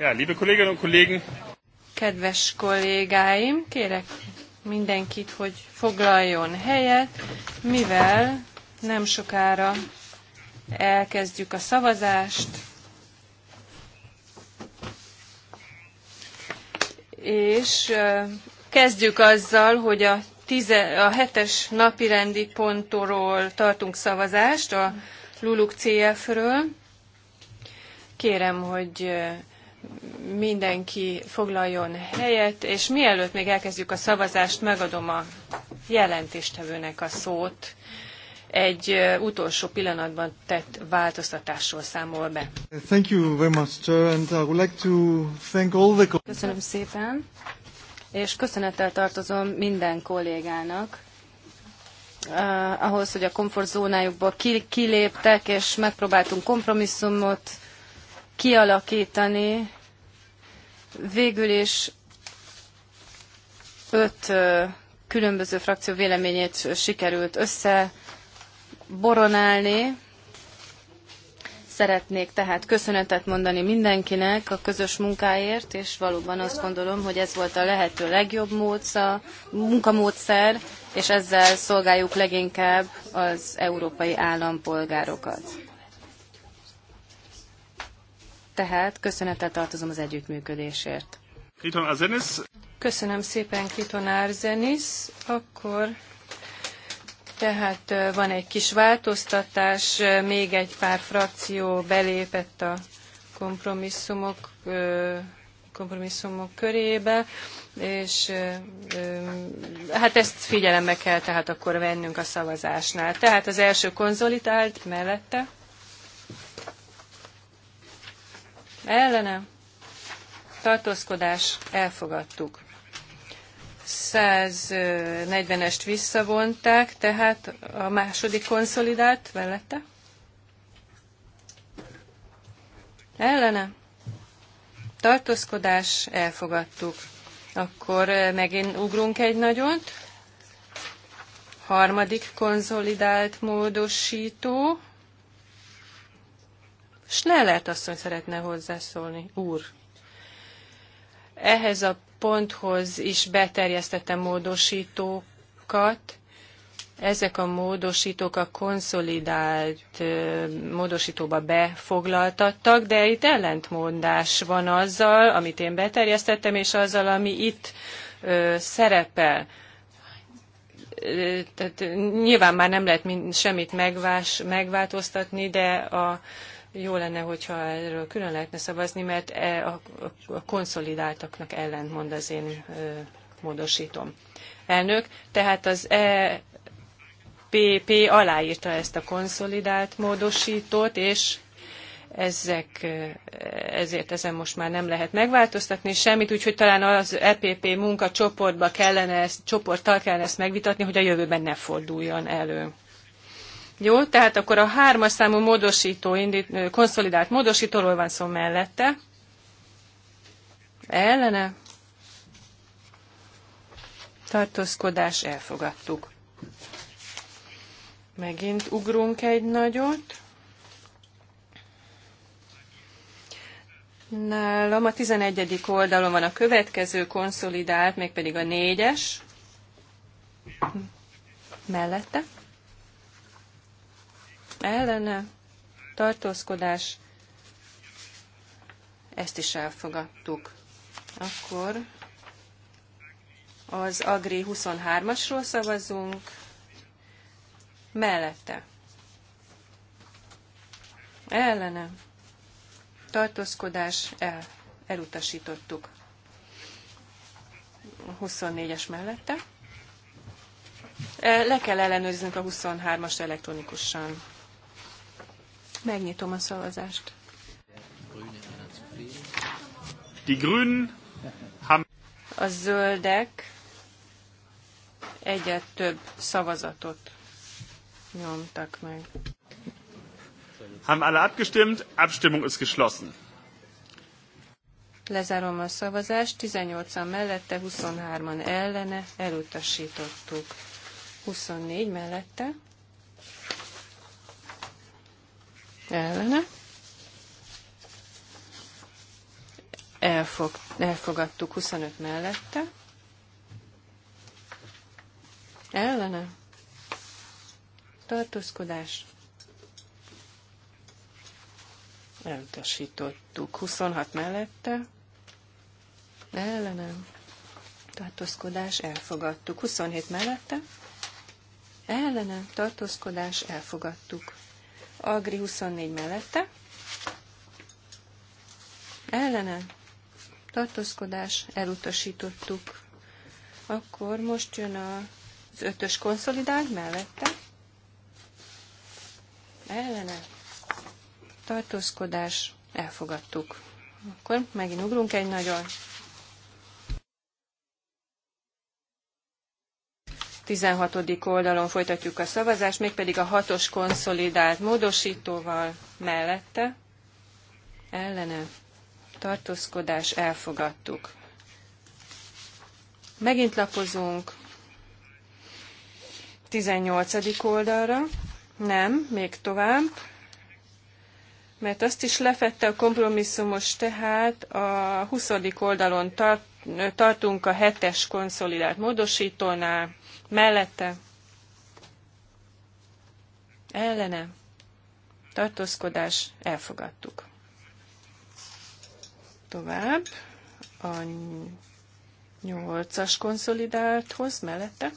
Ja, liebe Kolleginnen und Kollegen. Kedves kollégáim, kérek mindenkit, hogy foglaljon helyet, mivel nem sokára elkezdjük a szavazást, és kezdjük azzal, hogy a, tize, a hetes napirendi pontról tartunk szavazást, a Luluk CF-ről. Kérem, hogy mindenki foglaljon helyet, és mielőtt még elkezdjük a szavazást, megadom a jelentéstevőnek a szót. Egy utolsó pillanatban tett változtatásról számol be. Thank you very much, sir, and I would like to thank all the... Köszönöm szépen, és köszönettel tartozom minden kollégának, ahhoz, hogy a komfortzónájukból kiléptek, és megpróbáltunk kompromisszumot kialakítani. Végül is öt különböző frakció véleményét sikerült összeboronálni. Szeretnék tehát köszönetet mondani mindenkinek a közös munkáért, és valóban azt gondolom, hogy ez volt a lehető legjobb módsza, munkamódszer, és ezzel szolgáljuk leginkább az európai állampolgárokat tehát köszönettel tartozom az együttműködésért. Kriton Arzenis. Köszönöm szépen, Kriton Arzenis. Akkor tehát eh, van egy kis változtatás, eh, még egy pár frakció belépett a kompromisszumok, eh, kompromisszumok körébe, és hát ezt figyelembe kell tehát akkor vennünk a szavazásnál. Tehát az első konzolidált mellette ellene, tartózkodás, elfogadtuk. 140-est visszavonták, tehát a második konszolidált mellette. Ellene. Tartózkodás, elfogadtuk. Akkor megint ugrunk egy nagyot. Harmadik konszolidált módosító Schnellert asszony szeretne hozzászólni. Úr. Ehhez a ponthoz is beterjesztettem módosítókat. Ezek a módosítók a konszolidált módosítóba befoglaltattak, de itt ellentmondás van azzal, amit én beterjesztettem, és azzal, ami itt ö, szerepel. Tehát nyilván már nem lehet semmit megvás, megváltoztatni, de a jó lenne, hogyha erről külön lehetne szavazni, mert e a konszolidáltaknak ellentmond az én módosítom. Elnök, tehát az EPP aláírta ezt a konszolidált módosítót, és ezek, ezért ezen most már nem lehet megváltoztatni semmit, úgyhogy talán az EPP munkacsoportba kellene, ezt, csoporttal kellene ezt megvitatni, hogy a jövőben ne forduljon elő. Jó, tehát akkor a hármas számú módosító, indít, konszolidált módosítóról van szó mellette. Ellene. Tartózkodás elfogadtuk. Megint ugrunk egy nagyot. Nálam a 11. oldalon van a következő konszolidált, mégpedig a négyes. Mellette ellene tartózkodás, ezt is elfogadtuk. Akkor az Agri 23-asról szavazunk, mellette, ellene, tartózkodás, el, elutasítottuk. 24-es mellette. Le kell ellenőriznünk a 23-as elektronikusan. Megnyitom a szavazást. Die Grünen haben... A zöldek egyet több szavazatot nyomtak meg. Haben alle abgestimmt? Abstimmung ist geschlossen. Lezárom a szavazást, 18-an mellette, 23-an ellene, elutasítottuk. 24 mellette, ellene. Elfog, elfogadtuk 25 mellette. Ellene. Tartózkodás. Elutasítottuk 26 mellette. Ellene. Tartózkodás. Elfogadtuk 27 mellette. Ellenem. Tartózkodás. Elfogadtuk Agri 24 mellette. Ellene tartózkodás elutasítottuk. Akkor most jön az ötös konszolidált mellette. Ellene tartózkodás elfogadtuk. Akkor megint ugrunk egy nagyon 16. oldalon folytatjuk a szavazást, mégpedig a hatos konszolidált módosítóval mellette ellene tartózkodás elfogadtuk. Megint lapozunk 18. oldalra, nem, még tovább, mert azt is lefette a kompromisszumos, tehát a 20. oldalon tart, tartunk a hetes konszolidált módosítónál, mellette, ellene, tartózkodás, elfogadtuk. Tovább a nyolcas konszolidálthoz mellette.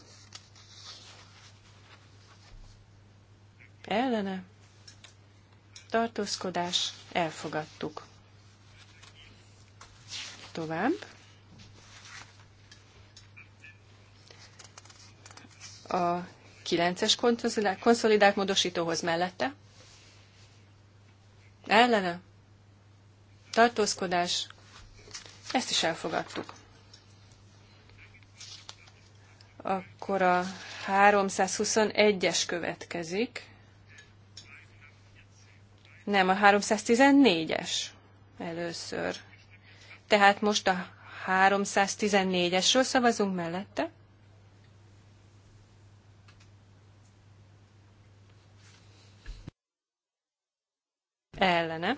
Ellene, tartózkodás, elfogadtuk. Tovább a 9-es konszolidált módosítóhoz mellette. Ellene. Tartózkodás. Ezt is elfogadtuk. Akkor a 321-es következik. Nem, a 314-es először. Tehát most a 314-esről szavazunk mellette. ellene,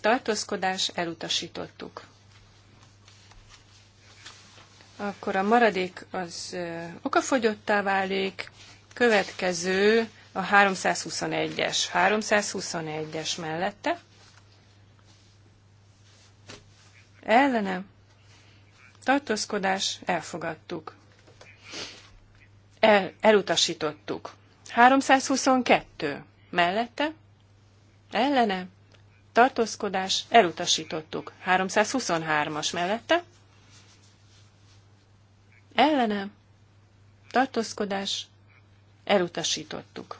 tartózkodás elutasítottuk. Akkor a maradék az okafogyottá válik, következő a 321-es, 321-es mellette, ellene, tartózkodás elfogadtuk, El, elutasítottuk. 322 mellette, ellene, tartózkodás, elutasítottuk. 323-as mellette, ellene, tartózkodás, elutasítottuk.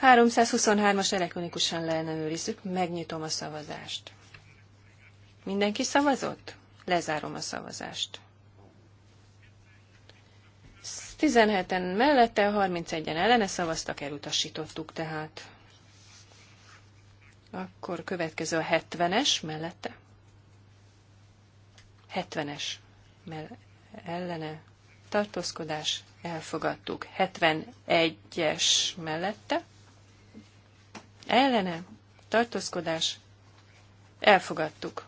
as elektronikusan leellenőrizzük, megnyitom a szavazást. Mindenki szavazott? Lezárom a szavazást. 17-en mellette, 31-en ellene szavaztak, elutasítottuk tehát. Akkor következő a 70-es mellette. 70-es ellene tartózkodás, elfogadtuk. 71-es mellette. Ellene tartózkodás, elfogadtuk.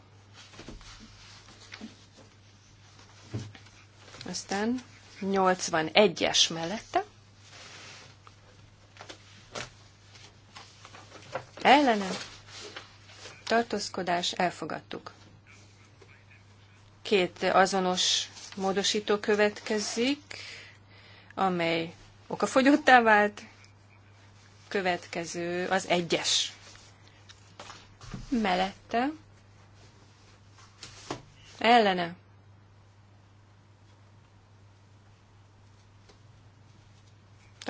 Aztán 81-es mellette. Ellenem. Tartózkodás. Elfogadtuk. Két azonos módosító következik, amely okafogyottá vált. Következő az egyes. Mellette. Ellene.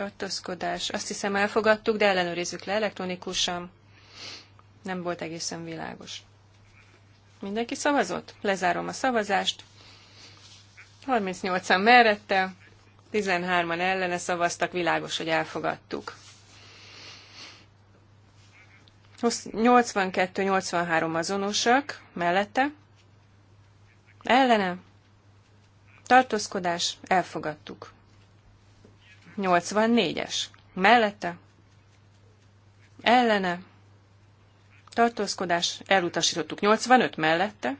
tartózkodás. Azt hiszem elfogadtuk, de ellenőrizzük le elektronikusan. Nem volt egészen világos. Mindenki szavazott? Lezárom a szavazást. 38-an merette, 13-an ellene szavaztak, világos, hogy elfogadtuk. 82-83 azonosak, mellette, ellene, tartózkodás, elfogadtuk. 84-es. Mellette, ellene, tartózkodás, elutasítottuk 85 mellette,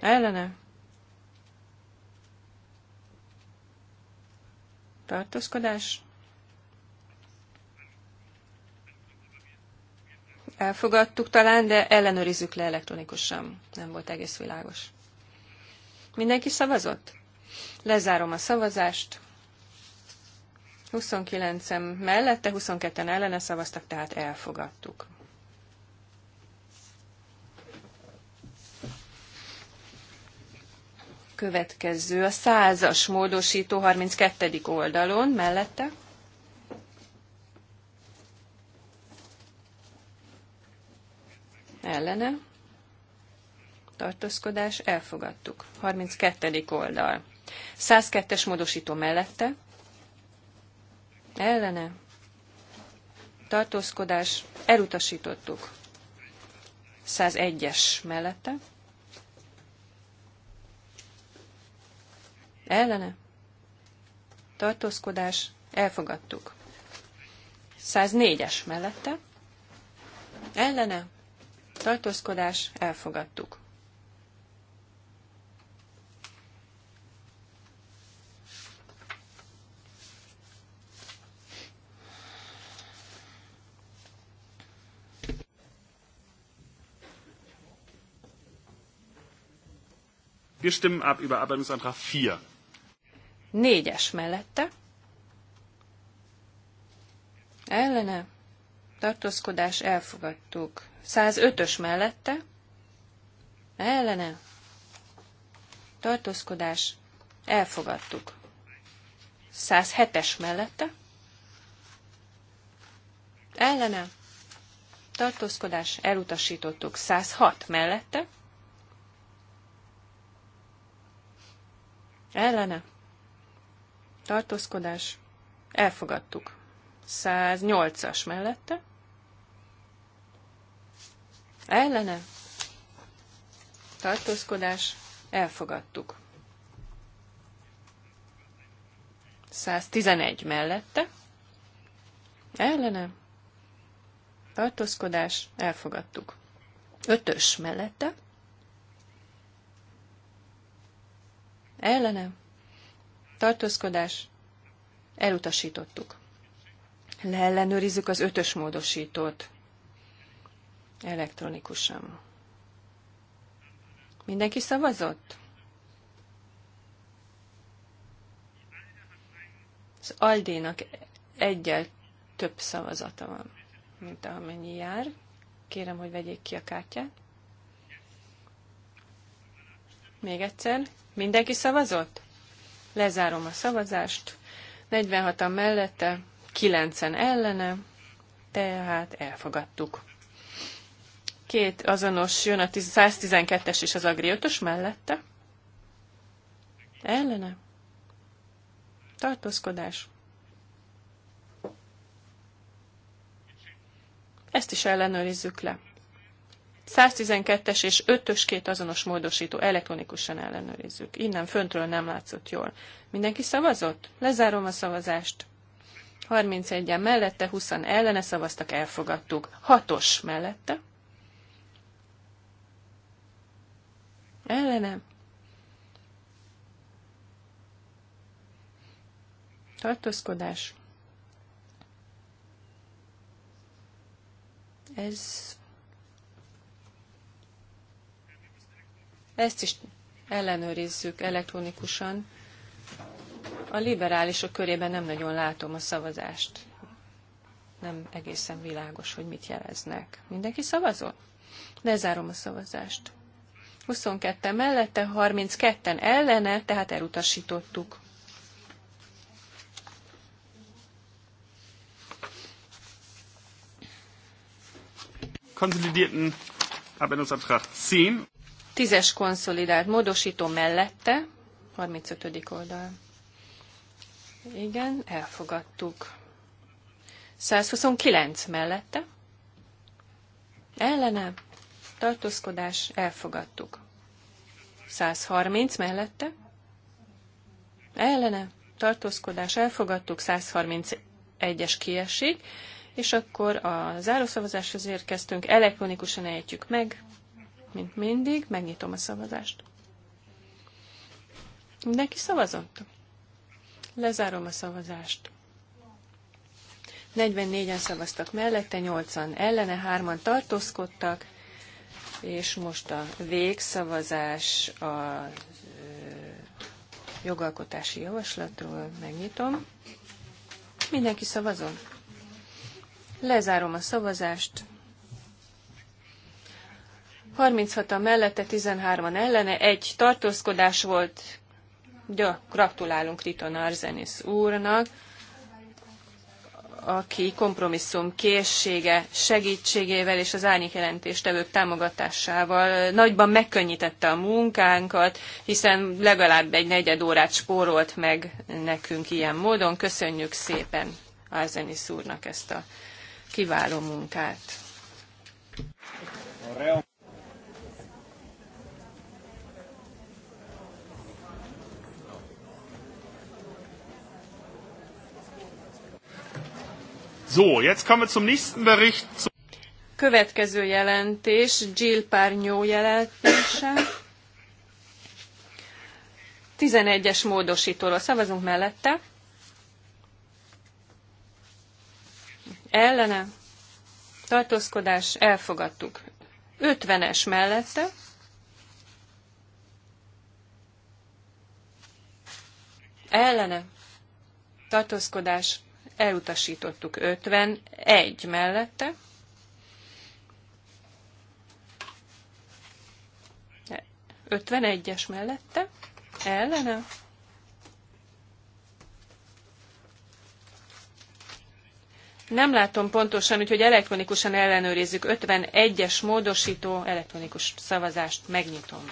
ellene, tartózkodás, elfogadtuk talán, de ellenőrizzük le elektronikusan. Nem volt egész világos. Mindenki szavazott? Lezárom a szavazást. 29-en mellette, 22-en ellene szavaztak, tehát elfogadtuk. Következő a százas módosító 32. oldalon mellette. Ellene. Tartózkodás. Elfogadtuk. 32. oldal. 102-es módosító mellette ellene, tartózkodás, elutasítottuk. 101-es mellette, ellene, tartózkodás, elfogadtuk. 104-es mellette, ellene, tartózkodás, elfogadtuk. Wir stimmen ab über Abänderungsantrag 4. Négyes mellette. Ellene. Tartózkodás elfogadtuk. 105-ös mellette. Ellene. Tartózkodás elfogadtuk. 107-es mellette. Ellene. Tartózkodás elutasítottuk. 106 mellette ellene, tartózkodás, elfogadtuk. 108-as mellette, ellene, tartózkodás, elfogadtuk. 111 mellette, ellene, tartózkodás, elfogadtuk. 5 mellette, ellene, tartózkodás, elutasítottuk. Leellenőrizzük az ötös módosítót elektronikusan. Mindenki szavazott? Az Aldénak egyel több szavazata van, mint amennyi jár. Kérem, hogy vegyék ki a kártyát. Még egyszer. Mindenki szavazott? Lezárom a szavazást. 46-an mellette, 9-en ellene, tehát elfogadtuk. Két azonos jön a 112-es és az Agri 5 mellette. Ellene. Tartózkodás. Ezt is ellenőrizzük le. 112-es és 5-ös két azonos módosító elektronikusan ellenőrizzük. Innen föntről nem látszott jól. Mindenki szavazott? Lezárom a szavazást. 31-en mellette, 20 ellene szavaztak, elfogadtuk. 6-os mellette. Ellene. Tartózkodás. Ez Ezt is ellenőrizzük elektronikusan. A liberálisok körében nem nagyon látom a szavazást. Nem egészen világos, hogy mit jeleznek. Mindenki szavazol? Lezárom a szavazást. 22 mellette, 32-en ellene, tehát elutasítottuk. Konszolidierten Abendungsantrag 10. Tízes konszolidált módosító mellette, 35. oldal. Igen, elfogadtuk. 129 mellette. Ellene, tartózkodás, elfogadtuk. 130 mellette. Ellene, tartózkodás, elfogadtuk. 131-es kiesik. És akkor a zárószavazáshoz érkeztünk. Elektronikusan ejtjük meg mint mindig, megnyitom a szavazást. Mindenki szavazott? Lezárom a szavazást. 44-en szavaztak mellette, 8-an ellene, 3-an tartózkodtak, és most a végszavazás a jogalkotási javaslatról megnyitom. Mindenki szavazon? Lezárom a szavazást. 36-a mellette, 13-an ellene, egy tartózkodás volt. Ja, gratulálunk Riton Arzenis úrnak, aki kompromisszum készsége segítségével és az árnyékjelentéstevők támogatásával nagyban megkönnyítette a munkánkat, hiszen legalább egy negyed órát spórolt meg nekünk ilyen módon. Köszönjük szépen Arzenis úrnak ezt a kiváló munkát. So, jetzt kommen wir zum nächsten Bericht. Következő jelentés, Jill Párnyó jelentése. 11-es módosítóról szavazunk mellette. Ellene. Tartózkodás. Elfogadtuk. 50-es mellette. Ellene. Tartózkodás elutasítottuk 51 mellette. 51-es mellette, ellene. Nem látom pontosan, úgyhogy elektronikusan ellenőrizzük. 51-es módosító elektronikus szavazást megnyitom.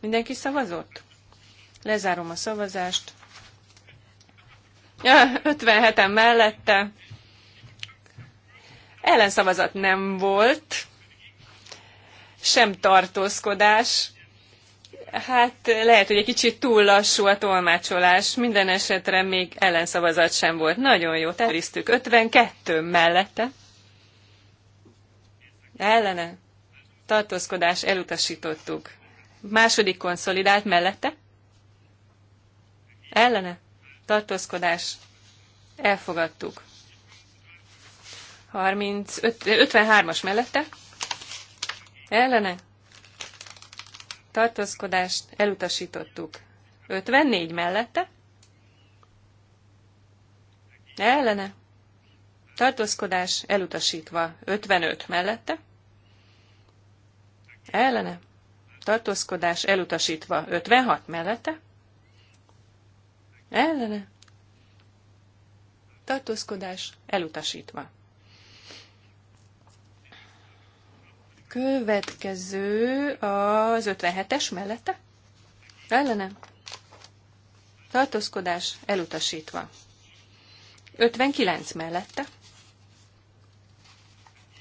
Mindenki szavazott? Lezárom a szavazást. Ja, 57-en mellette. Ellenszavazat nem volt, sem tartózkodás. Hát lehet, hogy egy kicsit túl lassú a tolmácsolás, minden esetre még ellenszavazat sem volt. Nagyon jó, terjesztük. 52 mellette. Ellene. Tartózkodás elutasítottuk. Második konszolidált mellette. Ellene tartózkodás, elfogadtuk. 53-as mellette, ellene, tartózkodást elutasítottuk. 54 mellette, ellene, tartózkodás elutasítva. 55 mellette, ellene, tartózkodás elutasítva. 56 mellette, ellene, tartózkodás elutasítva. Következő az 57-es mellette, ellene, tartózkodás elutasítva. 59 mellette,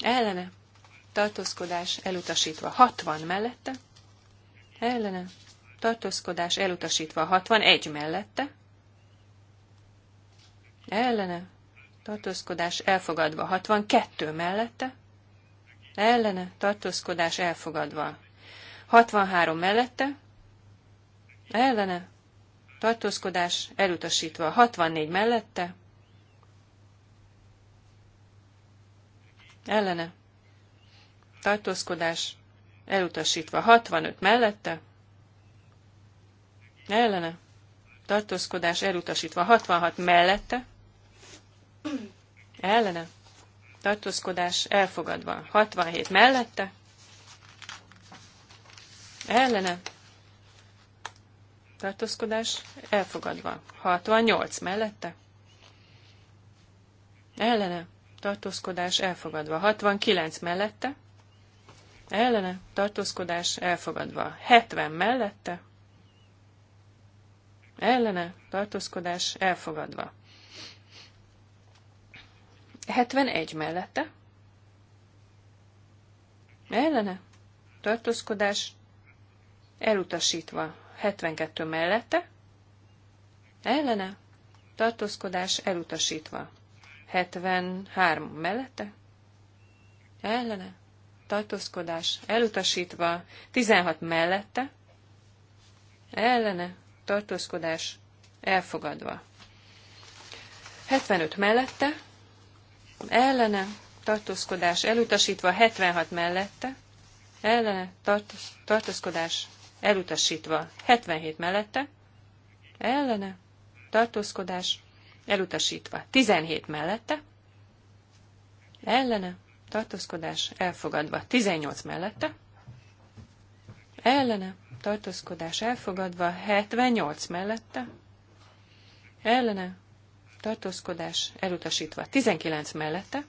ellene, tartózkodás elutasítva. 60 mellette, ellene, tartózkodás elutasítva. 61 mellette, ellene, tartózkodás elfogadva. 62 mellette, ellene, tartózkodás elfogadva. 63 mellette, ellene, tartózkodás elutasítva. 64 mellette, ellene, tartózkodás elutasítva. 65 mellette, ellene, tartózkodás elutasítva. 66 mellette, ellene, tartózkodás elfogadva. 67 mellette, ellene, tartózkodás elfogadva. 68 mellette, ellene, tartózkodás elfogadva. 69 mellette, ellene, tartózkodás elfogadva. 70 mellette, ellene, tartózkodás elfogadva. 71 mellette. Ellene. Tartózkodás. Elutasítva. 72 mellette. Ellene. Tartózkodás elutasítva. 73 mellette. Ellene. Tartózkodás elutasítva. 16 mellette. Ellene. Tartózkodás elfogadva. 75 mellette ellene tartózkodás elutasítva, 76 mellette, ellene tartoz, tartózkodás elutasítva, 77 mellette, ellene tartózkodás elutasítva, 17 mellette, ellene tartózkodás elfogadva, 18 mellette, ellene tartózkodás elfogadva, 78 mellette, ellene tartózkodás elutasítva. 19 mellette,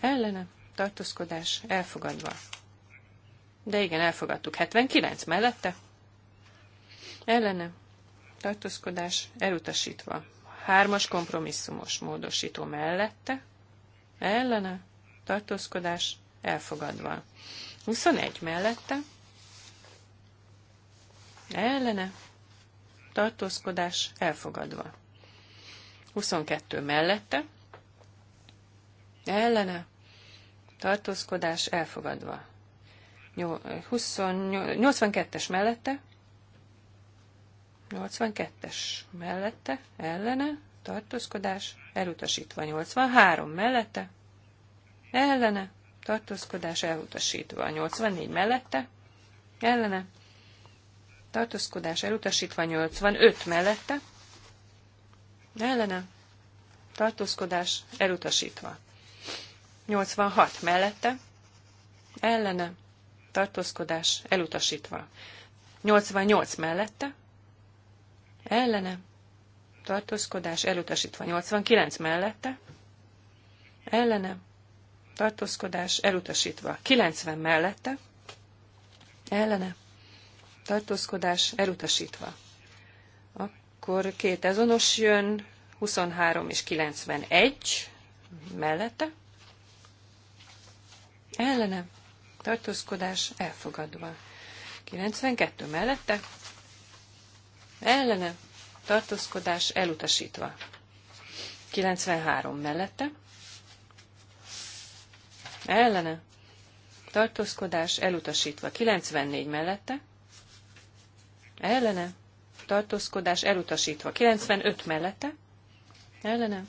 ellene, tartózkodás elfogadva. De igen, elfogadtuk. 79 mellette, ellene, tartózkodás elutasítva. Hármas kompromisszumos módosító mellette, ellene, tartózkodás elfogadva. 21 mellette, ellene, tartózkodás elfogadva. 22 mellette, ellene, tartózkodás elfogadva. 82-es mellette, 82-es mellette, ellene, tartózkodás, elutasítva 83 mellette, ellene, tartózkodás elutasítva 84 mellette, ellene, tartózkodás elutasítva 85 mellette, ellene, tartózkodás elutasítva. 86 mellette, ellene, tartózkodás elutasítva. 88 mellette, ellene, tartózkodás elutasítva. 89 mellette, ellene, tartózkodás elutasítva. 90 mellette, ellene, tartózkodás elutasítva. Akkor két azonos jön, 23 és 91 mellette. Ellene. Tartózkodás elfogadva. 92 mellette. Ellene. Tartózkodás elutasítva. 93 mellette. Ellene. Tartózkodás elutasítva. 94 mellette. Ellene tartózkodás elutasítva. 95 mellette, ellene,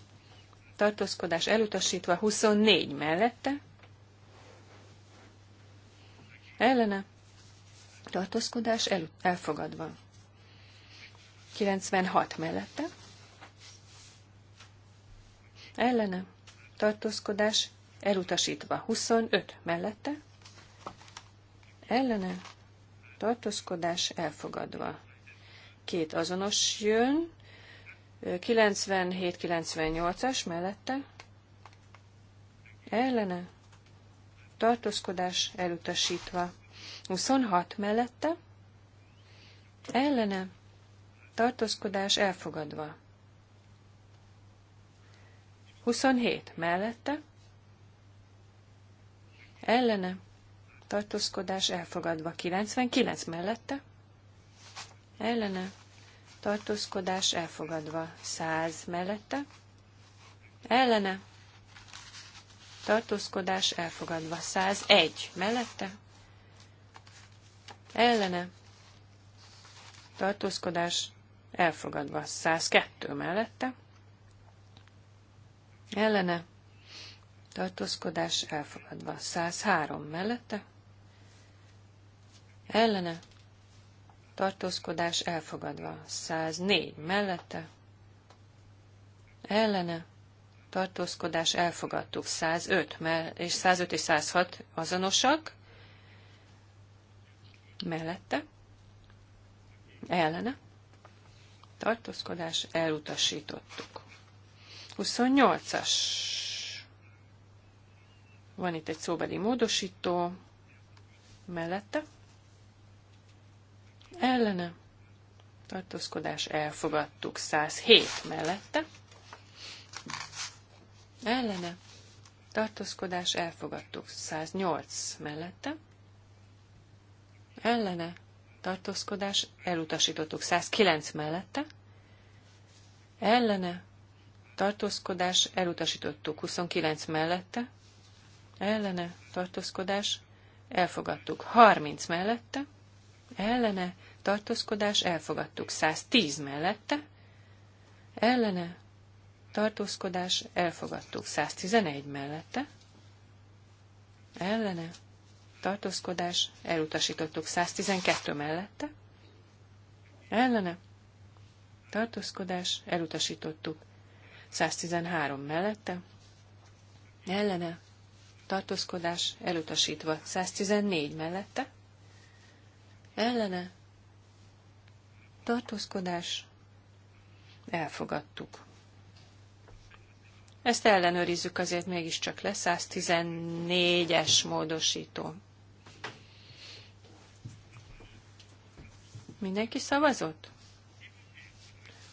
tartózkodás elutasítva. 24 mellette, ellene, tartózkodás el, elfogadva. 96 mellette, ellene, tartózkodás elutasítva. 25 mellette, ellene, tartózkodás elfogadva két azonos jön, 97-98-as mellette, ellene, tartózkodás elutasítva, 26 mellette, ellene, tartózkodás elfogadva, 27 mellette, ellene, tartózkodás elfogadva, 99 mellette, ellene, tartózkodás elfogadva. 100 mellette, ellene, tartózkodás elfogadva. 101 mellette, ellene, tartózkodás elfogadva. 102 mellette, ellene, tartózkodás elfogadva. 103 mellette, ellene, tartózkodás elfogadva. 104 mellette, ellene, tartózkodás elfogadtuk. 105 mell- és 105 és 106 azonosak, mellette, ellene, tartózkodás elutasítottuk. 28-as. Van itt egy szóbeli módosító, mellette, ellene, tartózkodás elfogadtuk 107 mellette, ellene, tartózkodás elfogadtuk 108 mellette, ellene, tartózkodás elutasítottuk 109 mellette, ellene, tartózkodás elutasítottuk 29 mellette, ellene, tartózkodás elfogadtuk 30 mellette, ellene, tartózkodás, elfogadtuk. 110 mellette, ellene, tartózkodás, elfogadtuk. 111 mellette, ellene, tartózkodás, elutasítottuk. 112 mellette, ellene, tartózkodás, elutasítottuk. 113 mellette, ellene, tartózkodás, elutasítva. 114 mellette, ellene tartózkodás elfogadtuk. Ezt ellenőrizzük, azért mégiscsak le 114-es módosító. Mindenki szavazott?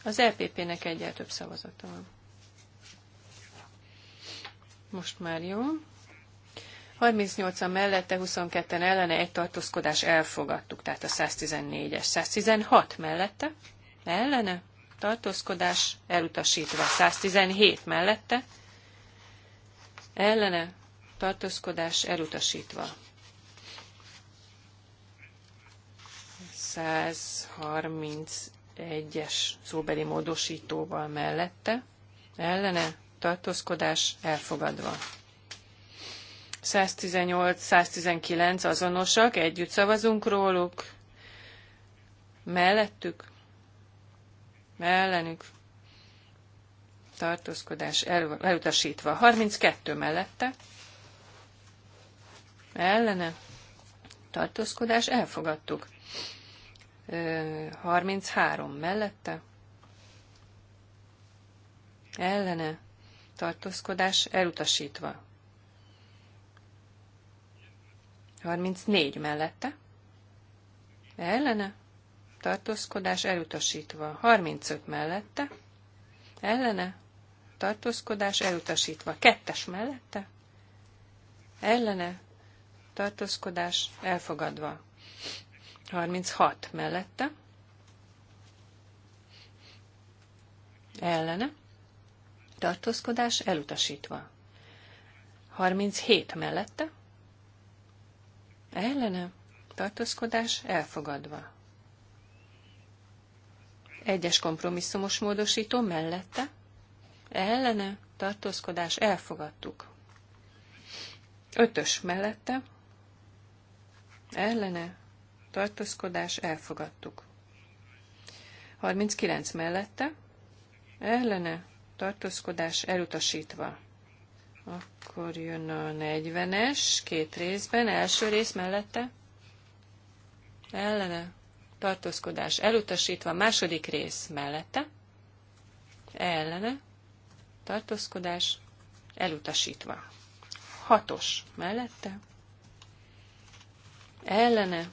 Az EPP-nek egyel több szavazata van. Most már jó. 38-an mellette, 22-en ellene, egy tartózkodás elfogadtuk, tehát a 114-es. 116 mellette, ellene, tartózkodás elutasítva. 117 mellette, ellene, tartózkodás elutasítva. 131-es szóbeli módosítóval mellette, ellene, tartózkodás elfogadva. 118-119 azonosak, együtt szavazunk róluk. Mellettük? Mellenük? Tartózkodás el, elutasítva. 32 mellette? Ellene? Tartózkodás elfogadtuk. 33 mellette? Ellene? Tartózkodás elutasítva. 34 mellette. Ellene. Tartózkodás elutasítva. 35 mellette. Ellene. Tartózkodás elutasítva. Kettes mellette. Ellene. Tartózkodás elfogadva. 36 mellette. Ellene. Tartózkodás elutasítva. 37 mellette ellene tartózkodás elfogadva. Egyes kompromisszumos módosító mellette ellene tartózkodás elfogadtuk. Ötös mellette ellene tartózkodás elfogadtuk. 39 mellette ellene tartózkodás elutasítva. Akkor jön a 40-es, két részben, első rész mellette. Ellene. Tartózkodás elutasítva, második rész mellette. Ellene. Tartózkodás elutasítva. Hatos mellette. Ellene.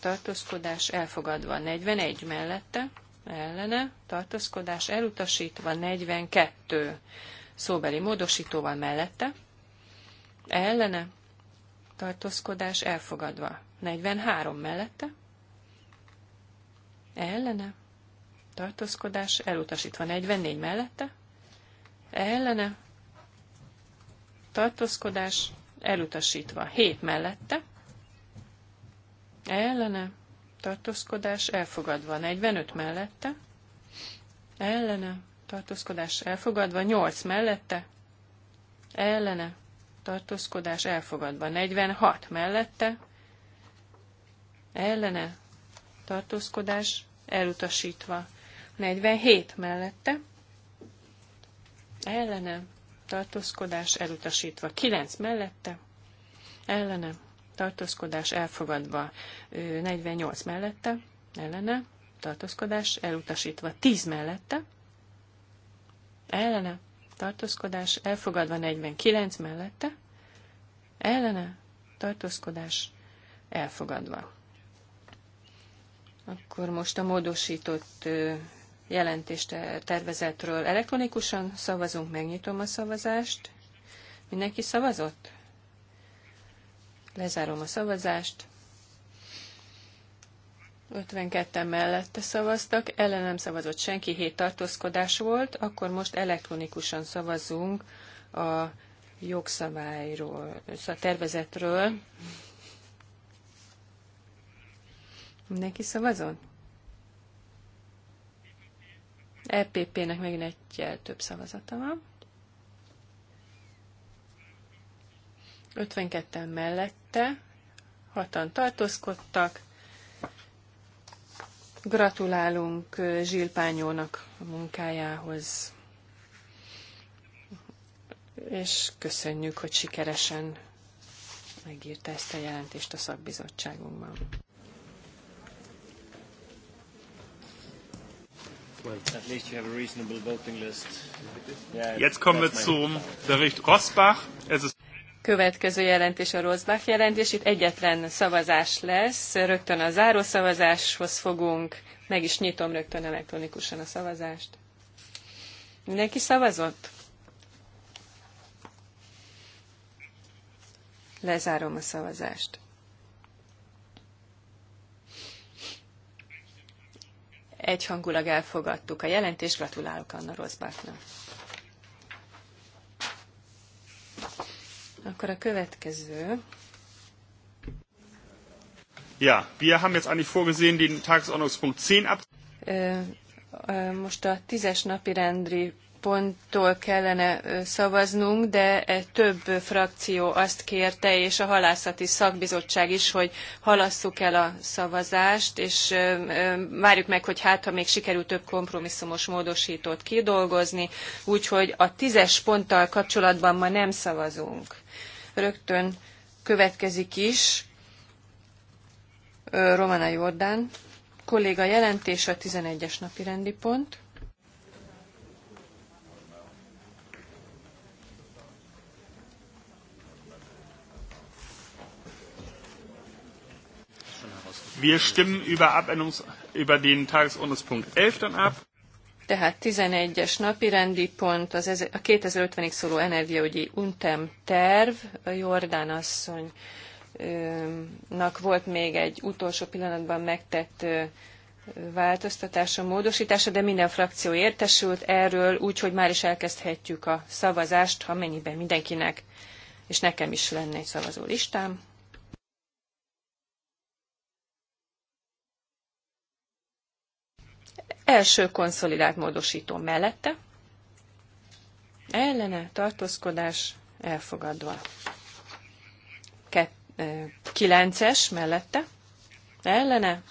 Tartózkodás elfogadva. 41 mellette. Ellene. Tartózkodás elutasítva. 42 szóbeli módosítóval mellette, ellene, tartózkodás elfogadva. 43 mellette, ellene, tartózkodás elutasítva. 44 mellette, ellene, tartózkodás elutasítva. 7 mellette, ellene, tartózkodás elfogadva. 45 mellette, ellene, tartózkodás elfogadva, 8 mellette, ellene, tartózkodás elfogadva, 46 mellette, ellene, tartózkodás elutasítva, 47 mellette, ellene, tartózkodás elutasítva, 9 mellette, ellene, tartózkodás elfogadva, 48 mellette, ellene, tartózkodás elutasítva, 10 mellette, ellene, tartózkodás, elfogadva 49 mellette, ellene, tartózkodás, elfogadva. Akkor most a módosított jelentést tervezetről elektronikusan szavazunk, megnyitom a szavazást. Mindenki szavazott? Lezárom a szavazást. 52-en mellette szavaztak, ellen nem szavazott senki, 7 tartózkodás volt, akkor most elektronikusan szavazunk a jogszabályról, szóval a tervezetről. Mindenki szavazon? EPP-nek megint egy több szavazata van. 52-en mellette, hatan tartózkodtak, Gratulálunk Zsilpányónak a munkájához, és köszönjük, hogy sikeresen megírta ezt a jelentést a szakbizottságunkban. Jetzt kommen wir zum Bericht Rosbach. Es ist következő jelentés a Rosbach jelentés. Itt egyetlen szavazás lesz, rögtön a zárószavazáshoz fogunk. Meg is nyitom rögtön elektronikusan a szavazást. Mindenki szavazott? Lezárom a szavazást. Egyhangulag elfogadtuk a jelentést, gratulálok Anna Rosbachnak. Akkor a következő. Ja, wir haben jetzt eigentlich vorgesehen, den Tagesordnungspunkt 10 ab... Most a tízes napi rendri ponttól kellene szavaznunk, de e több frakció azt kérte, és a halászati szakbizottság is, hogy halasszuk el a szavazást, és várjuk meg, hogy hát, ha még sikerül több kompromisszumos módosítót kidolgozni, úgyhogy a tízes ponttal kapcsolatban ma nem szavazunk rögtön következik is Romana Jordán kolléga jelentése a 11-es napi rendi pont. Wir stimmen über, über den Tagesordnungspunkt 11 dann ab. Tehát 11-es napi rendi pont az a 2050-ig szóló energiaügyi UNTEM terv, a Jordán asszonynak volt még egy utolsó pillanatban megtett változtatása, módosítása, de minden frakció értesült erről, úgyhogy már is elkezdhetjük a szavazást, ha mennyiben mindenkinek, és nekem is lenne egy szavazó listám. első konszolidált módosító mellette, ellene tartózkodás elfogadva. Ket, kilences mellette, ellene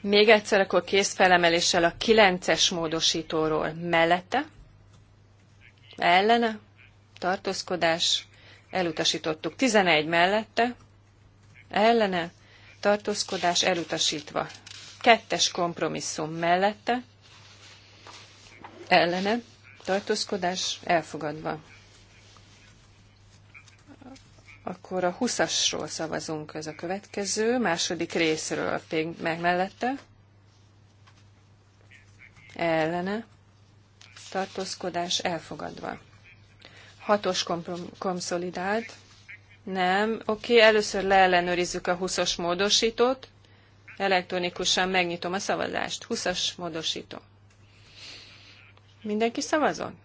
Még egyszer akkor felemeléssel a 9-es módosítóról mellette, ellene, tartózkodás, elutasítottuk. 11 mellette, ellene, tartózkodás, elutasítva. Kettes kompromisszum mellette, ellene, tartózkodás, elfogadva. Akkor a 20-asról szavazunk, ez a következő, második részről pedig meg mellette, ellene, tartózkodás, elfogadva. Hatos konszolidált. Nem. Oké, okay, először leellenőrizzük a 20-as módosítót. Elektronikusan megnyitom a szavazást. 20-as módosító. Mindenki szavazon?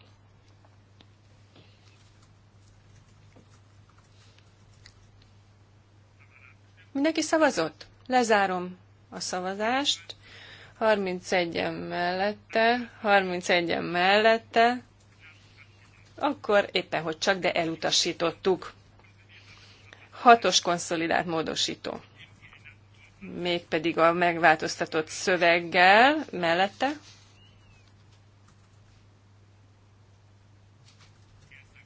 Mindenki szavazott? Lezárom a szavazást. 31-en mellette, 31-en mellette, akkor éppen hogy csak, de elutasítottuk. Hatos konszolidált módosító. Mégpedig a megváltoztatott szöveggel mellette.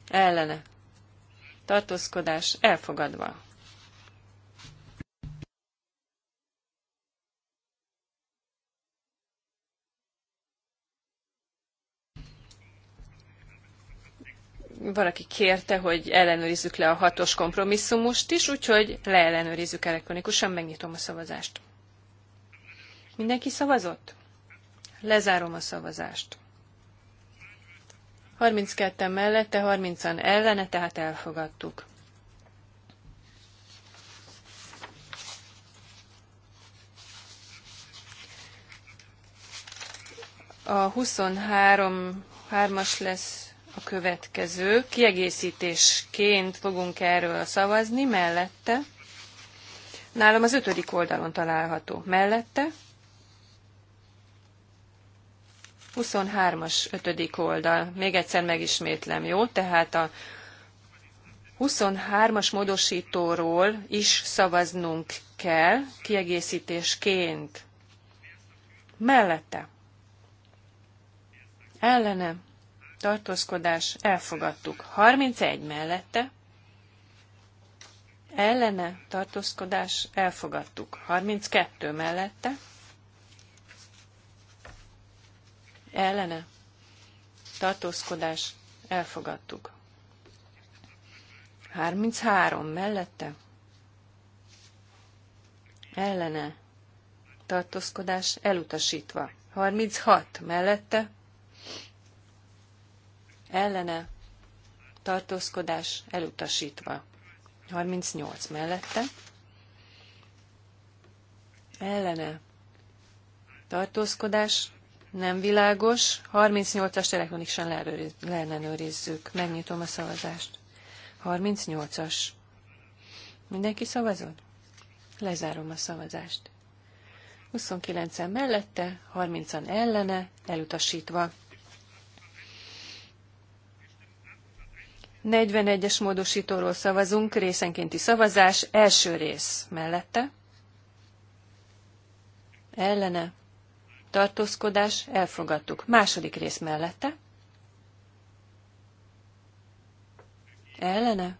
Ellene. Tartózkodás elfogadva. valaki kérte, hogy ellenőrizzük le a hatos kompromisszumust is, úgyhogy leellenőrizzük elektronikusan, megnyitom a szavazást. Mindenki szavazott? Lezárom a szavazást. 32-en mellette, 30-an ellene, tehát elfogadtuk. A 23 3-as lesz a következő. Kiegészítésként fogunk erről szavazni, mellette. Nálam az ötödik oldalon található. Mellette. 23-as ötödik oldal. Még egyszer megismétlem, jó? Tehát a 23-as módosítóról is szavaznunk kell kiegészítésként. Mellette. Ellene tartózkodás, elfogadtuk. 31 mellette, ellene, tartózkodás, elfogadtuk. 32 mellette, ellene, tartózkodás, elfogadtuk. 33 mellette, ellene, tartózkodás, elutasítva. 36 mellette, ellene tartózkodás elutasítva. 38 mellette ellene tartózkodás nem világos. 38-as telefonikusan leellenőrizzük. Megnyitom a szavazást. 38-as. Mindenki szavazott? Lezárom a szavazást. 29-en mellette, 30-an ellene, elutasítva. 41-es módosítóról szavazunk, részenkénti szavazás, első rész mellette. Ellene. Tartózkodás, elfogadtuk. Második rész mellette. Ellene.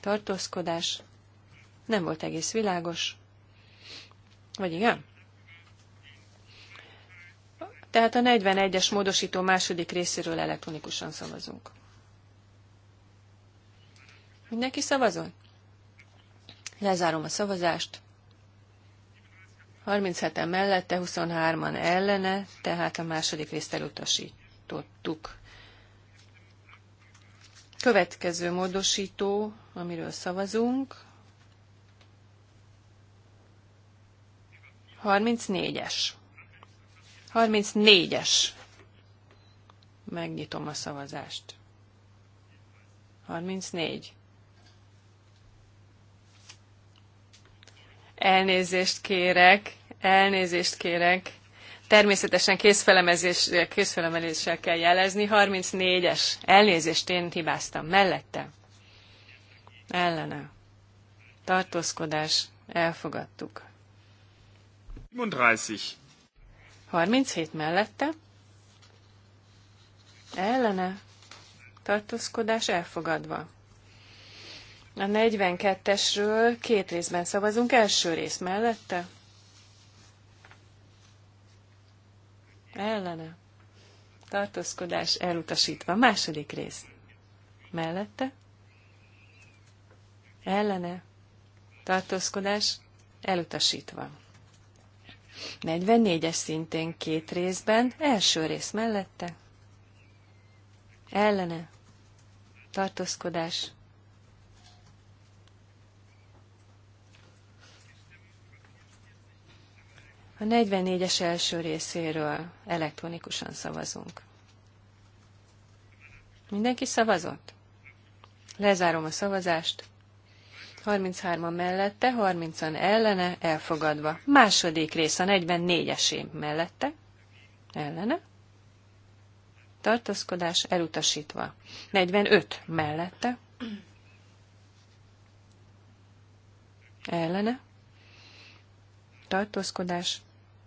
Tartózkodás. Nem volt egész világos. Vagy igen? Tehát a 41-es módosító második részéről elektronikusan szavazunk. Mindenki szavazol? Lezárom a szavazást. 37-en mellette, 23-an ellene, tehát a második részt elutasítottuk. Következő módosító, amiről szavazunk. 34-es. 34-es. Megnyitom a szavazást. 34. Elnézést kérek, elnézést kérek. Természetesen készfelemeléssel kell jelezni. 34-es. Elnézést, én hibáztam. Mellette. Ellene. Tartózkodás. Elfogadtuk. 35. 37 mellette, ellene, tartózkodás elfogadva. A 42-esről két részben szavazunk, első rész mellette, ellene, tartózkodás elutasítva, második rész mellette, ellene, tartózkodás elutasítva. 44-es szintén két részben, első rész mellette, ellene, tartózkodás. A 44-es első részéről elektronikusan szavazunk. Mindenki szavazott? Lezárom a szavazást. 33-an mellette, 30-an ellene, elfogadva. Második rész a 44-esé mellette, ellene, tartózkodás elutasítva. 45 mellette, ellene, tartózkodás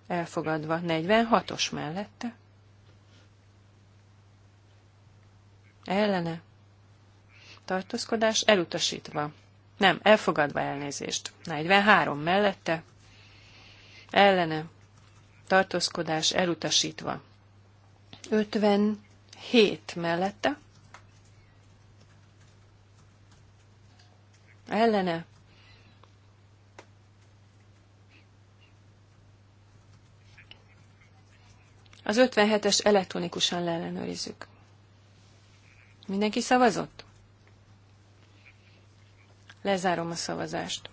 elfogadva. 46-os mellette, ellene, tartózkodás elutasítva. Nem, elfogadva elnézést. 43 mellette, ellene, tartózkodás elutasítva. 57 mellette, ellene, Az 57-es elektronikusan leellenőrizzük. Mindenki szavazott? Lezárom a szavazást.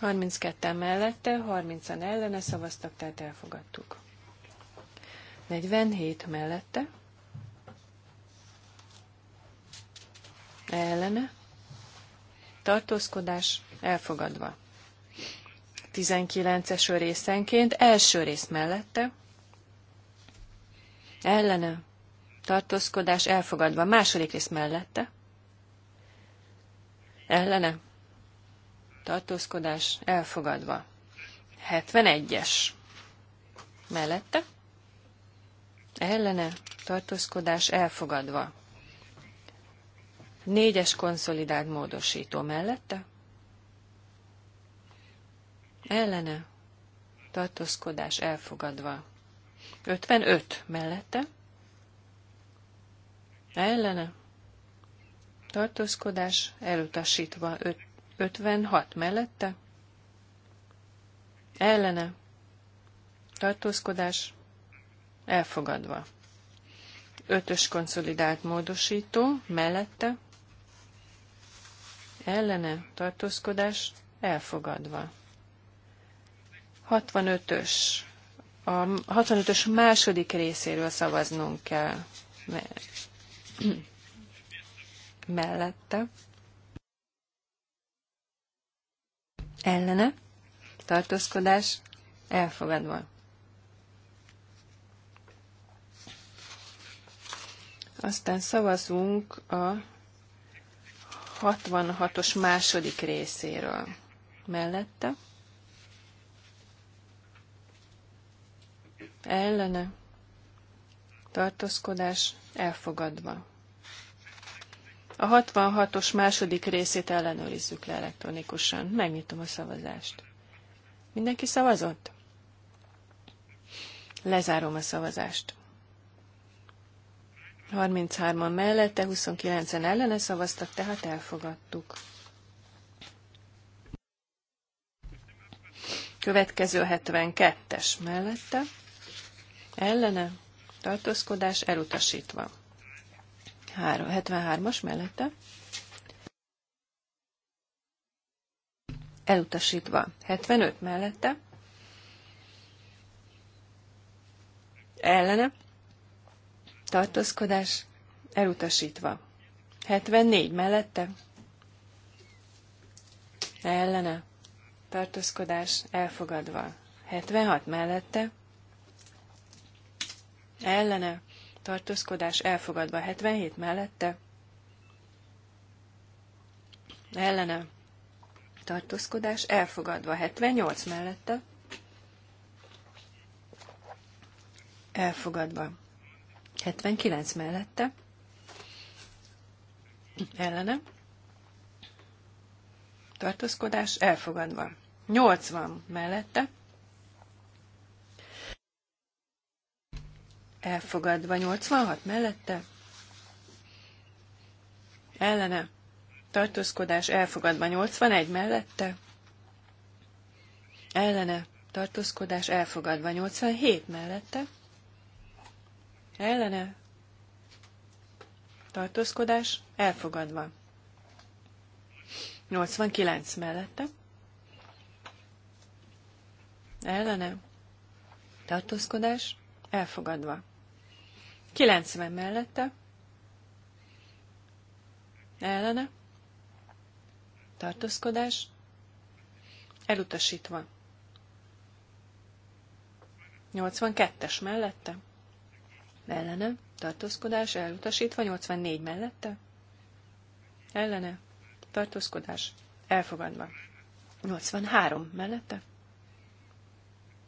32 mellette, 30-an ellene szavaztak, tehát elfogadtuk. 47 mellette, ellene, tartózkodás elfogadva. 19-es részenként első rész mellette, ellene, tartózkodás elfogadva, második rész mellette, ellene tartózkodás elfogadva. 71-es mellette ellene tartózkodás elfogadva. Négyes konszolidált módosító mellette ellene tartózkodás elfogadva. 55 mellette ellene tartózkodás elutasítva 56 mellette, ellene, tartózkodás elfogadva. Ötös konszolidált módosító mellette, ellene, tartózkodás elfogadva. 65-ös, a 65-ös második részéről szavaznunk kell. Mert mellette, ellene, tartózkodás elfogadva. Aztán szavazunk a 66-os második részéről. Mellette. Ellene. Tartózkodás elfogadva. A 66-os második részét ellenőrizzük le elektronikusan. Megnyitom a szavazást. Mindenki szavazott? Lezárom a szavazást. 33-an mellette, 29-en ellene szavaztak, tehát elfogadtuk. Következő 72-es mellette, ellene, tartózkodás elutasítva. 73-as mellette. Elutasítva. 75 mellette. Ellene. Tartózkodás. Elutasítva. 74 mellette. Ellene. Tartózkodás. Elfogadva. 76 mellette. Ellene tartózkodás elfogadva 77 mellette, ellene tartózkodás elfogadva 78 mellette, elfogadva 79 mellette, ellene tartózkodás elfogadva 80 mellette, elfogadva. 86 mellette, ellene, tartózkodás elfogadva. 81 mellette, ellene, tartózkodás elfogadva. 87 mellette, ellene, tartózkodás elfogadva. 89 mellette, ellene, tartózkodás elfogadva. 90 mellette, ellene, tartózkodás, elutasítva. 82-es mellette, ellene, tartózkodás, elutasítva, 84 mellette, ellene, tartózkodás, elfogadva. 83 mellette,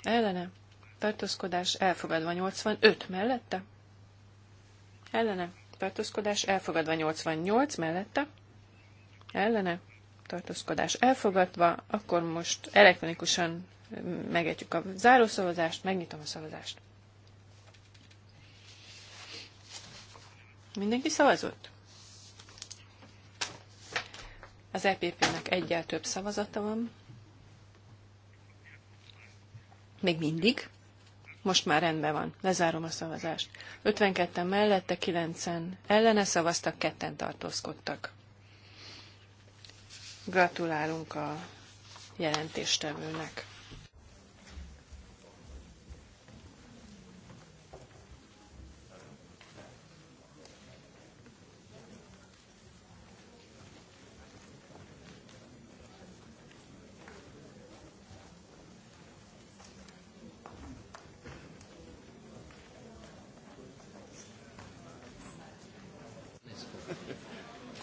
ellene, tartózkodás, elfogadva, 85 mellette, ellene tartózkodás elfogadva 88 mellette, ellene tartózkodás elfogadva, akkor most elektronikusan mm, megetjük a zárószavazást, megnyitom a szavazást. Mindenki szavazott? Az EPP-nek egyel több szavazata van. Még mindig. Most már rendben van. Lezárom a szavazást. 52-en mellette, 9-en ellene szavaztak, ketten tartózkodtak. Gratulálunk a jelentéstevőnek.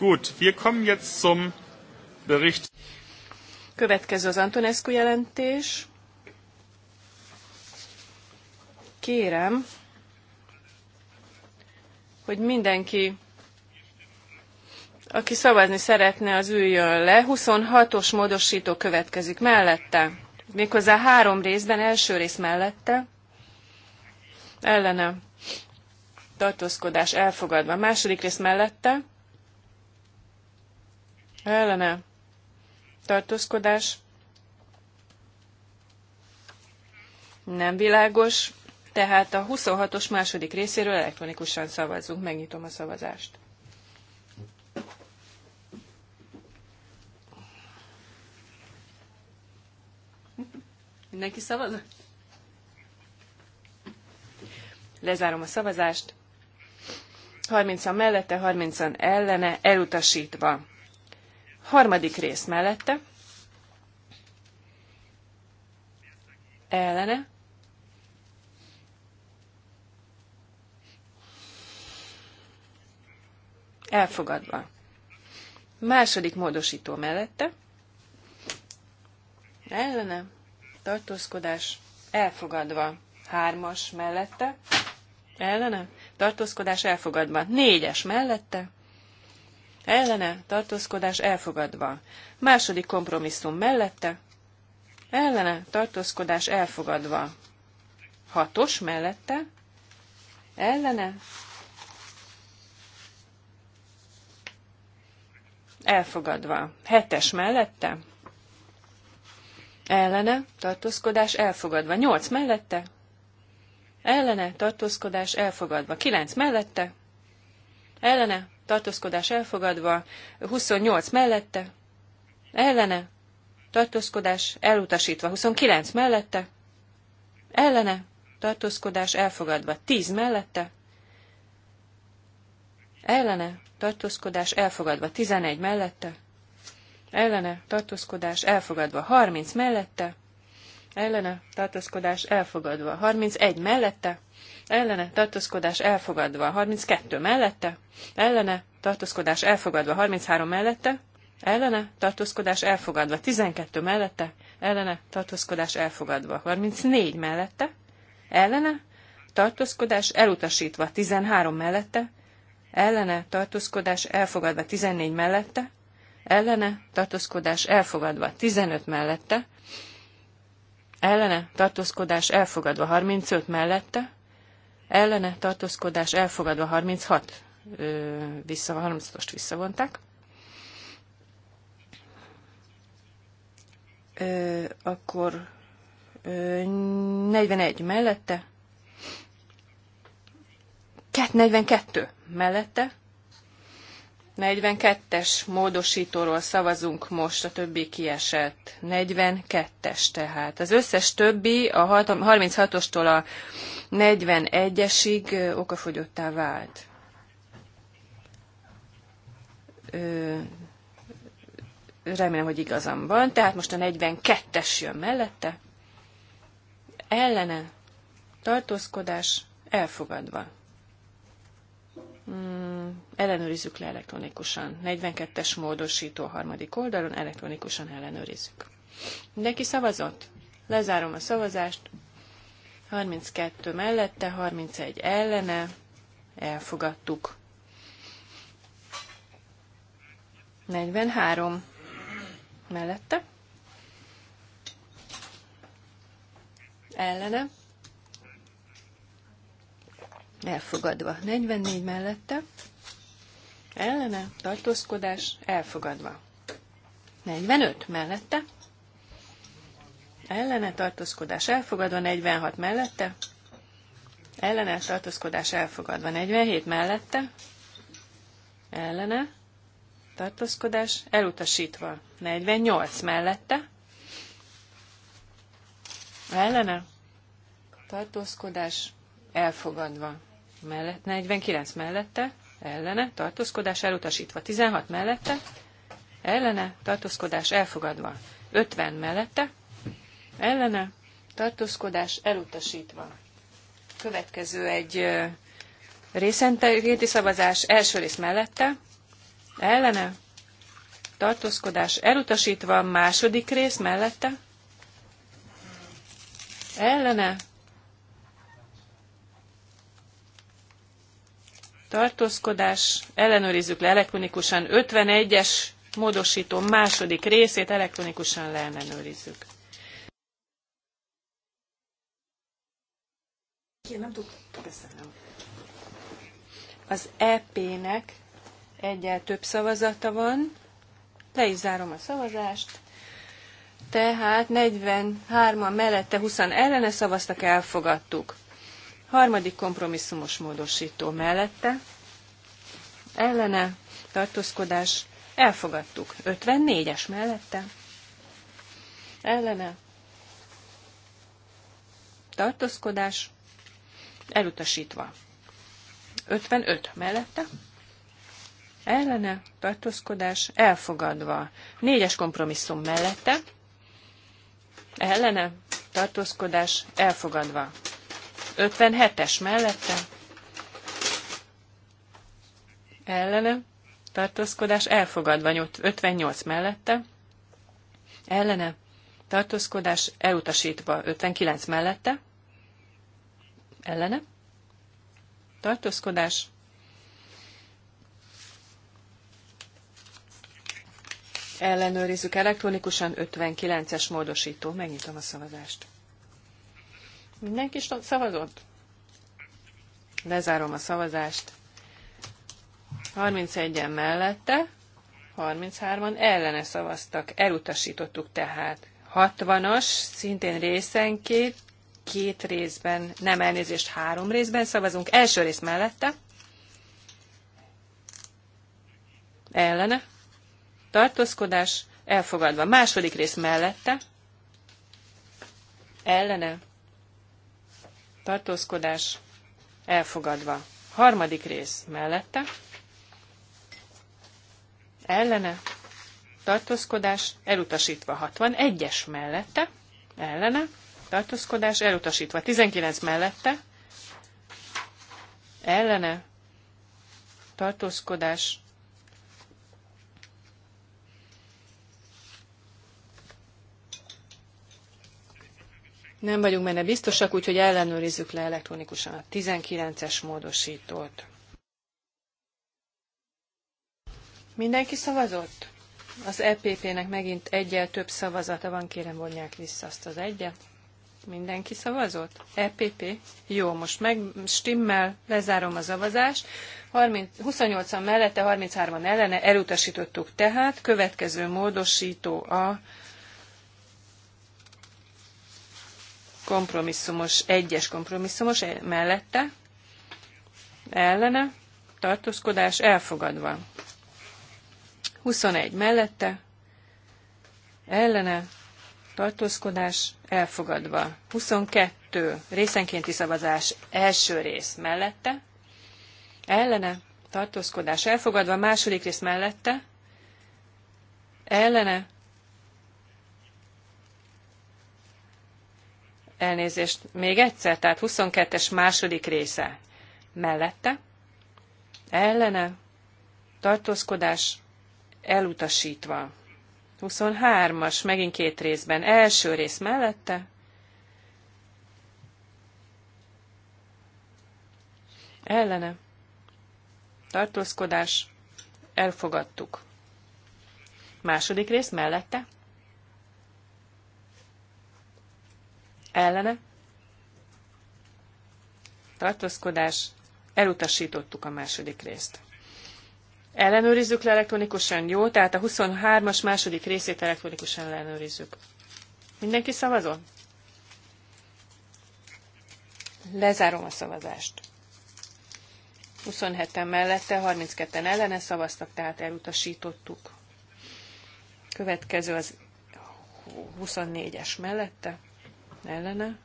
Gut, wir kommen jetzt zum Bericht. Következő az Antonescu jelentés. Kérem, hogy mindenki, aki szavazni szeretne, az üljön le. 26-os módosító következik mellette. Méghozzá három részben, első rész mellette. Ellene. Tartózkodás elfogadva. Második rész mellette ellene tartózkodás nem világos, tehát a 26-os második részéről elektronikusan szavazzunk. Megnyitom a szavazást. Mindenki szavaz? Lezárom a szavazást. 30-an mellette, 30-an ellene, elutasítva. Harmadik rész mellette. Ellene. Elfogadva. Második módosító mellette. Ellene. Tartózkodás. Elfogadva. Hármas mellette. Ellene. Tartózkodás elfogadva. Négyes mellette ellene tartózkodás elfogadva. Második kompromisszum mellette, ellene tartózkodás elfogadva. Hatos mellette, ellene elfogadva. Hetes mellette, ellene tartózkodás elfogadva. Nyolc mellette, ellene tartózkodás elfogadva. Kilenc mellette, ellene tartózkodás elfogadva, 28 mellette, ellene, tartózkodás elutasítva, 29 mellette, ellene, tartózkodás elfogadva, 10 mellette, ellene, tartózkodás elfogadva, 11 mellette, ellene, tartózkodás elfogadva, 30 mellette, ellene, tartózkodás elfogadva, 31 mellette, ellene tartózkodás elfogadva. 32 mellette, ellene tartózkodás elfogadva. 33 mellette, ellene tartózkodás elfogadva. 12 mellette, ellene tartózkodás elfogadva. 34 mellette, ellene tartózkodás elutasítva. 13 mellette, ellene tartózkodás elfogadva. 14 mellette, ellene tartózkodás elfogadva. 15 mellette, ellene tartózkodás elfogadva 35 mellette, ellene tartózkodás elfogadva 36 vissza, 36-ost visszavonták. Ö, akkor ö, 41 mellette, 42 mellette, 42-es módosítóról szavazunk most, a többi kiesett. 42-es tehát. Az összes többi a 36-ostól a 41-esig okafogyottá vált. Remélem, hogy igazam van. Tehát most a 42-es jön mellette. Ellene tartózkodás elfogadva. Mm, ellenőrizzük le elektronikusan. 42-es módosító harmadik oldalon elektronikusan ellenőrizzük. Mindenki szavazott? Lezárom a szavazást. 32 mellette, 31 ellene, elfogadtuk. 43 mellette, ellene, elfogadva. 44 mellette, ellene, tartózkodás, elfogadva. 45 mellette, ellene tartózkodás elfogadva, 46 mellette, ellene tartózkodás elfogadva, 47 mellette, ellene tartózkodás elutasítva, 48 mellette, ellene tartózkodás elfogadva, mellett, 49 mellette, ellene tartózkodás elutasítva, 16 mellette, ellene tartózkodás elfogadva, 50 mellette, ellene, tartózkodás elutasítva. Következő egy részentegéti szavazás első rész mellette, ellene, tartózkodás elutasítva, második rész mellette, ellene, tartózkodás, ellenőrizzük le elektronikusan 51-es módosító második részét elektronikusan leellenőrizzük. Ki nem Köszönöm. Az EP-nek egyel több szavazata van. Le is zárom a szavazást. Tehát 43-an mellette 20 ellene szavaztak, elfogadtuk. Harmadik kompromisszumos módosító mellette. Ellene, tartózkodás, elfogadtuk. 54-es mellette. Ellene, tartózkodás, elutasítva. 55 mellette, ellene, tartózkodás, elfogadva. Négyes kompromisszum mellette, ellene, tartózkodás, elfogadva. 57-es mellette, ellene, tartózkodás, elfogadva. 58 mellette, ellene, tartózkodás, elutasítva. 59 mellette, ellene, tartózkodás, ellenőrizzük elektronikusan 59-es módosító. Megnyitom a szavazást. Mindenki szavazott? Lezárom a szavazást. 31-en mellette, 33-an ellene szavaztak. Elutasítottuk tehát. 60-as, szintén részenként, két részben, nem elnézést három részben szavazunk. Első rész mellette, ellene, tartózkodás, elfogadva. Második rész mellette, ellene, tartózkodás, elfogadva. Harmadik rész mellette, ellene, tartózkodás, elutasítva 61-es mellette, ellene, tartózkodás elutasítva. 19 mellette, ellene, tartózkodás Nem vagyunk benne biztosak, úgyhogy ellenőrizzük le elektronikusan a 19-es módosítót. Mindenki szavazott? Az EPP-nek megint egyel több szavazata van, kérem vonják vissza azt az egyet. Mindenki szavazott? EPP? Jó, most meg stimmel, lezárom a szavazást. 28-an mellette, 33-an ellene, elutasítottuk tehát. Következő módosító a kompromisszumos, egyes kompromisszumos e, mellette, ellene, tartózkodás elfogadva. 21 mellette, ellene, tartózkodás elfogadva. 22 részenkénti szavazás első rész mellette, ellene tartózkodás elfogadva, második rész mellette, ellene elnézést még egyszer, tehát 22-es második része mellette, ellene tartózkodás elutasítva. 23-as, megint két részben. Első rész mellette. Ellene. Tartózkodás. Elfogadtuk. Második rész mellette. Ellene. Tartózkodás. Elutasítottuk a második részt. Ellenőrizzük le elektronikusan, jó? Tehát a 23-as második részét elektronikusan ellenőrizzük. Mindenki szavazol? Lezárom a szavazást. 27-en mellette, 32-en ellene szavaztak, tehát elutasítottuk. Következő az 24-es mellette, ellene,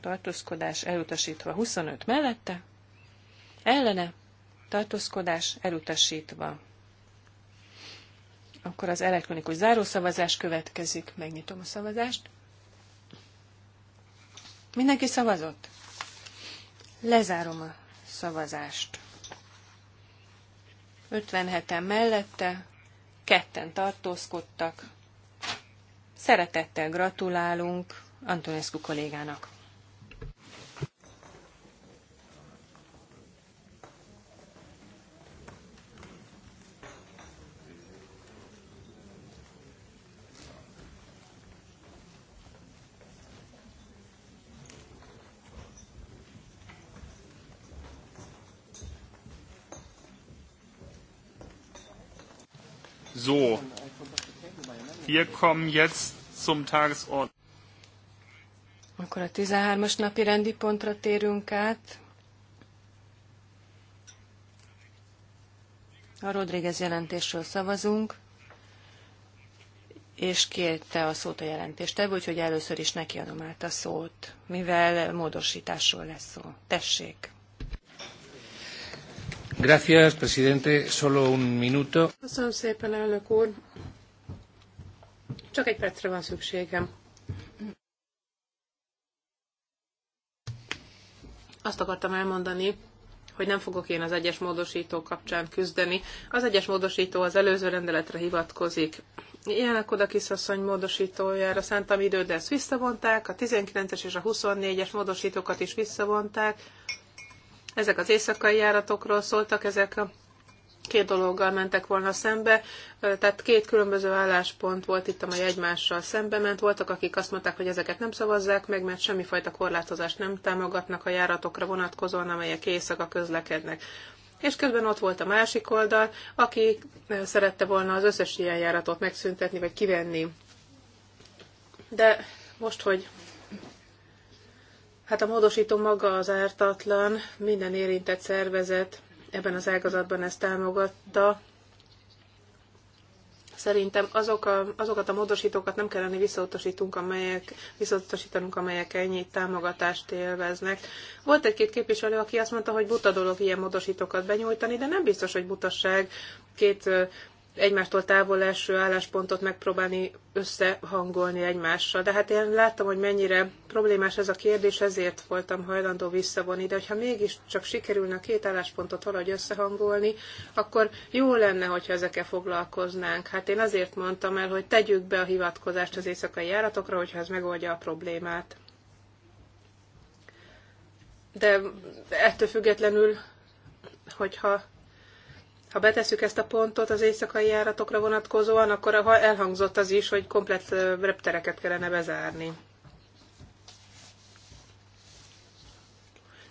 tartózkodás elutasítva 25 mellette, ellene, tartózkodás elutasítva. Akkor az elektronikus zárószavazás következik. Megnyitom a szavazást. Mindenki szavazott? Lezárom a szavazást. 57-en mellette, ketten tartózkodtak. Szeretettel gratulálunk Antonescu kollégának. So, wir kommen jetzt zum Tagesordnung. Akkor a 13-as napi rendi pontra térünk át. A Rodriguez jelentésről szavazunk, és kérte a szót a jelentéstevő, úgyhogy először is neki adom át a szót, mivel módosításról lesz szó. Tessék! Gracias, presidente. Solo un minuto. Köszönöm szépen, elnök úr. Csak egy percre van szükségem. Azt akartam elmondani, hogy nem fogok én az egyes módosító kapcsán küzdeni. Az egyes módosító az előző rendeletre hivatkozik. Ilyenek oda kisasszony módosítójára szántam időt, de ezt visszavonták, a 19-es és a 24-es módosítókat is visszavonták, ezek az éjszakai járatokról szóltak, ezek a két dologgal mentek volna szembe, tehát két különböző álláspont volt itt, amely egymással szembe ment. Voltak, akik azt mondták, hogy ezeket nem szavazzák meg, mert semmifajta korlátozást nem támogatnak a járatokra vonatkozóan, amelyek éjszaka közlekednek. És közben ott volt a másik oldal, aki szerette volna az összes ilyen járatot megszüntetni, vagy kivenni. De most, hogy Hát a módosító maga az ártatlan, minden érintett szervezet ebben az ágazatban ezt támogatta. Szerintem azok a, azokat a módosítókat nem kellene visszautasítunk, amelyek, visszautasítanunk, amelyek ennyi támogatást élveznek. Volt egy-két képviselő, aki azt mondta, hogy buta dolog ilyen módosítókat benyújtani, de nem biztos, hogy butasság két egymástól távol első álláspontot megpróbálni összehangolni egymással. De hát én láttam, hogy mennyire problémás ez a kérdés, ezért voltam hajlandó visszavonni. De hogyha mégis csak sikerülne a két álláspontot valahogy összehangolni, akkor jó lenne, hogyha ezekkel foglalkoznánk. Hát én azért mondtam el, hogy tegyük be a hivatkozást az éjszakai járatokra, hogyha ez megoldja a problémát. De ettől függetlenül, hogyha ha betesszük ezt a pontot az éjszakai járatokra vonatkozóan, akkor elhangzott az is, hogy komplet reptereket kellene bezárni.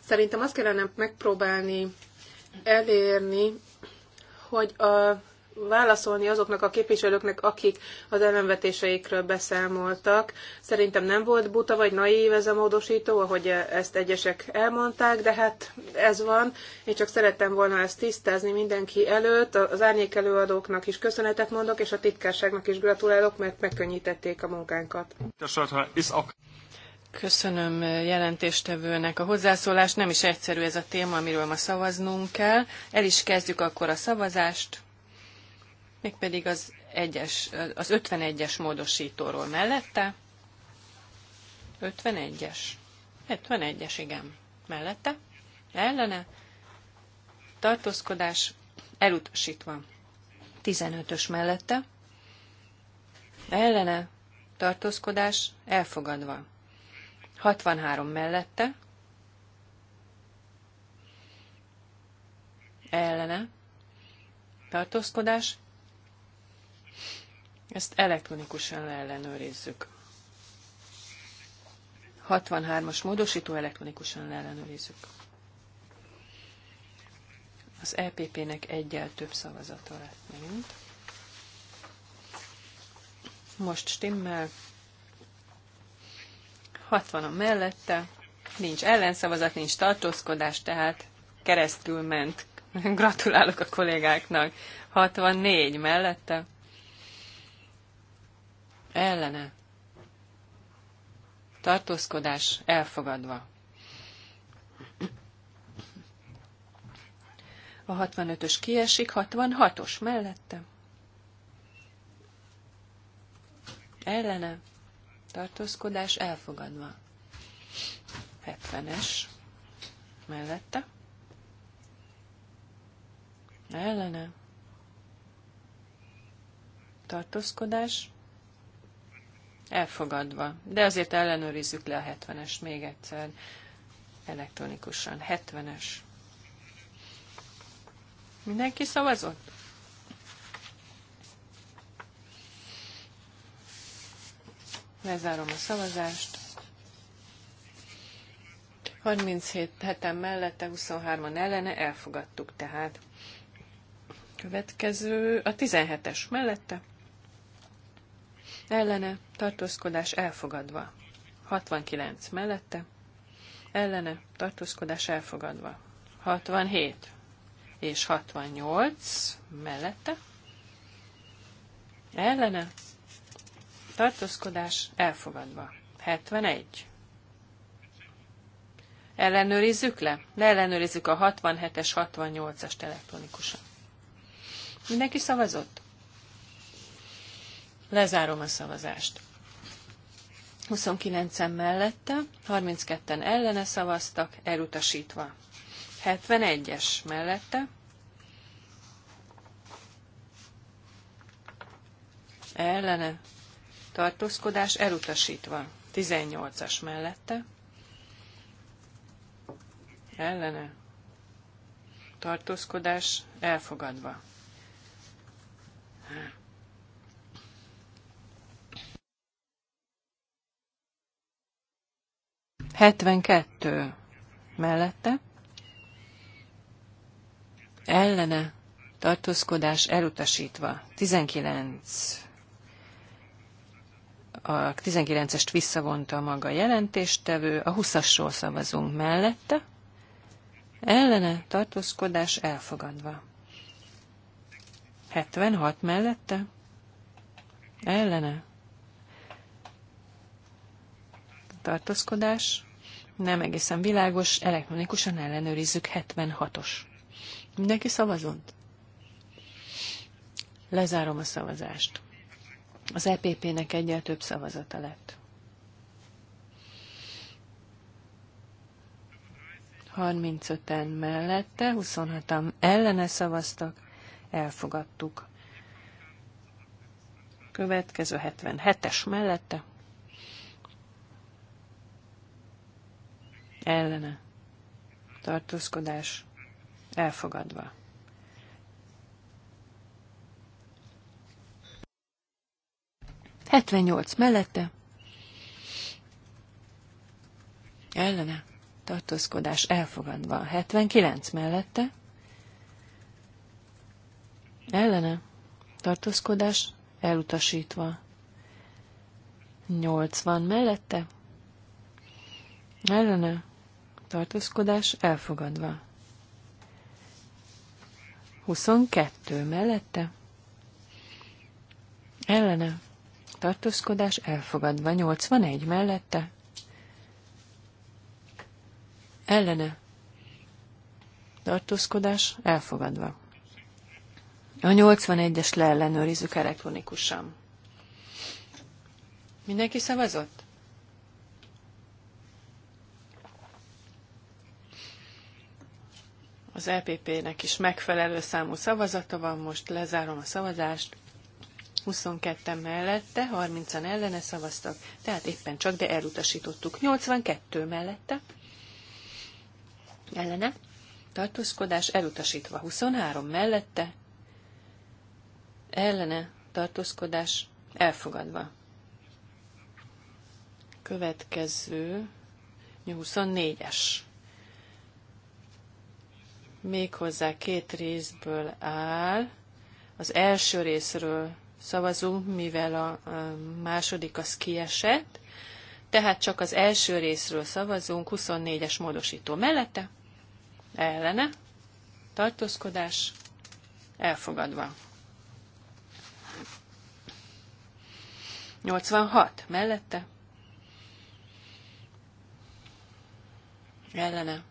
Szerintem azt kellene megpróbálni elérni, hogy a válaszolni azoknak a képviselőknek, akik az ellenvetéseikről beszámoltak. Szerintem nem volt buta vagy naív ez a módosító, ahogy ezt egyesek elmondták, de hát ez van. Én csak szerettem volna ezt tisztázni mindenki előtt. Az árnyék előadóknak is köszönetet mondok, és a titkárságnak is gratulálok, mert megkönnyítették a munkánkat. Köszönöm jelentéstevőnek a hozzászólást. Nem is egyszerű ez a téma, amiről ma szavaznunk kell. El is kezdjük akkor a szavazást mégpedig az, egyes, az 51-es módosítóról mellette. 51-es. 51-es, igen. Mellette. Ellene. Tartózkodás elutasítva. 15-ös mellette. Ellene. Tartózkodás elfogadva. 63 mellette. Ellene. Tartózkodás ezt elektronikusan ellenőrizzük. 63-as módosító elektronikusan ellenőrizzük. Az EPP-nek egyel több szavazata lett megint. Most stimmel. 60 a mellette. Nincs ellenszavazat, nincs tartózkodás, tehát keresztül ment. Gratulálok a kollégáknak. 64 mellette ellene, tartózkodás elfogadva. A 65-ös kiesik, 66-os mellette. Ellene, tartózkodás elfogadva. 70-es mellette. Ellene, tartózkodás Elfogadva. De azért ellenőrizzük le a 70-est még egyszer elektronikusan. 70-es. Mindenki szavazott? Lezárom a szavazást. 37 heten mellette, 23-an ellene elfogadtuk tehát. Következő a 17-es mellette, ellene tartózkodás elfogadva. 69 mellette, ellene tartózkodás elfogadva. 67 és 68 mellette, ellene tartózkodás elfogadva. 71. Ellenőrizzük le? Ne ellenőrizzük a 67-es, 68 as elektronikusan. Mindenki szavazott? Lezárom a szavazást. 29-en mellette, 32-en ellene szavaztak, elutasítva. 71-es mellette, ellene, tartózkodás elutasítva. 18-as mellette, ellene, tartózkodás elfogadva. 72 mellette ellene tartózkodás elutasítva. 19 a 19-est visszavonta maga jelentéstevő, a 20-asról szavazunk mellette, ellene tartózkodás elfogadva. 76 mellette, ellene tartózkodás, nem egészen világos, elektronikusan ellenőrizzük 76-os. Mindenki szavazott? Lezárom a szavazást. Az EPP-nek egyel több szavazata lett. 35-en mellette, 26-an ellene szavaztak, elfogadtuk. Következő 77-es mellette, ellene tartózkodás elfogadva. Hetvennyolc mellette ellene tartózkodás elfogadva. Hetvenkilenc mellette ellene tartózkodás elutasítva. Nyolcvan mellette ellene tartózkodás elfogadva. 22 mellette, ellene, tartózkodás elfogadva. 81 mellette, ellene, tartózkodás elfogadva. A 81-es leellenőrizzük elektronikusan. Mindenki szavazott? Az EPP-nek is megfelelő számú szavazata van, most lezárom a szavazást. 22 mellette, 30-an ellene szavaztak, tehát éppen csak, de elutasítottuk. 82 mellette, ellene, tartózkodás elutasítva. 23 mellette, ellene, tartózkodás elfogadva. Következő 24-es méghozzá két részből áll. Az első részről szavazunk, mivel a, második az kiesett, tehát csak az első részről szavazunk, 24-es módosító mellette, ellene, tartózkodás, elfogadva. 86 mellette, ellene,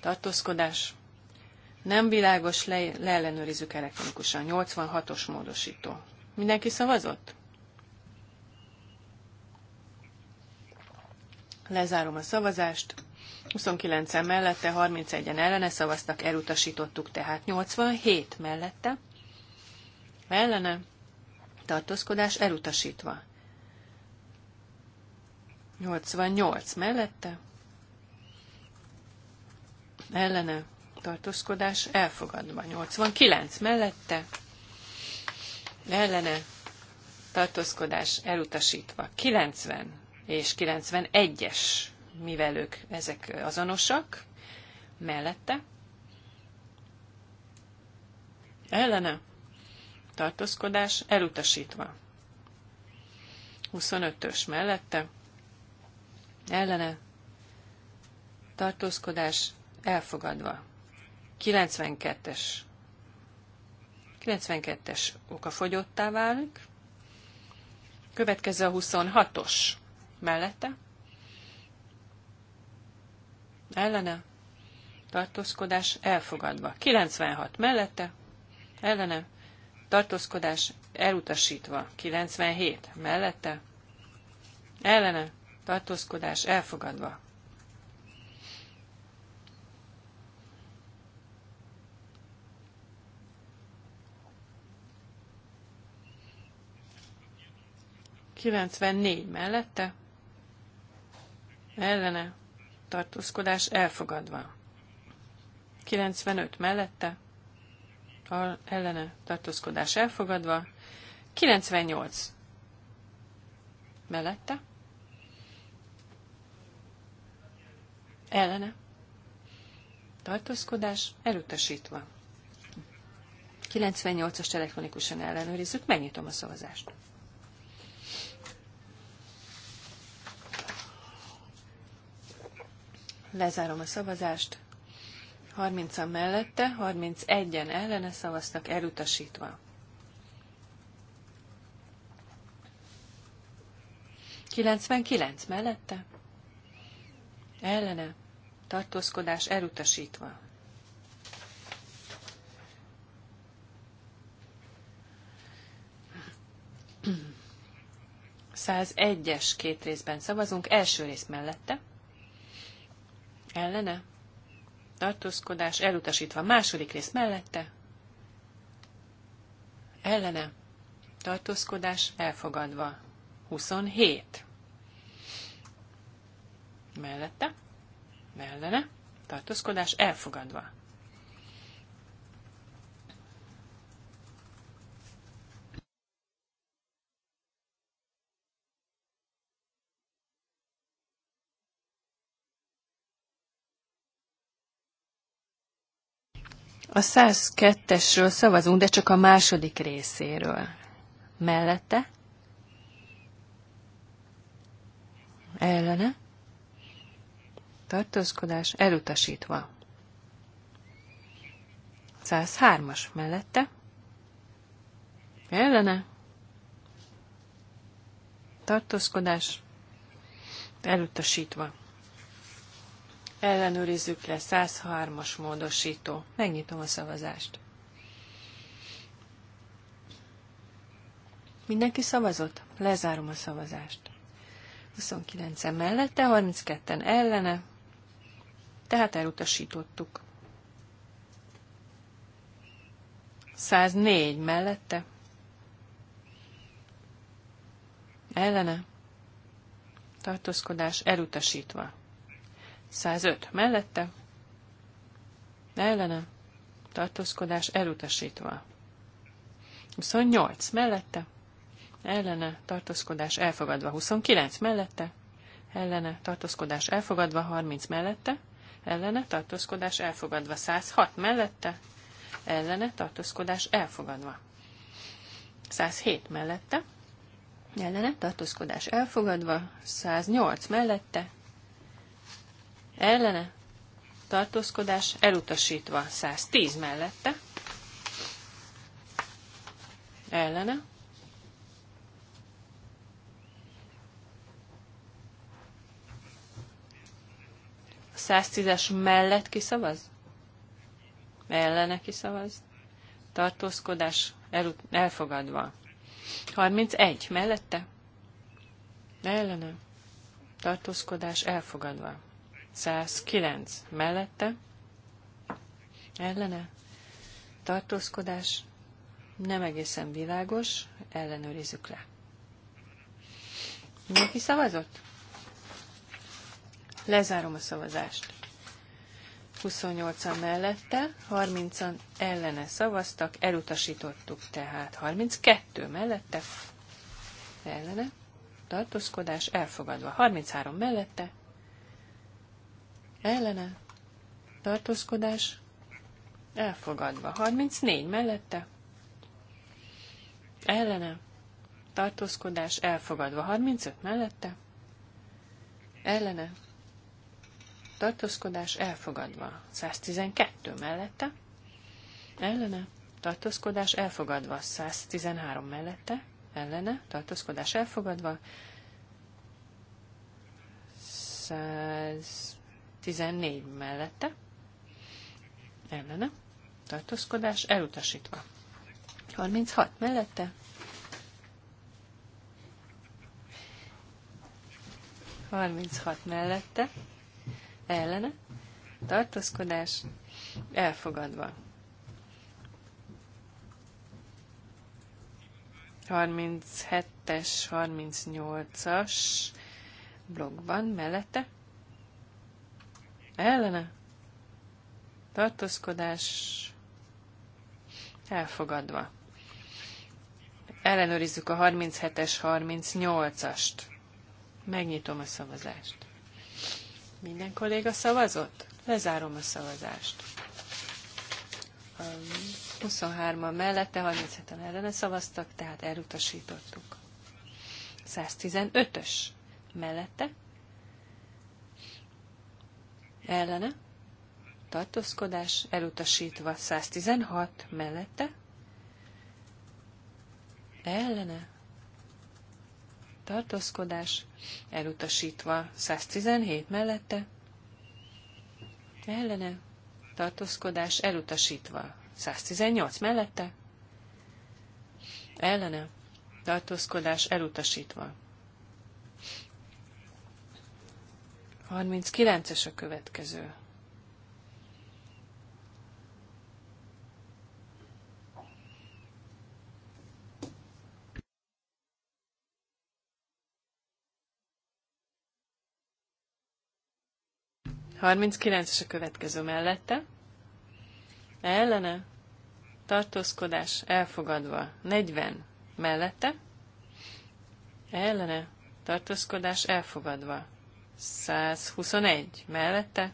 tartózkodás, nem világos, le, leellenőrizzük elektronikusan. 86-os módosító. Mindenki szavazott? Lezárom a szavazást. 29-en mellette, 31-en ellene szavaztak, elutasítottuk tehát 87 mellette. Ellene tartózkodás elutasítva. 88 mellette. Ellene tartózkodás elfogadva. 89 mellette, ellene, tartózkodás elutasítva. 90 és 91-es, mivel ők ezek azonosak, mellette, ellene, tartózkodás elutasítva. 25-ös mellette, ellene, tartózkodás elfogadva. 92-es. 92-es oka fogyottá válik. Következő a 26-os. Mellette. Ellene. Tartózkodás elfogadva. 96 mellette. Ellene. Tartózkodás elutasítva. 97 mellette. Ellene. Tartózkodás elfogadva. 94 mellette ellene tartózkodás elfogadva. 95 mellette ellene tartózkodás elfogadva. 98 mellette ellene tartózkodás elutasítva. 98-as telefonikusan ellenőrizzük, megnyitom a szavazást. Lezárom a szavazást. 30-an mellette, 31-en ellene szavaztak, elutasítva. Kilencvenkilenc mellette, ellene, tartózkodás elutasítva. Száz egyes két részben szavazunk, első rész mellette, ellene, tartózkodás elutasítva. Második rész mellette, ellene, tartózkodás elfogadva. 27. Mellette, mellene, tartózkodás elfogadva. A 102-esről szavazunk, de csak a második részéről. Mellette? Ellene? Tartózkodás elutasítva. 103-as mellette? Ellene? Tartózkodás elutasítva. Ellenőrizzük le 103-as módosító. Megnyitom a szavazást. Mindenki szavazott? Lezárom a szavazást. 29-en mellette, 32-en ellene, tehát elutasítottuk. 104 mellette, ellene, tartózkodás elutasítva. 105 mellette, ellene, tartózkodás elutasítva. 28 mellette, ellene, tartózkodás elfogadva. 29 mellette, ellene, tartózkodás elfogadva. 30 mellette, ellene, tartózkodás elfogadva. 106 mellette, ellene, tartózkodás elfogadva. 107 mellette, ellene, tartózkodás elfogadva, 108 mellette, ellene tartózkodás elutasítva 110 mellette, ellene, a 110-es mellett kiszavaz? Ellene kiszavaz? Tartózkodás el, elfogadva. 31 mellette? Ellene. Tartózkodás elfogadva. 109 mellette, ellene, tartózkodás, nem egészen világos, ellenőrizzük le. Mindenki szavazott? Lezárom a szavazást. 28-an mellette, 30-an ellene szavaztak, elutasítottuk tehát 32 mellette, ellene, tartózkodás, elfogadva 33 mellette, ellene, tartózkodás, elfogadva. 34 mellette, ellene, tartózkodás, elfogadva. 35 mellette, ellene, tartózkodás, elfogadva. 112 mellette, ellene, tartózkodás, elfogadva. 113 mellette, ellene, tartózkodás, elfogadva. 100 14 mellette, ellene, tartózkodás elutasítva. 36 mellette, 36 mellette, ellene, tartózkodás elfogadva. 37-es, 38-as blogban mellette, ellene, tartózkodás elfogadva. Ellenőrizzük a 37-es, 38-ast. Megnyitom a szavazást. Minden kolléga szavazott? Lezárom a szavazást. 23-an mellette, 37-en ellene szavaztak, tehát elutasítottuk. 115-ös mellette, ellene, tartózkodás elutasítva 116 mellette, ellene, tartózkodás elutasítva 117 mellette, ellene, tartózkodás elutasítva 118 mellette, ellene, tartózkodás elutasítva 39-es a következő. Harminckilences a következő mellette. Ellene. Tartózkodás elfogadva. 40 mellette. Ellene. Tartózkodás elfogadva. 121 mellette,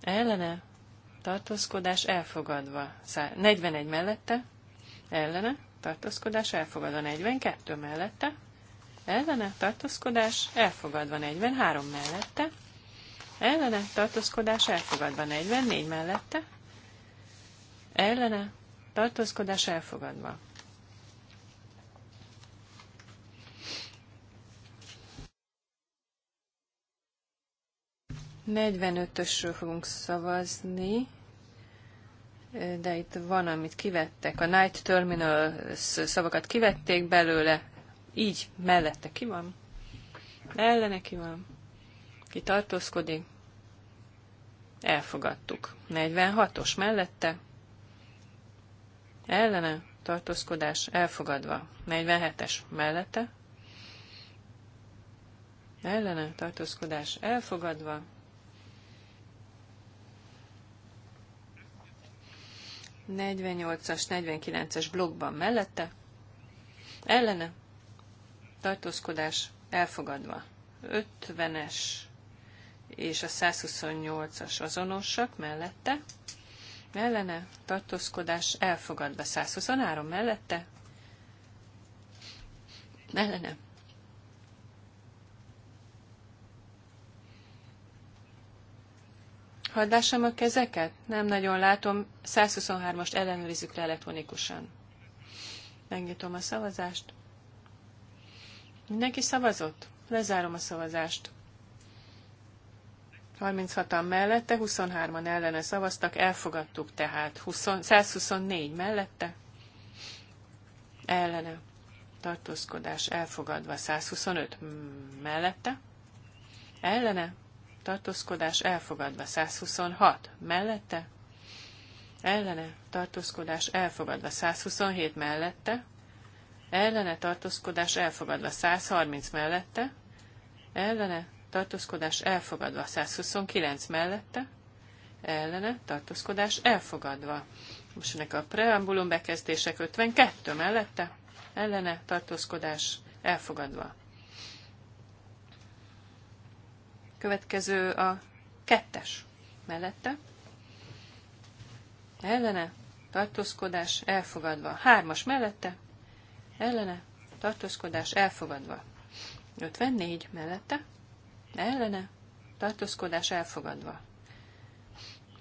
ellene, tartózkodás elfogadva. 41 mellette, ellene, tartózkodás elfogadva. 42 mellette, ellene, tartózkodás elfogadva. 43 mellette, ellene, tartózkodás elfogadva. 44 mellette, ellene, tartózkodás elfogadva. 45-ösről fogunk szavazni, de itt van, amit kivettek. A Night Terminal szavakat kivették belőle, így mellette ki van, ellene ki van, ki tartózkodik, elfogadtuk. 46-os mellette, ellene, tartózkodás, elfogadva. 47-es mellette, ellene, tartózkodás, elfogadva. 48-as, 49-es blokkban mellette, ellene, tartózkodás elfogadva. 50-es és a 128-as azonosak mellette, ellene, tartózkodás elfogadva. 123 mellette, ellene, Hadd lássam a kezeket? Nem nagyon látom. 123-ast ellenőrizzük le elektronikusan. Megnyitom a szavazást. Mindenki szavazott? Lezárom a szavazást. 36-an mellette, 23-an ellene szavaztak, elfogadtuk tehát 20, 124 mellette, ellene, tartózkodás elfogadva 125 mellette, ellene, tartózkodás elfogadva 126 mellette, ellene tartózkodás elfogadva 127 mellette, ellene tartózkodás elfogadva 130 mellette, ellene tartózkodás elfogadva 129 mellette, ellene tartózkodás elfogadva. Most ennek a preambulum bekezdések 52 mellette, ellene tartózkodás elfogadva. Következő a kettes mellette, ellene, tartózkodás elfogadva. Hármas mellette, ellene, tartózkodás elfogadva. 54 mellette, ellene, tartózkodás elfogadva.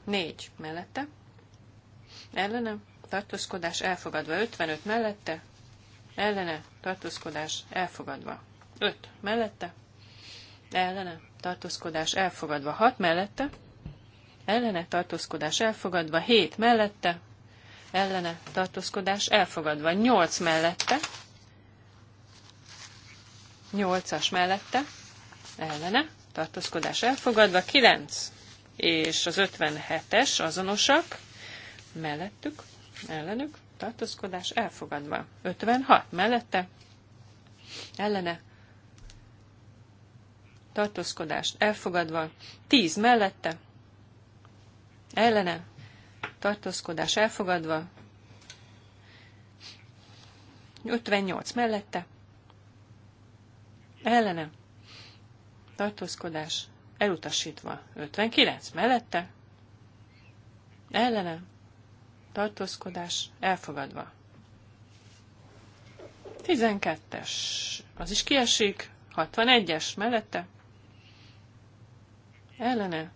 4 mellette, ellene, tartózkodás elfogadva. 55 mellette, ellene, tartózkodás elfogadva. 5 mellette, ellene, tartózkodás elfogadva. 6 mellette, ellene tartózkodás elfogadva, 7 mellette, ellene tartózkodás elfogadva, 8 mellette, 8-as mellette, ellene tartózkodás elfogadva, 9 és az 57-es azonosak mellettük, ellenük tartózkodás elfogadva, 56 mellette, ellene tartózkodást elfogadva, 10 mellette, ellene, tartózkodás elfogadva, 58 mellette, ellene, tartózkodás elutasítva, 59 mellette, ellene, tartózkodás elfogadva. 12-es, az is kiesik, 61-es mellette, ellene,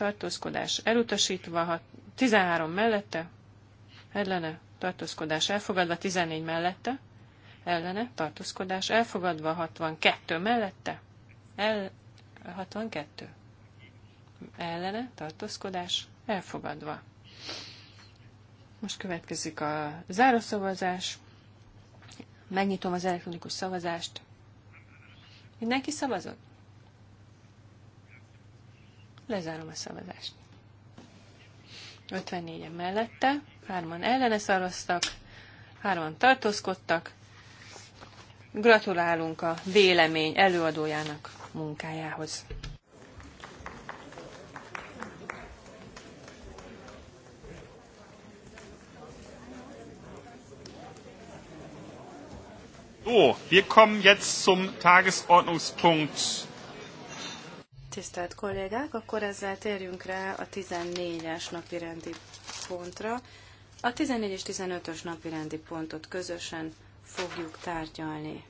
tartózkodás elutasítva, 13 mellette, ellene, tartózkodás elfogadva, 14 mellette, ellene, tartózkodás elfogadva, 62 mellette, el, 62 ellene, tartózkodás elfogadva. Most következik a zárószavazás. Megnyitom az elektronikus szavazást. Mindenki szavazott? Lezárom a szavazást. 54-en mellette, 3-an ellene szavaztak, 3-an tartózkodtak. Gratulálunk a vélemény előadójának munkájához. So, wir kommen jetzt zum Tagesordnungspunkt Tisztelt kollégák, akkor ezzel térjünk rá a 14-es napirendi pontra. A 14 és 15-ös napirendi pontot közösen fogjuk tárgyalni.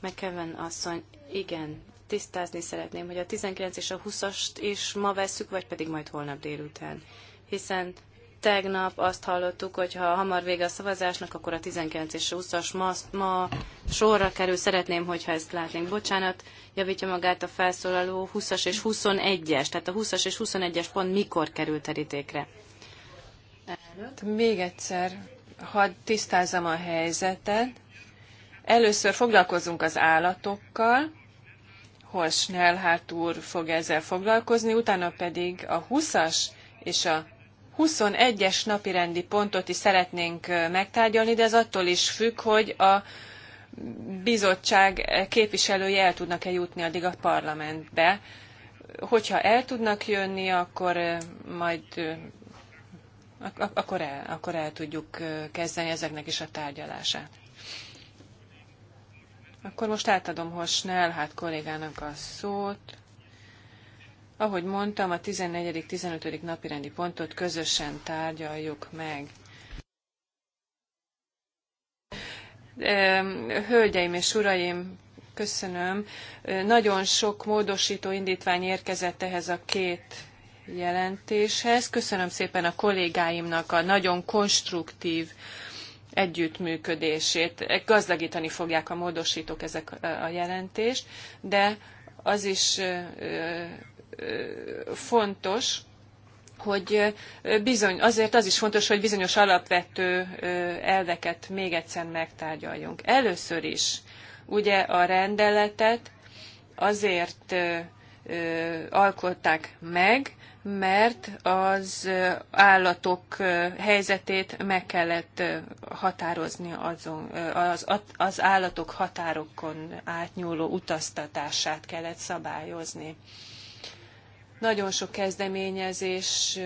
McKeven asszony, igen, tisztázni szeretném, hogy a 19 és a 20-ast is ma veszük, vagy pedig majd holnap délután. Hiszen Tegnap azt hallottuk, hogy ha hamar vége a szavazásnak, akkor a 19 és 20-as ma, ma sorra kerül. Szeretném, hogyha ezt látnénk. Bocsánat, javítja magát a felszólaló 20-as és 21-es. Tehát a 20-as és 21-es pont mikor kerül terítékre? Hát még egyszer, hadd tisztázzam a helyzetet. Először foglalkozunk az állatokkal, hol Schnellhardt úr fog ezzel foglalkozni, utána pedig a 20-as és a 21-es napirendi pontot is szeretnénk megtárgyalni, de ez attól is függ, hogy a bizottság képviselői el tudnak-e jutni addig a parlamentbe. Hogyha el tudnak jönni, akkor majd akkor el, akkor el tudjuk kezdeni ezeknek is a tárgyalását. Akkor most átadom Hosnál, hát kollégának a szót. Ahogy mondtam, a 14.-15. napirendi pontot közösen tárgyaljuk meg. Hölgyeim és uraim, köszönöm. Nagyon sok módosító indítvány érkezett ehhez a két jelentéshez. Köszönöm szépen a kollégáimnak a nagyon konstruktív együttműködését. Gazdagítani fogják a módosítók ezek a jelentést, de az is fontos, hogy bizony, azért az is fontos, hogy bizonyos alapvető elveket még egyszer megtárgyaljunk. Először is ugye a rendeletet azért alkották meg, mert az állatok helyzetét meg kellett határozni azon, az, az állatok határokon átnyúló utaztatását kellett szabályozni. Nagyon sok kezdeményezés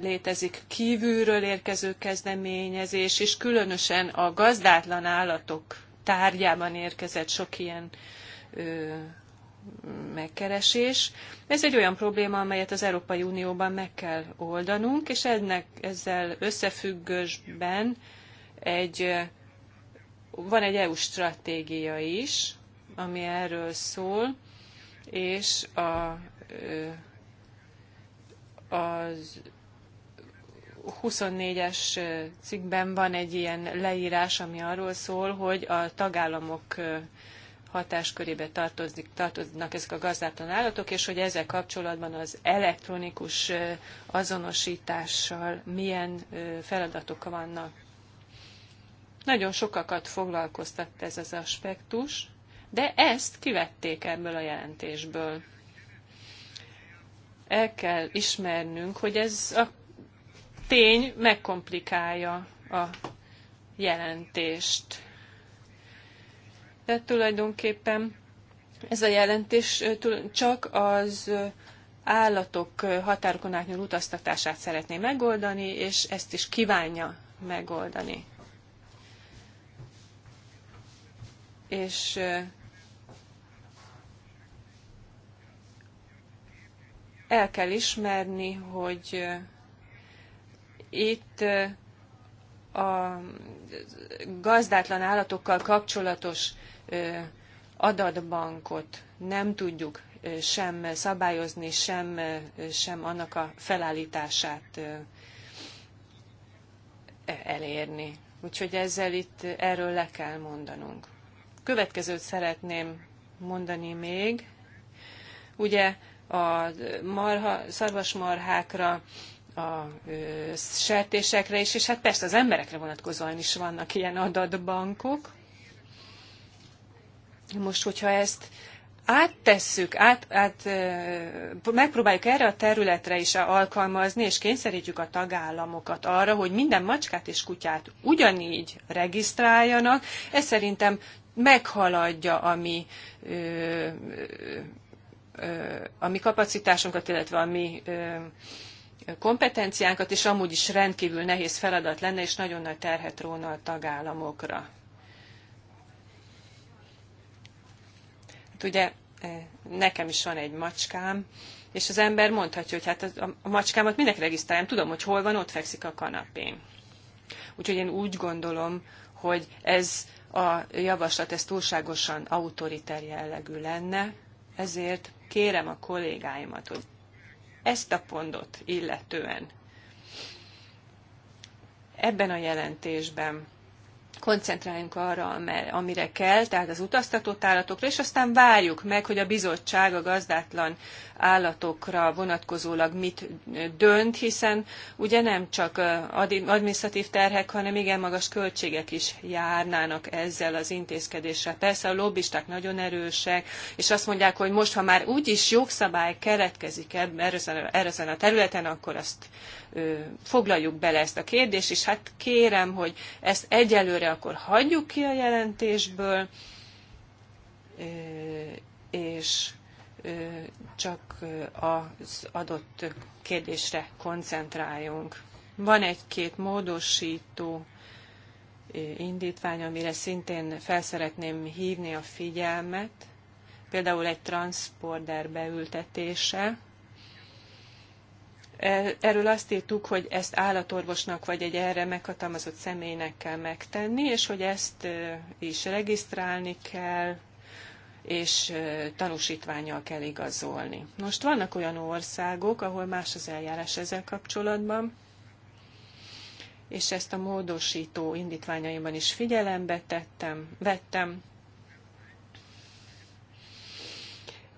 létezik, kívülről érkező kezdeményezés, és különösen a gazdátlan állatok tárgyában érkezett sok ilyen ö, megkeresés. Ez egy olyan probléma, amelyet az Európai Unióban meg kell oldanunk, és ennek ezzel összefüggősben egy, van egy EU stratégia is, ami erről szól, és a ö, az 24-es cikkben van egy ilyen leírás, ami arról szól, hogy a tagállamok hatáskörébe tartoznak, tartoznak ezek a gazdátlan állatok, és hogy ezzel kapcsolatban az elektronikus azonosítással milyen feladatok vannak. Nagyon sokakat foglalkoztat ez az aspektus, de ezt kivették ebből a jelentésből el kell ismernünk, hogy ez a tény megkomplikálja a jelentést. De tulajdonképpen ez a jelentés csak az állatok határokon átnyúló utaztatását szeretné megoldani, és ezt is kívánja megoldani. És el kell ismerni, hogy itt a gazdátlan állatokkal kapcsolatos adatbankot nem tudjuk sem szabályozni, sem, sem annak a felállítását elérni. Úgyhogy ezzel itt erről le kell mondanunk. Következőt szeretném mondani még. Ugye a marha, szarvasmarhákra, a sertésekre is, és hát persze az emberekre vonatkozóan is vannak ilyen adatbankok. Most, hogyha ezt áttesszük, át, át, megpróbáljuk erre a területre is alkalmazni, és kényszerítjük a tagállamokat arra, hogy minden macskát és kutyát ugyanígy regisztráljanak, ez szerintem meghaladja a mi ö, a mi kapacitásunkat, illetve a mi kompetenciánkat, és amúgy is rendkívül nehéz feladat lenne, és nagyon nagy terhet róna a tagállamokra. Hát ugye nekem is van egy macskám, és az ember mondhatja, hogy hát a, a macskámat minek regisztráljam, tudom, hogy hol van, ott fekszik a kanapén. Úgyhogy én úgy gondolom, hogy ez a javaslat, ez túlságosan autoriter jellegű lenne, ezért kérem a kollégáimat, hogy ezt a pontot illetően ebben a jelentésben koncentráljunk arra, amire kell, tehát az utaztatott állatokra, és aztán várjuk meg, hogy a bizottság a gazdátlan állatokra vonatkozólag mit dönt, hiszen ugye nem csak administratív terhek, hanem igen magas költségek is járnának ezzel az intézkedéssel. Persze a lobbisták nagyon erősek, és azt mondják, hogy most, ha már úgyis jogszabály keretkezik ebben, erre a területen, akkor azt foglaljuk bele ezt a kérdést, és hát kérem, hogy ezt egyelőre akkor hagyjuk ki a jelentésből, és csak az adott kérdésre koncentráljunk. Van egy-két módosító indítvány, amire szintén felszeretném hívni a figyelmet, például egy transzporder beültetése, E, erről azt írtuk, hogy ezt állatorvosnak vagy egy erre meghatalmazott személynek kell megtenni, és hogy ezt e, is regisztrálni kell, és e, tanúsítványjal kell igazolni. Most vannak olyan országok, ahol más az eljárás ezzel kapcsolatban, és ezt a módosító indítványaimban is figyelembe tettem, vettem,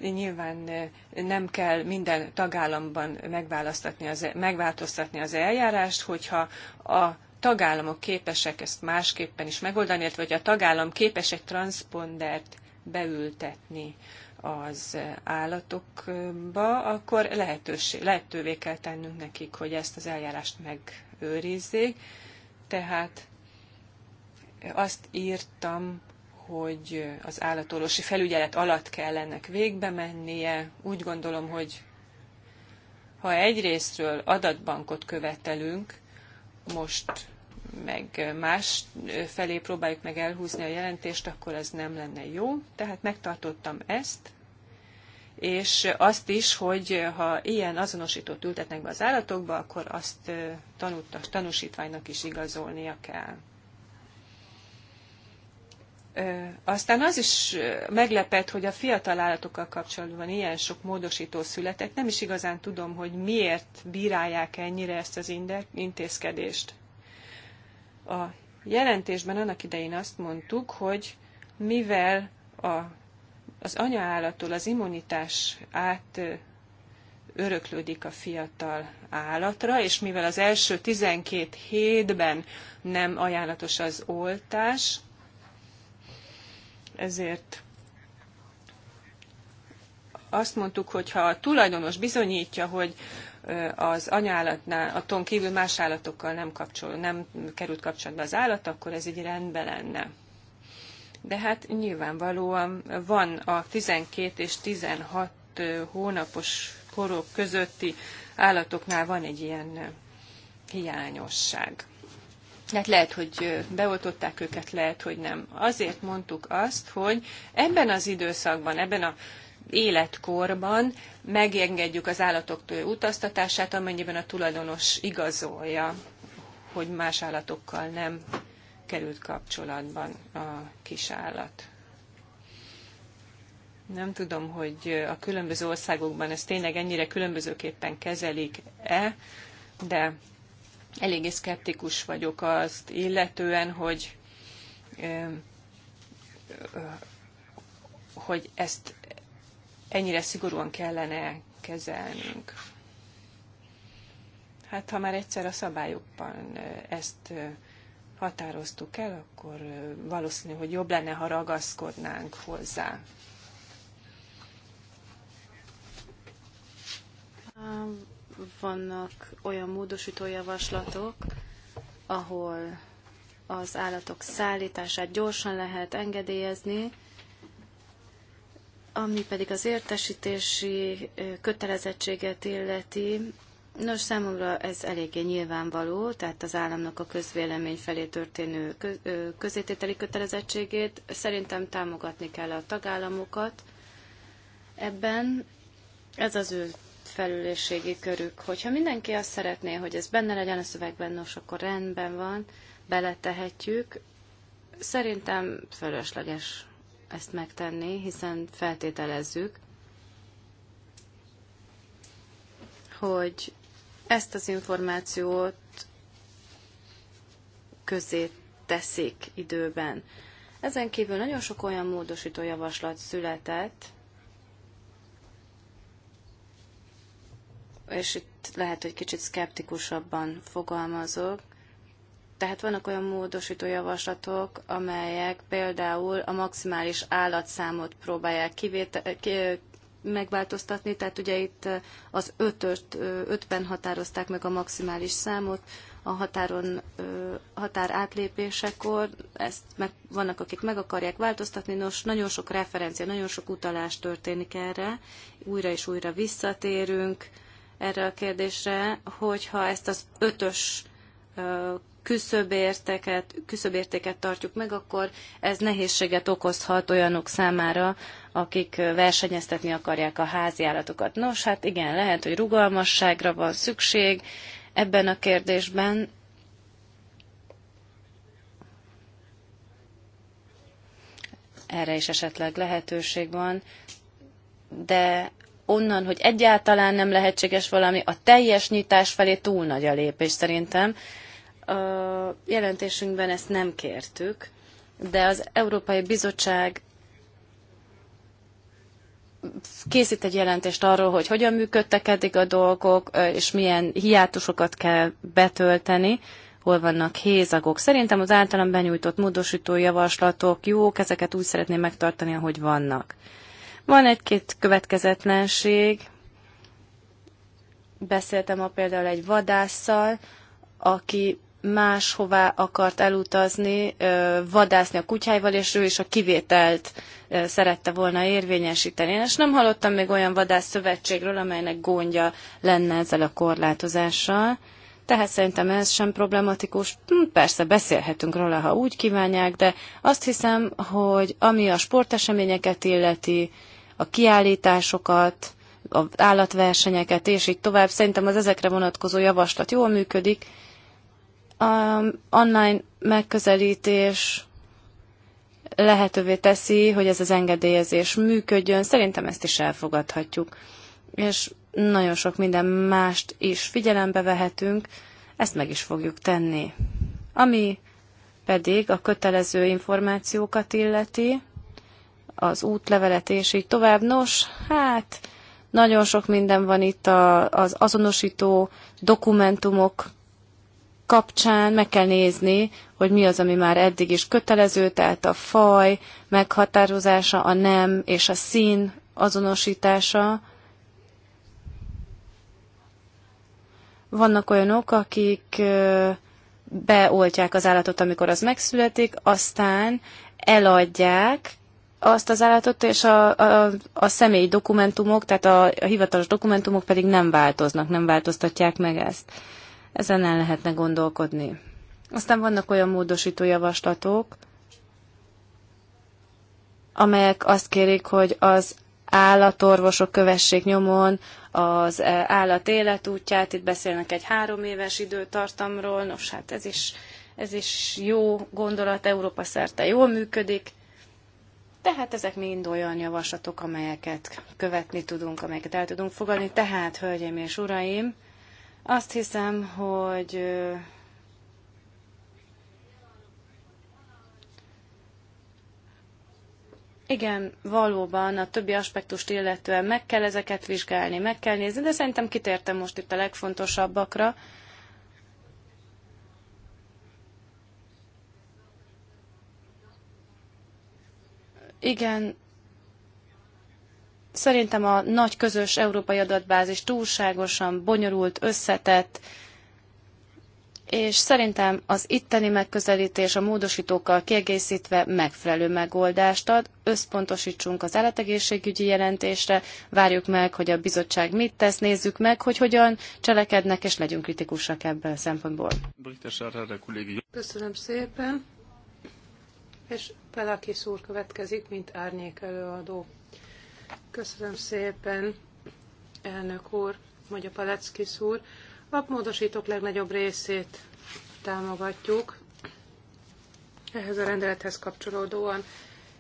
Nyilván eh, nem kell minden tagállamban megváltoztatni az, e- megváltoztatni az eljárást, hogyha a tagállamok képesek ezt másképpen is megoldani, illetve hogy a tagállam képes egy transzpondert beültetni az állatokba, akkor lehetőség, lehetővé kell tennünk nekik, hogy ezt az eljárást megőrizzék. Tehát azt írtam hogy az állatorvosi felügyelet alatt kell ennek végbe mennie. Úgy gondolom, hogy ha egyrésztről adatbankot követelünk, most meg más felé próbáljuk meg elhúzni a jelentést, akkor ez nem lenne jó. Tehát megtartottam ezt, és azt is, hogy ha ilyen azonosítót ültetnek be az állatokba, akkor azt tanult, tanúsítványnak is igazolnia kell. Aztán az is meglepett, hogy a fiatal állatokkal kapcsolatban ilyen sok módosító született. Nem is igazán tudom, hogy miért bírálják ennyire ezt az intézkedést. A jelentésben annak idején azt mondtuk, hogy mivel a, az anyaállattól az immunitás át öröklődik a fiatal állatra, és mivel az első 12 hétben nem ajánlatos az oltás, ezért azt mondtuk, hogy ha a tulajdonos bizonyítja, hogy az anyállatnál, ton kívül más állatokkal nem, kapcsol, nem került kapcsolatba az állat, akkor ez így rendben lenne. De hát nyilvánvalóan van a 12 és 16 hónapos korok közötti állatoknál van egy ilyen hiányosság. Tehát lehet, hogy beoltották őket, lehet, hogy nem. Azért mondtuk azt, hogy ebben az időszakban, ebben a életkorban megengedjük az állatok utaztatását, amennyiben a tulajdonos igazolja, hogy más állatokkal nem került kapcsolatban a kis állat. Nem tudom, hogy a különböző országokban ezt tényleg ennyire különbözőképpen kezelik-e, de eléggé szkeptikus vagyok azt illetően, hogy hogy ezt ennyire szigorúan kellene kezelnünk. Hát ha már egyszer a szabályokban ezt határoztuk el, akkor valószínű, hogy jobb lenne, ha ragaszkodnánk hozzá. Um vannak olyan módosító javaslatok, ahol az állatok szállítását gyorsan lehet engedélyezni, ami pedig az értesítési kötelezettséget illeti, Nos, számomra ez eléggé nyilvánvaló, tehát az államnak a közvélemény felé történő közétételi kötelezettségét szerintem támogatni kell a tagállamokat. Ebben ez az ő felülőségi körük. Hogyha mindenki azt szeretné, hogy ez benne legyen a szövegben, nos, akkor rendben van, beletehetjük. Szerintem fölösleges ezt megtenni, hiszen feltételezzük, hogy ezt az információt közé teszik időben. Ezen kívül nagyon sok olyan módosító javaslat született, és itt lehet, hogy kicsit szkeptikusabban fogalmazok, tehát vannak olyan módosító javaslatok, amelyek például a maximális állatszámot próbálják kivéte- ki- megváltoztatni, tehát ugye itt az ötöt, ötben határozták meg a maximális számot, a határon, határ átlépésekor, ezt meg, vannak, akik meg akarják változtatni, nos, nagyon sok referencia, nagyon sok utalás történik erre, újra és újra visszatérünk, erre a kérdésre, hogyha ezt az ötös küszöbérteket, küszöbértéket tartjuk meg, akkor ez nehézséget okozhat olyanok számára, akik versenyeztetni akarják a háziállatokat. Nos, hát igen, lehet, hogy rugalmasságra van szükség ebben a kérdésben. Erre is esetleg lehetőség van, de onnan, hogy egyáltalán nem lehetséges valami, a teljes nyitás felé túl nagy a lépés szerintem. A jelentésünkben ezt nem kértük, de az Európai Bizottság készít egy jelentést arról, hogy hogyan működtek eddig a dolgok, és milyen hiátusokat kell betölteni, hol vannak hézagok. Szerintem az általam benyújtott módosító javaslatok jók, ezeket úgy szeretném megtartani, ahogy vannak. Van egy-két következetlenség. Beszéltem a például egy vadásszal, aki máshová akart elutazni, vadászni a kutyáival, és ő is a kivételt szerette volna érvényesíteni. És nem hallottam még olyan vadász szövetségről, amelynek gondja lenne ezzel a korlátozással. Tehát szerintem ez sem problematikus. Hm, persze beszélhetünk róla, ha úgy kívánják, de azt hiszem, hogy ami a sporteseményeket illeti, a kiállításokat, az állatversenyeket, és így tovább. Szerintem az ezekre vonatkozó javaslat jól működik. A online megközelítés lehetővé teszi, hogy ez az engedélyezés működjön. Szerintem ezt is elfogadhatjuk. És nagyon sok minden mást is figyelembe vehetünk, ezt meg is fogjuk tenni. Ami pedig a kötelező információkat illeti, az útlevelet, és így tovább. Nos, hát nagyon sok minden van itt a, az azonosító dokumentumok kapcsán meg kell nézni, hogy mi az, ami már eddig is kötelező, tehát a faj meghatározása, a nem és a szín azonosítása. Vannak olyanok, akik beoltják az állatot, amikor az megszületik, aztán eladják, azt az állatot, és a, a, a személyi dokumentumok, tehát a, a hivatalos dokumentumok pedig nem változnak, nem változtatják meg ezt. Ezen el lehetne gondolkodni. Aztán vannak olyan módosító javaslatok, amelyek azt kérik, hogy az állatorvosok kövessék nyomon az e, állat életútját, itt beszélnek egy három éves időtartamról, nos hát ez is, ez is jó gondolat, Európa szerte jól működik, tehát ezek mind olyan javaslatok, amelyeket követni tudunk, amelyeket el tudunk fogadni. Tehát, hölgyeim és uraim, azt hiszem, hogy Igen, valóban a többi aspektust illetően meg kell ezeket vizsgálni, meg kell nézni, de szerintem kitértem most itt a legfontosabbakra. Igen, szerintem a nagy közös európai adatbázis túlságosan bonyolult, összetett, és szerintem az itteni megközelítés a módosítókkal kiegészítve megfelelő megoldást ad. Összpontosítsunk az állategészségügyi jelentésre, várjuk meg, hogy a bizottság mit tesz, nézzük meg, hogy hogyan cselekednek, és legyünk kritikusak ebből a szempontból. Köszönöm szépen és Pelaki úr következik, mint árnyék előadó. Köszönöm szépen, elnök úr, mondja Palacki úr. A módosítók legnagyobb részét támogatjuk ehhez a rendelethez kapcsolódóan.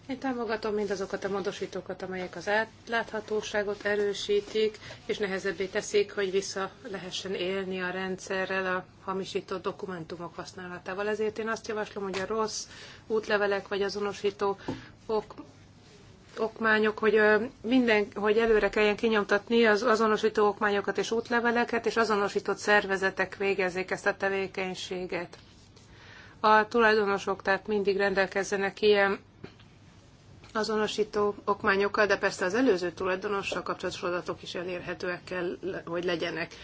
Én támogatom mindazokat a módosítókat, amelyek az átláthatóságot erősítik, és nehezebbé teszik, hogy vissza lehessen élni a rendszerrel a hamisított dokumentumok használatával. Ezért én azt javaslom, hogy a rossz útlevelek vagy azonosító ok, okmányok, hogy minden, hogy előre kelljen kinyomtatni az azonosító okmányokat és útleveleket, és azonosított szervezetek végezzék ezt a tevékenységet. A tulajdonosok tehát mindig rendelkezzenek ilyen azonosító okmányokkal, de persze az előző tulajdonossal kapcsolatos adatok is elérhetőek kell, hogy legyenek.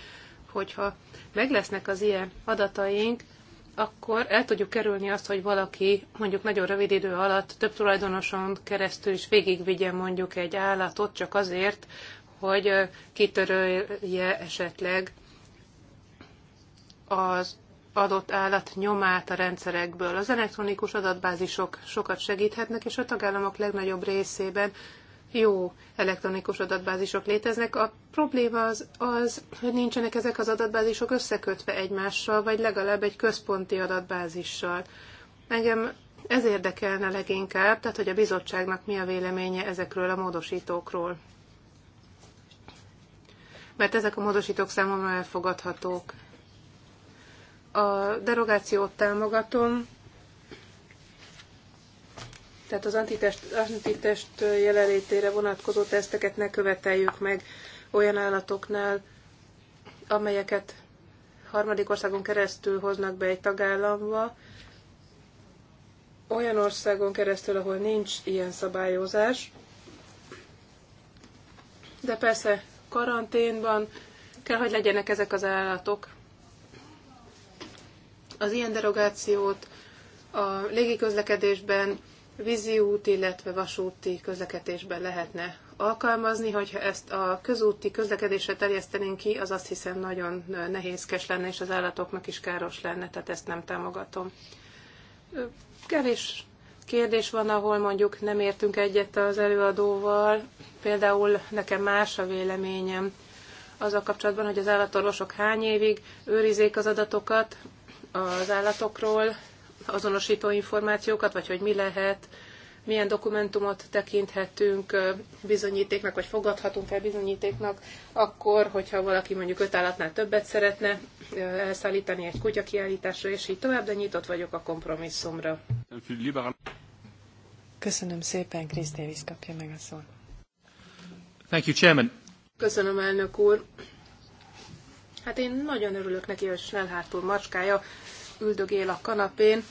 Hogyha meglesznek az ilyen adataink, akkor el tudjuk kerülni azt, hogy valaki mondjuk nagyon rövid idő alatt több tulajdonoson keresztül is végigvigye mondjuk egy állatot csak azért, hogy kitörölje esetleg az adott állat nyomát a rendszerekből. Az elektronikus adatbázisok sokat segíthetnek, és a tagállamok legnagyobb részében jó elektronikus adatbázisok léteznek. A probléma az, az, hogy nincsenek ezek az adatbázisok összekötve egymással, vagy legalább egy központi adatbázissal. Engem ez érdekelne leginkább, tehát hogy a bizottságnak mi a véleménye ezekről a módosítókról. Mert ezek a módosítók számomra elfogadhatók. A derogációt támogatom, tehát az antitest, antitest jelenlétére vonatkozó teszteket ne követeljük meg olyan állatoknál, amelyeket harmadik országon keresztül hoznak be egy tagállamba, olyan országon keresztül, ahol nincs ilyen szabályozás. De persze karanténban kell, hogy legyenek ezek az állatok az ilyen derogációt a légiközlekedésben, vízi út, illetve vasúti közlekedésben lehetne alkalmazni, hogyha ezt a közúti közlekedésre terjesztenénk ki, az azt hiszem nagyon nehézkes lenne, és az állatoknak is káros lenne, tehát ezt nem támogatom. Kevés kérdés van, ahol mondjuk nem értünk egyet az előadóval, például nekem más a véleményem az a kapcsolatban, hogy az állatorvosok hány évig őrizék az adatokat, az állatokról azonosító információkat, vagy hogy mi lehet, milyen dokumentumot tekinthetünk bizonyítéknak, vagy fogadhatunk el bizonyítéknak, akkor, hogyha valaki mondjuk öt állatnál többet szeretne elszállítani egy kutya kiállításra, és így tovább, de nyitott vagyok a kompromisszumra. Köszönöm szépen, Chris Davis kapja meg a szót. Thank you, Chairman. Köszönöm, elnök úr. Hát én nagyon örülök neki, hogy Snellhárt úr macskája üldögél a kanapén,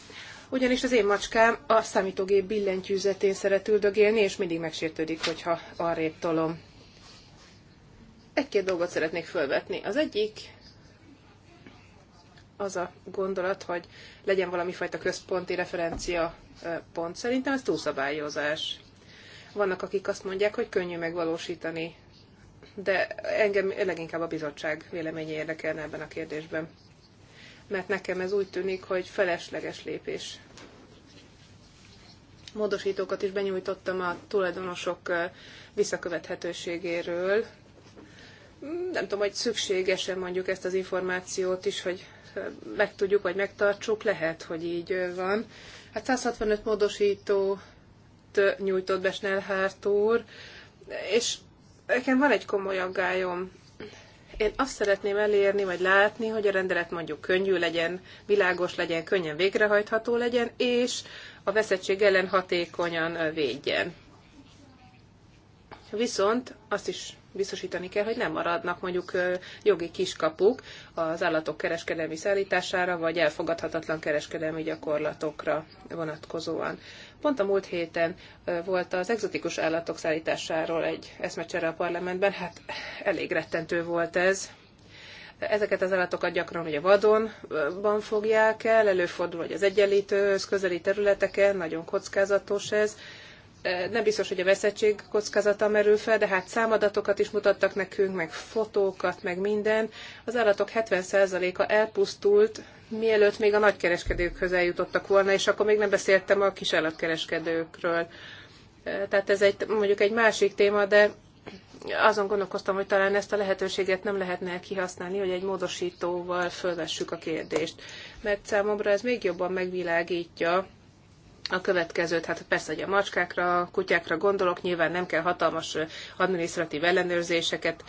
ugyanis az én macskám a számítógép billentyűzetén szeret üldögélni, és mindig megsértődik, hogyha arrébb tolom. Egy-két dolgot szeretnék felvetni. Az egyik az a gondolat, hogy legyen valami fajta központi referencia pont. Szerintem ez túlszabályozás. Vannak, akik azt mondják, hogy könnyű megvalósítani, de engem leginkább a bizottság véleménye érdekelne ebben a kérdésben mert nekem ez úgy tűnik, hogy felesleges lépés. Módosítókat is benyújtottam a tulajdonosok visszakövethetőségéről. Nem tudom, hogy szükségesen mondjuk ezt az információt is, hogy megtudjuk, vagy megtartsuk, lehet, hogy így van. Hát 165 módosítót nyújtott Besnelhárt úr, és nekem van egy komoly aggályom én azt szeretném elérni, vagy látni, hogy a rendelet mondjuk könnyű legyen, világos legyen, könnyen végrehajtható legyen, és a veszettség ellen hatékonyan védjen. Viszont azt is biztosítani kell, hogy nem maradnak mondjuk jogi kiskapuk az állatok kereskedelmi szállítására, vagy elfogadhatatlan kereskedelmi gyakorlatokra vonatkozóan. Pont a múlt héten volt az egzotikus állatok szállításáról egy eszmecsere a parlamentben, hát elég rettentő volt ez. Ezeket az állatokat gyakran ugye vadonban fogják el, előfordul, hogy az egyenlítőhöz közeli területeken, nagyon kockázatos ez, nem biztos, hogy a veszettség kockázata merül fel, de hát számadatokat is mutattak nekünk, meg fotókat, meg minden. Az állatok 70%-a elpusztult, mielőtt még a nagykereskedőkhöz eljutottak volna, és akkor még nem beszéltem a kis állatkereskedőkről. Tehát ez egy, mondjuk egy másik téma, de azon gondolkoztam, hogy talán ezt a lehetőséget nem lehetne kihasználni, hogy egy módosítóval fölvessük a kérdést. Mert számomra ez még jobban megvilágítja a következőt, hát persze, hogy a macskákra, a kutyákra gondolok, nyilván nem kell hatalmas administratív ellenőrzéseket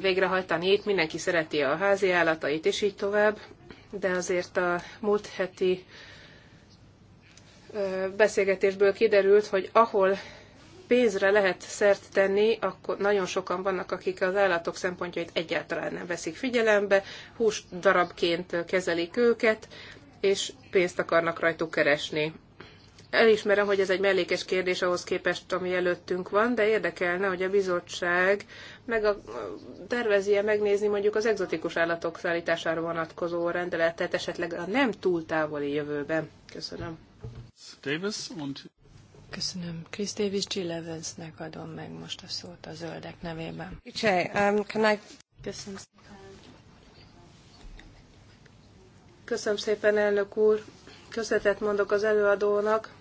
végrehajtani, itt mindenki szereti a házi állatait, és így tovább, de azért a múlt heti beszélgetésből kiderült, hogy ahol pénzre lehet szert tenni, akkor nagyon sokan vannak, akik az állatok szempontjait egyáltalán nem veszik figyelembe, hús darabként kezelik őket, és pénzt akarnak rajtuk keresni. Elismerem, hogy ez egy mellékes kérdés ahhoz képest, ami előttünk van, de érdekelne, hogy a bizottság meg a, tervezi-e megnézni mondjuk az egzotikus állatok szállítására vonatkozó rendeletet, esetleg a nem túl távoli jövőben. Köszönöm. Davis, und... Köszönöm. Chris Davis G. Levensnek adom meg most a szót a zöldek nevében. Um, Köszönöm szépen. Köszönöm szépen, elnök úr. Köszönetet mondok az előadónak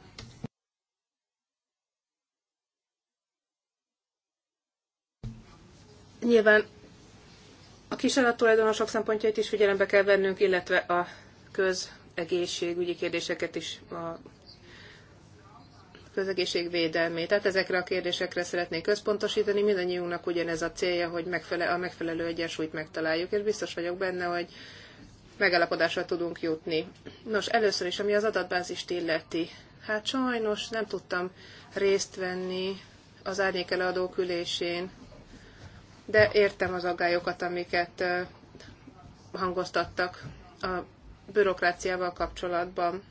Nyilván a kisalattulajdonosok szempontjait is figyelembe kell vennünk, illetve a közegészségügyi kérdéseket is a közegészség védelmét. Tehát ezekre a kérdésekre szeretnék központosítani. Mindannyiunknak ugyanez a célja, hogy megfele- a megfelelő egyensúlyt megtaláljuk, és biztos vagyok benne, hogy megállapodásra tudunk jutni. Nos, először is, ami az adatbázist illeti. Hát sajnos nem tudtam részt venni az árnyék előadók ülésén de értem az aggályokat, amiket hangoztattak a bürokráciával kapcsolatban.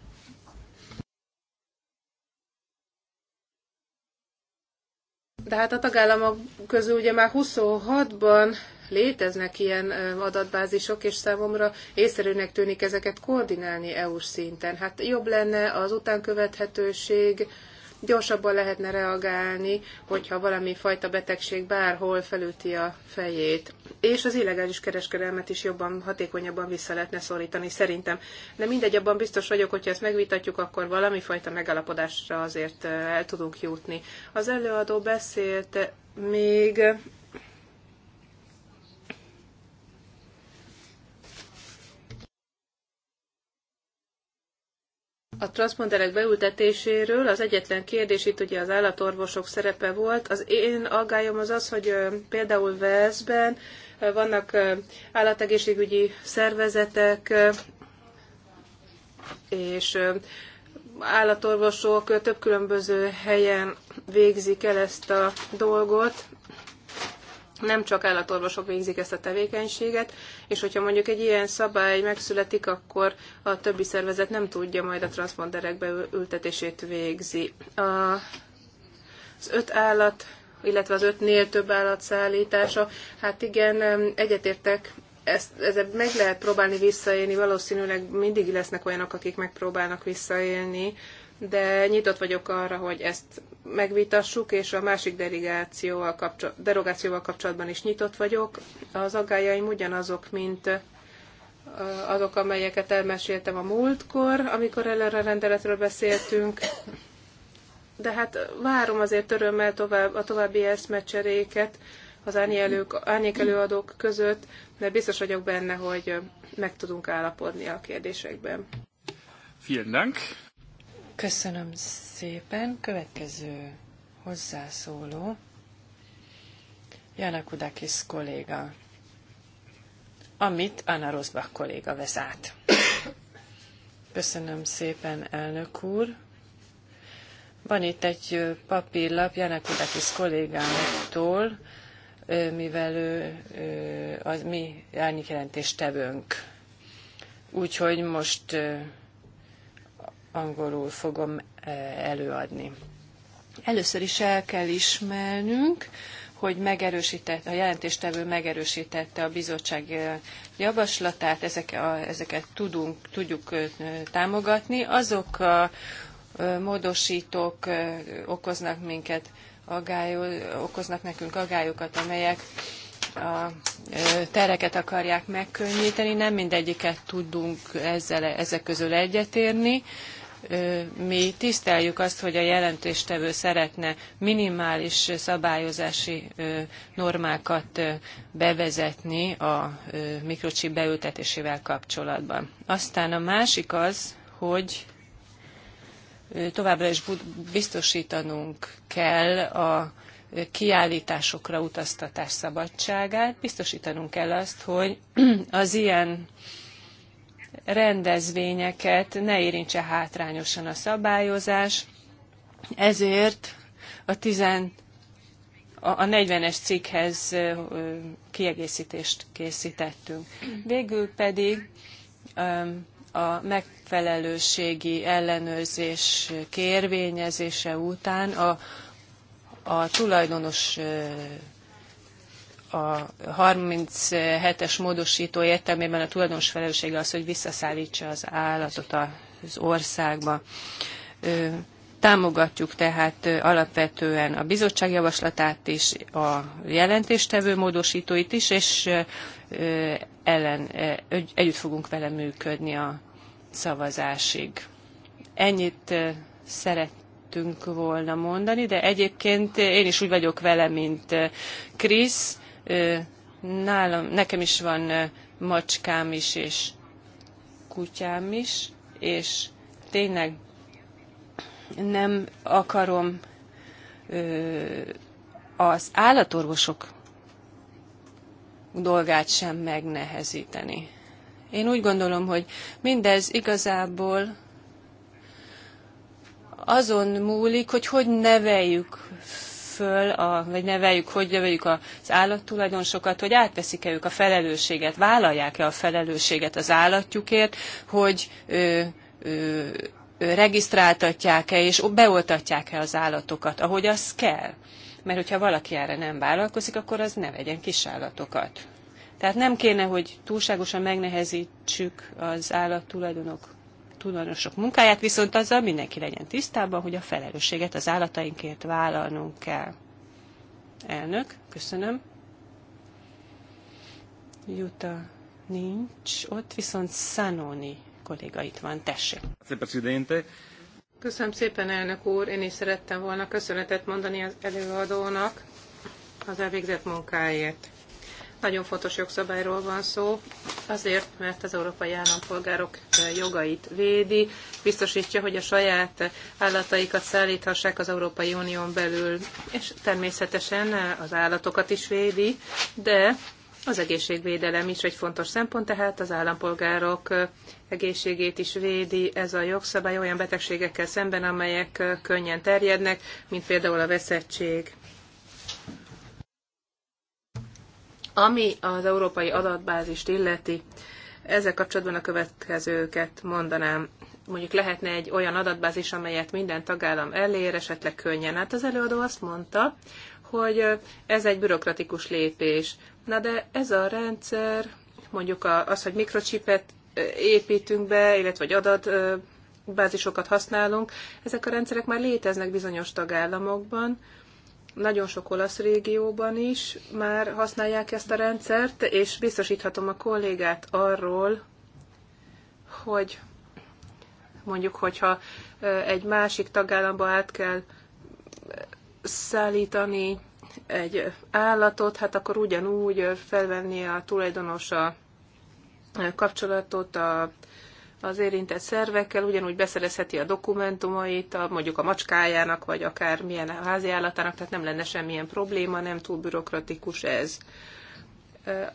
De hát a tagállamok közül ugye már 26-ban léteznek ilyen adatbázisok, és számomra észszerűnek tűnik ezeket koordinálni EU-s szinten. Hát jobb lenne az utánkövethetőség, gyorsabban lehetne reagálni, hogyha valami fajta betegség bárhol felüti a fejét. És az illegális kereskedelmet is jobban, hatékonyabban vissza lehetne szorítani, szerintem. De mindegy, abban biztos vagyok, hogyha ezt megvitatjuk, akkor valami fajta megalapodásra azért eh, el tudunk jutni. Az előadó beszélt még a transponderek beültetéséről az egyetlen kérdés itt ugye az állatorvosok szerepe volt. Az én aggályom az az, hogy például Velszben vannak állategészségügyi szervezetek, és állatorvosok több különböző helyen végzik el ezt a dolgot, nem csak állatorvosok végzik ezt a tevékenységet, és hogyha mondjuk egy ilyen szabály megszületik, akkor a többi szervezet nem tudja majd a transzponderek beültetését végzi. A, az öt állat, illetve az ötnél több állat szállítása, hát igen, egyetértek, ezt, ezzel meg lehet próbálni visszaélni, valószínűleg mindig lesznek olyanok, akik megpróbálnak visszaélni de nyitott vagyok arra, hogy ezt megvitassuk, és a másik derogációval, derogációval kapcsolatban is nyitott vagyok. Az aggájaim ugyanazok, mint azok, amelyeket elmeséltem a múltkor, amikor előre rendeletről beszéltünk. De hát várom azért örömmel tovább, a további eszmecseréket az árnyék előadók között, mert biztos vagyok benne, hogy meg tudunk állapodni a kérdésekben. Vielen Dank. Köszönöm szépen. Következő hozzászóló. Janakudakis kolléga, amit Anna Rosbach kolléga vesz át. Köszönöm szépen, elnök úr. Van itt egy papírlap Janakudakis kollégámtól, mivel ő, az mi árnyékjelentéstevőnk. Úgyhogy most angolul fogom e, előadni. Először is el kell ismernünk, hogy megerősített, a jelentéstevő megerősítette a bizottság e, javaslatát, ezek a, ezeket tudunk, tudjuk e, támogatni. Azok a módosítók okoznak minket agályol, okoznak nekünk agályokat, amelyek a tereket akarják megkönnyíteni. Nem mindegyiket tudunk ezzel, ezek közül egyetérni mi tiszteljük azt, hogy a jelentéstevő szeretne minimális szabályozási normákat bevezetni a mikrocsip beültetésével kapcsolatban. Aztán a másik az, hogy továbbra is biztosítanunk kell a kiállításokra utaztatás szabadságát, biztosítanunk kell azt, hogy az ilyen rendezvényeket ne érintse hátrányosan a szabályozás, ezért a tizen a 40-es cikkhez kiegészítést készítettünk. Végül pedig a megfelelőségi ellenőrzés kérvényezése után a, a tulajdonos a 37-es módosító értelmében a tulajdonos felelőssége az, hogy visszaszállítsa az állatot az országba. Támogatjuk tehát alapvetően a bizottság javaslatát is, a jelentéstevő módosítóit is, és ellen, együtt fogunk vele működni a szavazásig. Ennyit szerettünk volna mondani, de egyébként én is úgy vagyok vele, mint Krisz nálam, nekem is van macskám is, és kutyám is, és tényleg nem akarom az állatorvosok dolgát sem megnehezíteni. Én úgy gondolom, hogy mindez igazából azon múlik, hogy hogy neveljük föl, a, vagy neveljük, hogy neveljük az állattulajdonosokat, hogy átveszik-e ők a felelősséget, vállalják-e a felelősséget az állatjukért, hogy ö, ö, regisztráltatják-e és beoltatják-e az állatokat, ahogy az kell. Mert hogyha valaki erre nem vállalkozik, akkor az ne vegyen kisállatokat. Tehát nem kéne, hogy túlságosan megnehezítsük az állattulajdonok tulajdonosok munkáját, viszont azzal mindenki legyen tisztában, hogy a felelősséget az állatainkért vállalnunk kell. Elnök, köszönöm. Juta nincs, ott viszont Szanoni kolléga itt van, tessék. Köszönöm szépen, elnök úr. Én is szerettem volna köszönetet mondani az előadónak az elvégzett munkáért. Nagyon fontos jogszabályról van szó, azért, mert az európai állampolgárok jogait védi, biztosítja, hogy a saját állataikat szállíthassák az Európai Unión belül, és természetesen az állatokat is védi, de az egészségvédelem is egy fontos szempont, tehát az állampolgárok egészségét is védi ez a jogszabály olyan betegségekkel szemben, amelyek könnyen terjednek, mint például a veszettség. Ami az európai adatbázist illeti, ezzel kapcsolatban a következőket mondanám. Mondjuk lehetne egy olyan adatbázis, amelyet minden tagállam elér, esetleg könnyen. Hát az előadó azt mondta, hogy ez egy bürokratikus lépés. Na de ez a rendszer, mondjuk az, hogy mikrocsipet építünk be, illetve vagy adatbázisokat használunk, ezek a rendszerek már léteznek bizonyos tagállamokban, nagyon sok olasz régióban is már használják ezt a rendszert, és biztosíthatom a kollégát arról, hogy mondjuk, hogyha egy másik tagállamba át kell szállítani egy állatot, hát akkor ugyanúgy felvenni a tulajdonosa kapcsolatot a az érintett szervekkel, ugyanúgy beszerezheti a dokumentumait, a, mondjuk a macskájának, vagy akár milyen háziállatának, tehát nem lenne semmilyen probléma, nem túl bürokratikus ez.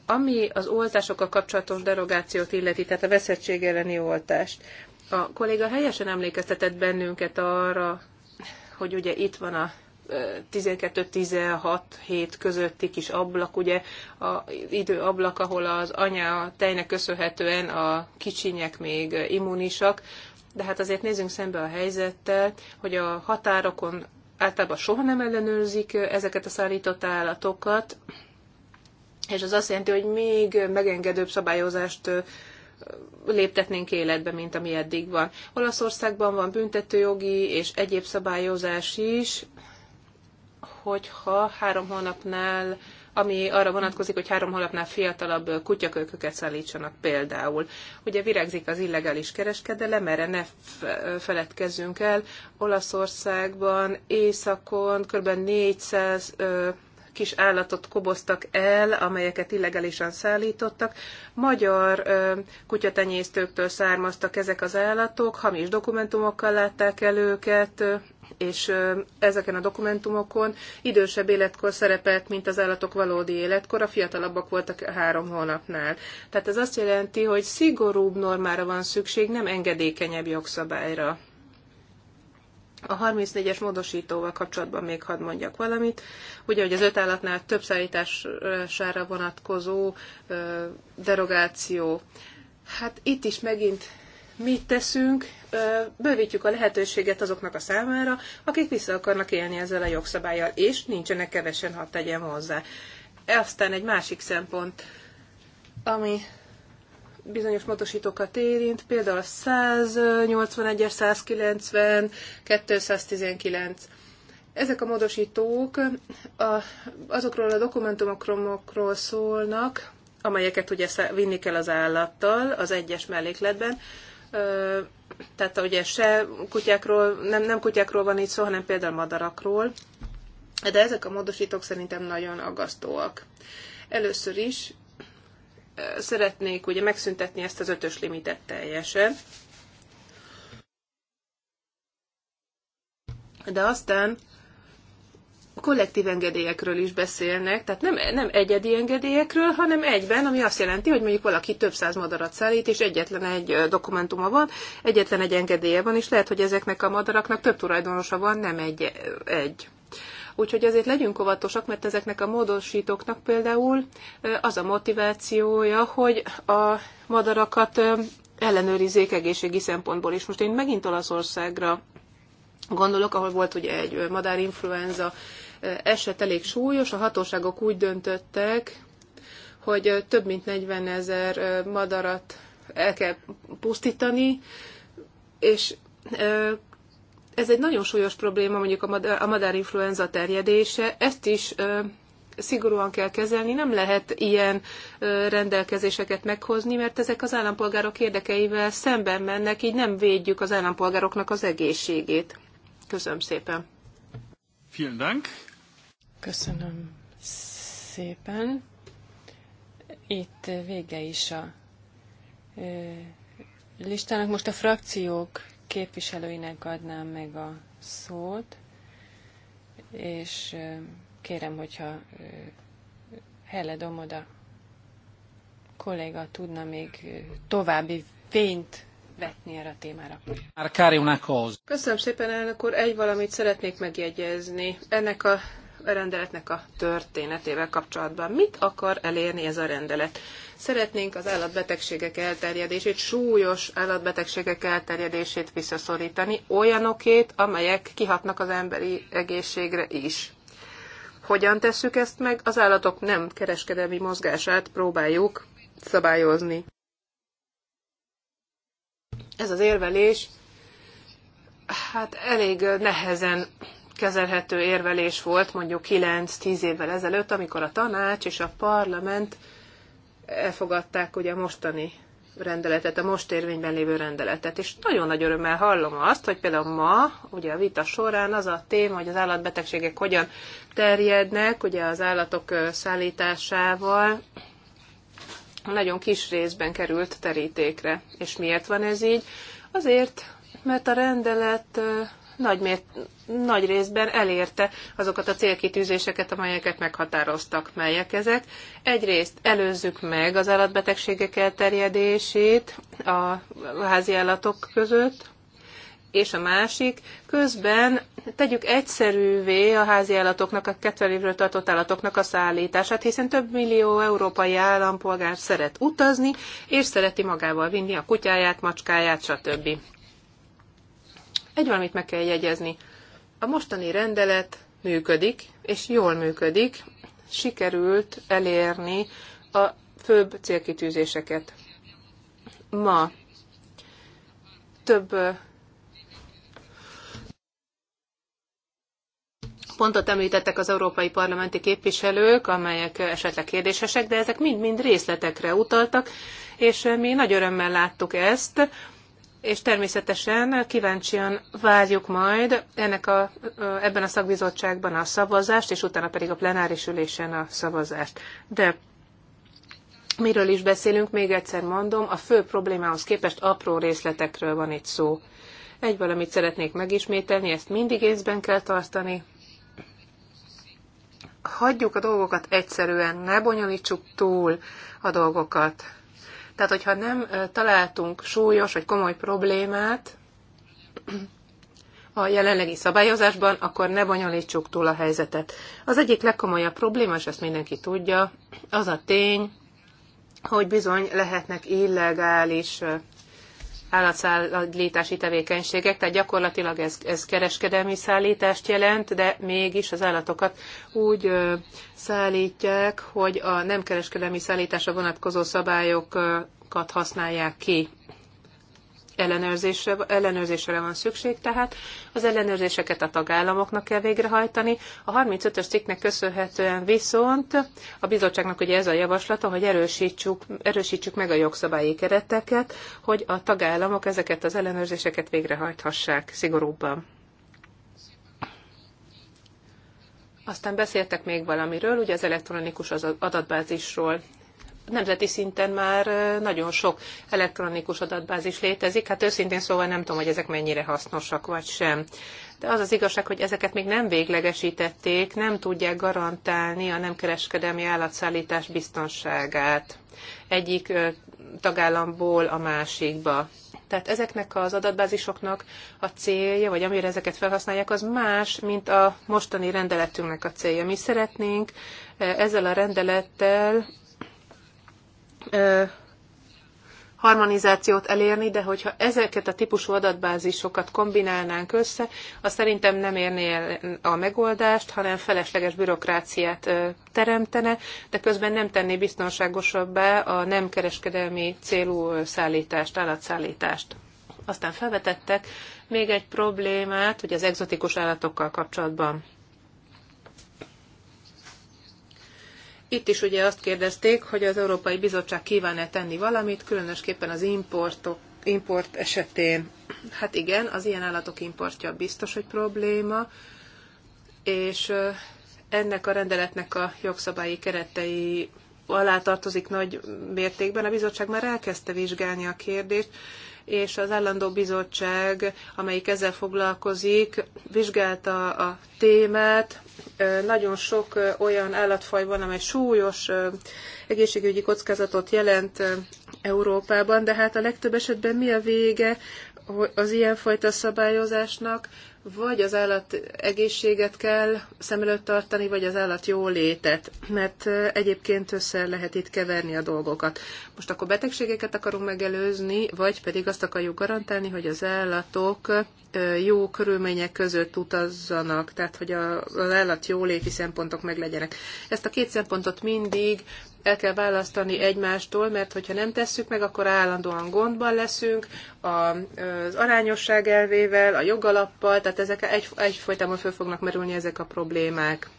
Ami az oltásokkal kapcsolatos derogációt illeti, tehát a veszettség elleni oltást, a kolléga helyesen emlékeztetett bennünket arra, hogy ugye itt van a 12-16 hét közötti kis ablak, ugye az időablak, ahol az anya tejnek köszönhetően a kicsinyek még immunisak, de hát azért nézzünk szembe a helyzettel, hogy a határokon általában soha nem ellenőrzik ezeket a szállított állatokat, és az azt jelenti, hogy még megengedőbb szabályozást léptetnénk életbe, mint ami eddig van. Olaszországban van büntetőjogi és egyéb szabályozás is, hogyha három hónapnál ami arra vonatkozik, hogy három hónapnál fiatalabb kutyakölköket szállítsanak például. Ugye virágzik az illegális kereskedelem, erre ne feledkezzünk el. Olaszországban, északon kb. 400 kis állatot koboztak el, amelyeket illegálisan szállítottak. Magyar ö, kutyatenyésztőktől származtak ezek az állatok, hamis dokumentumokkal látták el őket, és ezeken a dokumentumokon idősebb életkor szerepelt, mint az állatok valódi életkor, a fiatalabbak voltak három hónapnál. Tehát ez azt jelenti, hogy szigorúbb normára van szükség, nem engedékenyebb jogszabályra. A 34-es módosítóval kapcsolatban még hadd mondjak valamit. Ugye, hogy az öt állatnál több szállítására vonatkozó derogáció. Hát itt is megint mit teszünk, bővítjük a lehetőséget azoknak a számára, akik vissza akarnak élni ezzel a jogszabályjal, és nincsenek kevesen, ha tegyem hozzá. E aztán egy másik szempont, ami bizonyos módosítókat érint, például a 181-es, 190, 219. Ezek a módosítók a, azokról a dokumentumokról szólnak, amelyeket ugye vinni kell az állattal az egyes mellékletben, tehát ugye se kutyákról, nem, nem kutyákról van itt szó, hanem például madarakról, de ezek a módosítók szerintem nagyon aggasztóak. Először is szeretnék ugye megszüntetni ezt az ötös limitet teljesen, de aztán kollektív engedélyekről is beszélnek, tehát nem, nem egyedi engedélyekről, hanem egyben, ami azt jelenti, hogy mondjuk valaki több száz madarat szállít, és egyetlen egy dokumentuma van, egyetlen egy engedélye van, és lehet, hogy ezeknek a madaraknak több tulajdonosa van, nem egy. egy. Úgyhogy azért legyünk óvatosak, mert ezeknek a módosítóknak például az a motivációja, hogy a madarakat ellenőrizzék egészségi szempontból is. Most én megint Olaszországra gondolok, ahol volt ugye egy madárinfluenza eset elég súlyos, a hatóságok úgy döntöttek, hogy több mint 40 ezer madarat el kell pusztítani, és ez egy nagyon súlyos probléma, mondjuk a madárinfluenza terjedése, ezt is szigorúan kell kezelni, nem lehet ilyen rendelkezéseket meghozni, mert ezek az állampolgárok érdekeivel szemben mennek, így nem védjük az állampolgároknak az egészségét. Köszönöm szépen. Vielen Dank. Köszönöm szépen. Itt vége is a listának. Most a frakciók képviselőinek adnám meg a szót, és kérem, hogyha Helle Domoda kolléga tudna még további fényt vetni erre a témára. Köszönöm szépen, elnök úr. Egy valamit szeretnék megjegyezni. Ennek a rendeletnek a történetével kapcsolatban. Mit akar elérni ez a rendelet? Szeretnénk az állatbetegségek elterjedését, súlyos állatbetegségek elterjedését visszaszorítani, olyanokét, amelyek kihatnak az emberi egészségre is. Hogyan tesszük ezt meg? Az állatok nem kereskedelmi mozgását próbáljuk szabályozni. Ez az érvelés hát elég nehezen kezelhető érvelés volt mondjuk 9-10 évvel ezelőtt, amikor a tanács és a parlament elfogadták ugye a mostani rendeletet, a most érvényben lévő rendeletet. És nagyon nagy örömmel hallom azt, hogy például ma, ugye a vita során az a téma, hogy az állatbetegségek hogyan terjednek, ugye az állatok szállításával, nagyon kis részben került terítékre. És miért van ez így? Azért, mert a rendelet nagy, mért, nagy részben elérte azokat a célkitűzéseket, amelyeket meghatároztak. Melyek ezek? Egyrészt előzzük meg az állatbetegségek elterjedését a házi állatok között, és a másik, közben tegyük egyszerűvé a házi állatoknak a kettőlévről tartott állatoknak a szállítását, hiszen több millió európai állampolgár szeret utazni, és szereti magával vinni a kutyáját, macskáját, stb. Egy valamit meg kell jegyezni. A mostani rendelet működik, és jól működik, sikerült elérni a főbb célkitűzéseket. Ma több pontot említettek az európai parlamenti képviselők, amelyek esetleg kérdésesek, de ezek mind-mind részletekre utaltak, és mi nagy örömmel láttuk ezt, és természetesen kíváncsian várjuk majd ennek a, ebben a szakbizottságban a szavazást, és utána pedig a plenáris ülésen a szavazást. De miről is beszélünk, még egyszer mondom, a fő problémához képest apró részletekről van itt szó. Egy valamit szeretnék megismételni, ezt mindig észben kell tartani. Hagyjuk a dolgokat egyszerűen, ne bonyolítsuk túl a dolgokat tehát, hogyha nem találtunk súlyos vagy komoly problémát a jelenlegi szabályozásban, akkor ne bonyolítsuk túl a helyzetet. Az egyik legkomolyabb probléma, és ezt mindenki tudja, az a tény, hogy bizony lehetnek illegális állatszállítási tevékenységek, tehát gyakorlatilag ez, ez kereskedelmi szállítást jelent, de mégis az állatokat úgy ö, szállítják, hogy a nem kereskedelmi szállításra vonatkozó szabályokat használják ki ellenőrzésre, ellenőrzésre van szükség, tehát az ellenőrzéseket a tagállamoknak kell végrehajtani. A 35-ös cikknek köszönhetően viszont a bizottságnak ugye ez a javaslata, hogy erősítsük, erősítsük meg a jogszabályi kereteket, hogy a tagállamok ezeket az ellenőrzéseket végrehajthassák szigorúbban. Aztán beszéltek még valamiről, ugye az elektronikus adatbázisról nemzeti szinten már nagyon sok elektronikus adatbázis létezik. Hát őszintén szóval nem tudom, hogy ezek mennyire hasznosak vagy sem. De az az igazság, hogy ezeket még nem véglegesítették, nem tudják garantálni a nem kereskedelmi állatszállítás biztonságát egyik tagállamból a másikba. Tehát ezeknek az adatbázisoknak a célja, vagy amire ezeket felhasználják, az más, mint a mostani rendeletünknek a célja. Mi szeretnénk ezzel a rendelettel harmonizációt elérni, de hogyha ezeket a típusú adatbázisokat kombinálnánk össze, az szerintem nem érné el a megoldást, hanem felesleges bürokráciát teremtene, de közben nem tenné biztonságosabbá a nem kereskedelmi célú szállítást, állatszállítást. Aztán felvetettek még egy problémát, hogy az egzotikus állatokkal kapcsolatban. Itt is ugye azt kérdezték, hogy az Európai Bizottság kíván-e tenni valamit, különösképpen az importok, import esetén. Hát igen, az ilyen állatok importja biztos, hogy probléma, és ennek a rendeletnek a jogszabályi keretei alá tartozik nagy mértékben. A bizottság már elkezdte vizsgálni a kérdést, és az állandó bizottság, amelyik ezzel foglalkozik, vizsgálta a témát. Nagyon sok olyan állatfaj van, amely súlyos egészségügyi kockázatot jelent Európában, de hát a legtöbb esetben mi a vége az ilyenfajta szabályozásnak? vagy az állat egészséget kell szem előtt tartani, vagy az állat létet, mert egyébként össze lehet itt keverni a dolgokat. Most akkor betegségeket akarunk megelőzni, vagy pedig azt akarjuk garantálni, hogy az állatok jó körülmények között utazzanak, tehát hogy az állat jóléti szempontok meg legyenek. Ezt a két szempontot mindig el kell választani egymástól, mert hogyha nem tesszük meg, akkor állandóan gondban leszünk az arányosság elvével, a jogalappal, tehát ezek egy, egyfolytában föl fognak merülni ezek a problémák.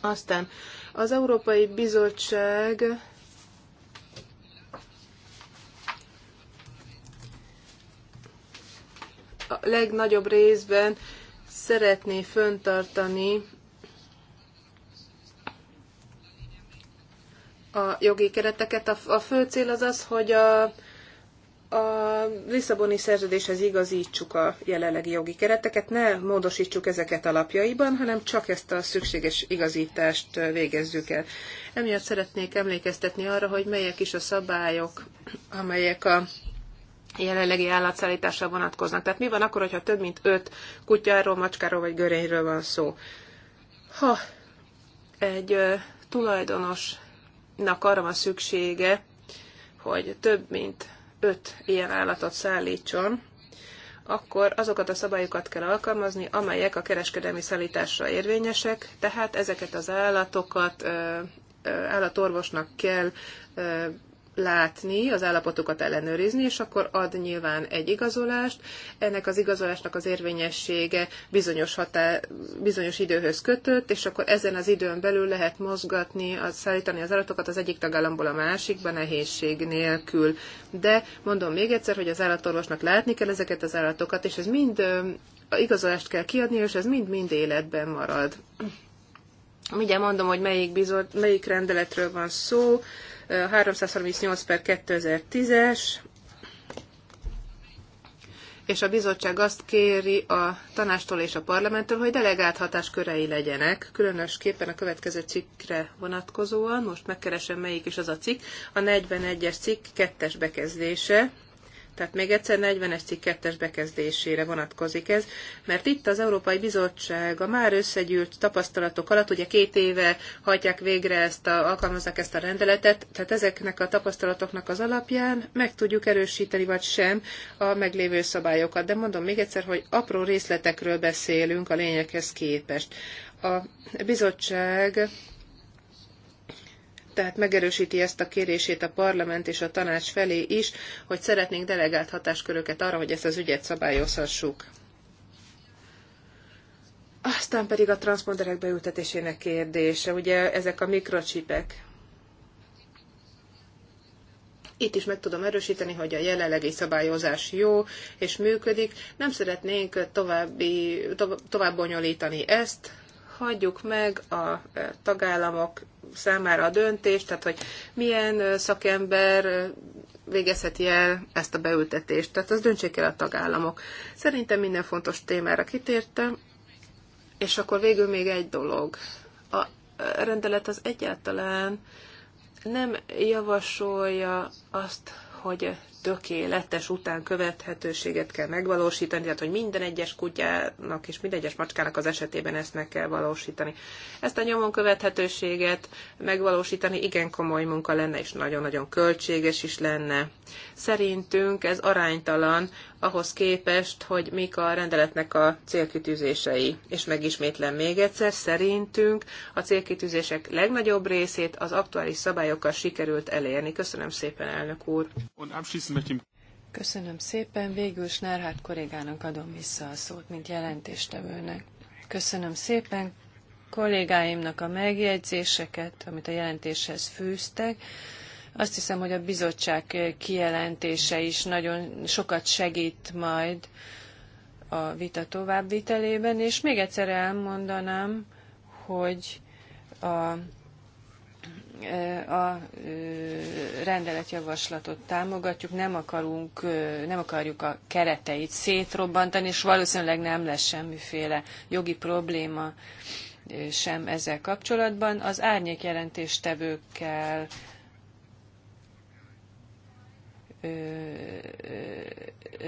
Aztán az Európai Bizottság a legnagyobb részben szeretné föntartani a jogi kereteket. A, a fő cél az az, hogy a, a Lisszaboni szerződéshez igazítsuk a jelenlegi jogi kereteket, ne módosítsuk ezeket alapjaiban, hanem csak ezt a szükséges igazítást végezzük el. Emiatt szeretnék emlékeztetni arra, hogy melyek is a szabályok, amelyek a jelenlegi állatszállításra vonatkoznak. Tehát mi van akkor, hogyha több mint öt kutyáról, macskáról vagy görényről van szó? Ha egy tulajdonos nak arra van szüksége, hogy több mint öt ilyen állatot szállítson, akkor azokat a szabályokat kell alkalmazni, amelyek a kereskedelmi szállításra érvényesek, tehát ezeket az állatokat állatorvosnak kell látni, az állapotokat ellenőrizni, és akkor ad nyilván egy igazolást. Ennek az igazolásnak az érvényessége bizonyos, hatá, bizonyos időhöz kötött, és akkor ezen az időn belül lehet mozgatni, az, szállítani az állatokat az egyik tagállamból a másikba nehézség nélkül. De mondom még egyszer, hogy az állatorvosnak látni kell ezeket az állatokat, és ez mind igazolást kell kiadni, és ez mind-mind életben marad. Ugye mondom, hogy melyik, bizot, melyik rendeletről van szó 338 per 2010-es, és a bizottság azt kéri a tanástól és a parlamenttől, hogy delegált hatáskörei legyenek, különösképpen a következő cikkre vonatkozóan, most megkeresem melyik is az a cikk, a 41-es cikk kettes bekezdése, tehát még egyszer 40-es cikk 2 bekezdésére vonatkozik ez, mert itt az Európai Bizottság a már összegyűlt tapasztalatok alatt, ugye két éve hajtják végre ezt a, alkalmaznak ezt a rendeletet, tehát ezeknek a tapasztalatoknak az alapján meg tudjuk erősíteni vagy sem a meglévő szabályokat. De mondom még egyszer, hogy apró részletekről beszélünk a lényeghez képest. A bizottság tehát megerősíti ezt a kérését a parlament és a tanács felé is, hogy szeretnénk delegált hatásköröket arra, hogy ezt az ügyet szabályozhassuk. Aztán pedig a transzponderek beültetésének kérdése, ugye ezek a mikrocsipek. Itt is meg tudom erősíteni, hogy a jelenlegi szabályozás jó és működik. Nem szeretnénk további, tovább bonyolítani ezt, hagyjuk meg a tagállamok számára a döntés, tehát hogy milyen szakember végezheti el ezt a beültetést. Tehát az döntsék el a tagállamok. Szerintem minden fontos témára kitértem, és akkor végül még egy dolog. A rendelet az egyáltalán nem javasolja azt, hogy tökéletes után követhetőséget kell megvalósítani, tehát hogy minden egyes kutyának és minden egyes macskának az esetében ezt meg kell valósítani. Ezt a nyomon követhetőséget megvalósítani igen komoly munka lenne, és nagyon-nagyon költséges is lenne. Szerintünk ez aránytalan ahhoz képest, hogy mik a rendeletnek a célkitűzései. És megismétlem még egyszer, szerintünk a célkitűzések legnagyobb részét az aktuális szabályokkal sikerült elérni. Köszönöm szépen, elnök úr! Köszönöm szépen, végül Snárhát kollégának adom vissza a szót, mint jelentéstevőnek. Köszönöm szépen kollégáimnak a megjegyzéseket, amit a jelentéshez fűztek. Azt hiszem, hogy a bizottság kijelentése is nagyon sokat segít majd a vita továbbvitelében, és még egyszer elmondanám, hogy a e, a e, rendeletjavaslatot támogatjuk, nem, akarunk, e, nem akarjuk a kereteit szétrobbantani, és valószínűleg nem lesz semmiféle jogi probléma sem ezzel kapcsolatban. Az árnyék jelentéstevőkkel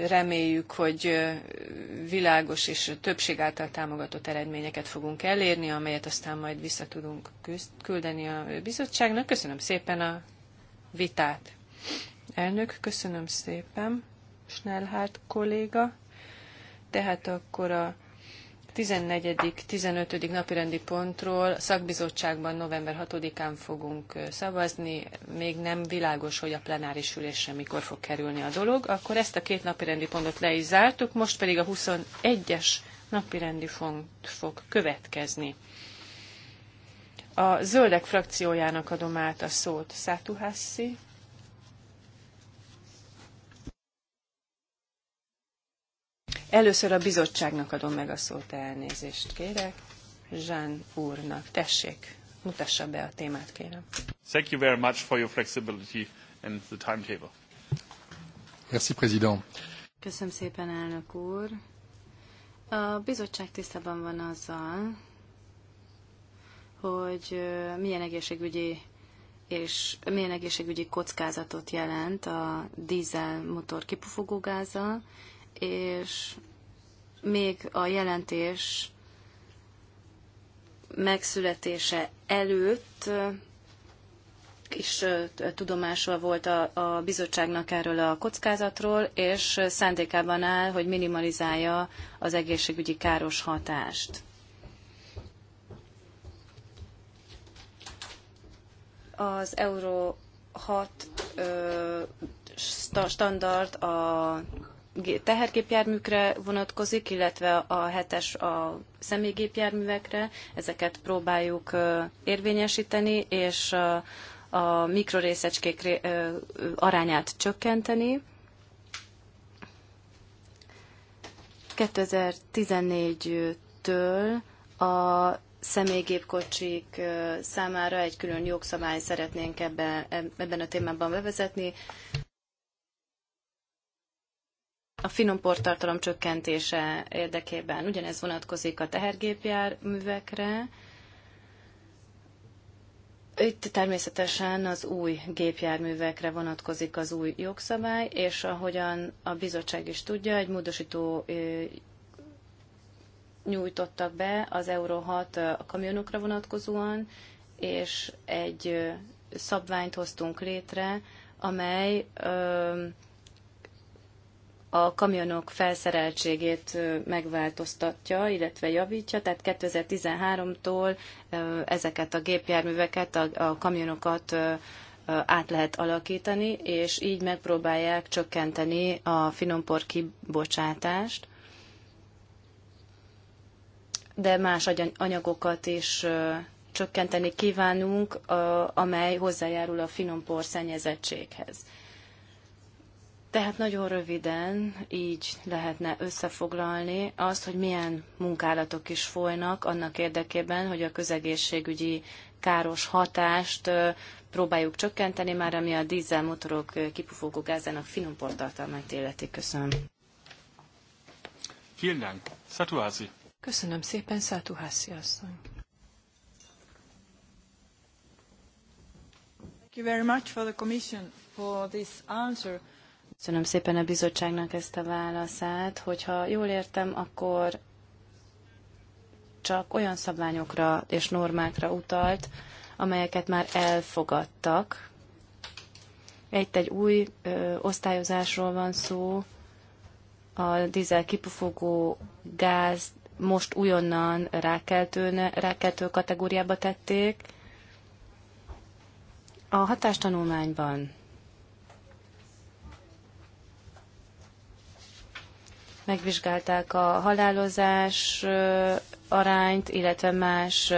reméljük, hogy világos és többség által támogatott eredményeket fogunk elérni, amelyet aztán majd vissza tudunk küldeni a bizottságnak. Köszönöm szépen a vitát. Elnök, köszönöm szépen, Schnellhardt kolléga. Tehát akkor a 14. 15. napirendi pontról szakbizottságban november 6-án fogunk szavazni. Még nem világos, hogy a plenáris ülésre mikor fog kerülni a dolog. Akkor ezt a két napirendi pontot le is zártuk, most pedig a 21-es napirendi pont fog következni. A zöldek frakciójának adom át a szót Szátuhászi Először a bizottságnak adom meg a szót, elnézést kérek. Jean úrnak, tessék, mutassa be a témát, kérem. Thank you very much for your flexibility and the timetable. Merci, président. Köszönöm szépen, elnök úr. A bizottság tisztában van azzal, hogy milyen egészségügyi és milyen egészségügyi kockázatot jelent a dízel motor gázzal, és még a jelentés megszületése előtt is tudomásol volt a, a bizottságnak erről a kockázatról, és szándékában áll, hogy minimalizálja az egészségügyi káros hatást. Az Euró 6 ö, standard a tehergépjárműkre vonatkozik, illetve a hetes a személygépjárművekre. Ezeket próbáljuk érvényesíteni, és a mikrorészecskék arányát csökkenteni. 2014-től a személygépkocsik számára egy külön jogszabály szeretnénk ebben, ebben a témában bevezetni a finom portartalom csökkentése érdekében. Ugyanez vonatkozik a tehergépjárművekre. Itt természetesen az új gépjárművekre vonatkozik az új jogszabály, és ahogyan a bizottság is tudja, egy módosító nyújtottak be az Euro 6 a kamionokra vonatkozóan, és egy szabványt hoztunk létre, amely a kamionok felszereltségét megváltoztatja, illetve javítja, tehát 2013-tól ezeket a gépjárműveket, a, kamionokat át lehet alakítani, és így megpróbálják csökkenteni a finompor kibocsátást, de más anyagokat is csökkenteni kívánunk, amely hozzájárul a finompor szennyezettséghez. Tehát nagyon röviden így lehetne összefoglalni azt, hogy milyen munkálatok is folynak annak érdekében, hogy a közegészségügyi káros hatást próbáljuk csökkenteni, már ami a dízelmotorok kipufogó gázának finom portartalmát illeti. Köszönöm. Vielen Satuhasi. Köszönöm szépen, Satuhasi asszony. Thank you very much for the Commission for this answer. Köszönöm szépen a bizottságnak ezt a válaszát. Hogyha jól értem, akkor csak olyan szabványokra és normákra utalt, amelyeket már elfogadtak. Egy egy új ö, osztályozásról van szó, a dízel kipufogó gáz most újonnan rákeltő kategóriába tették. A hatástanulmányban megvizsgálták a halálozás arányt, illetve más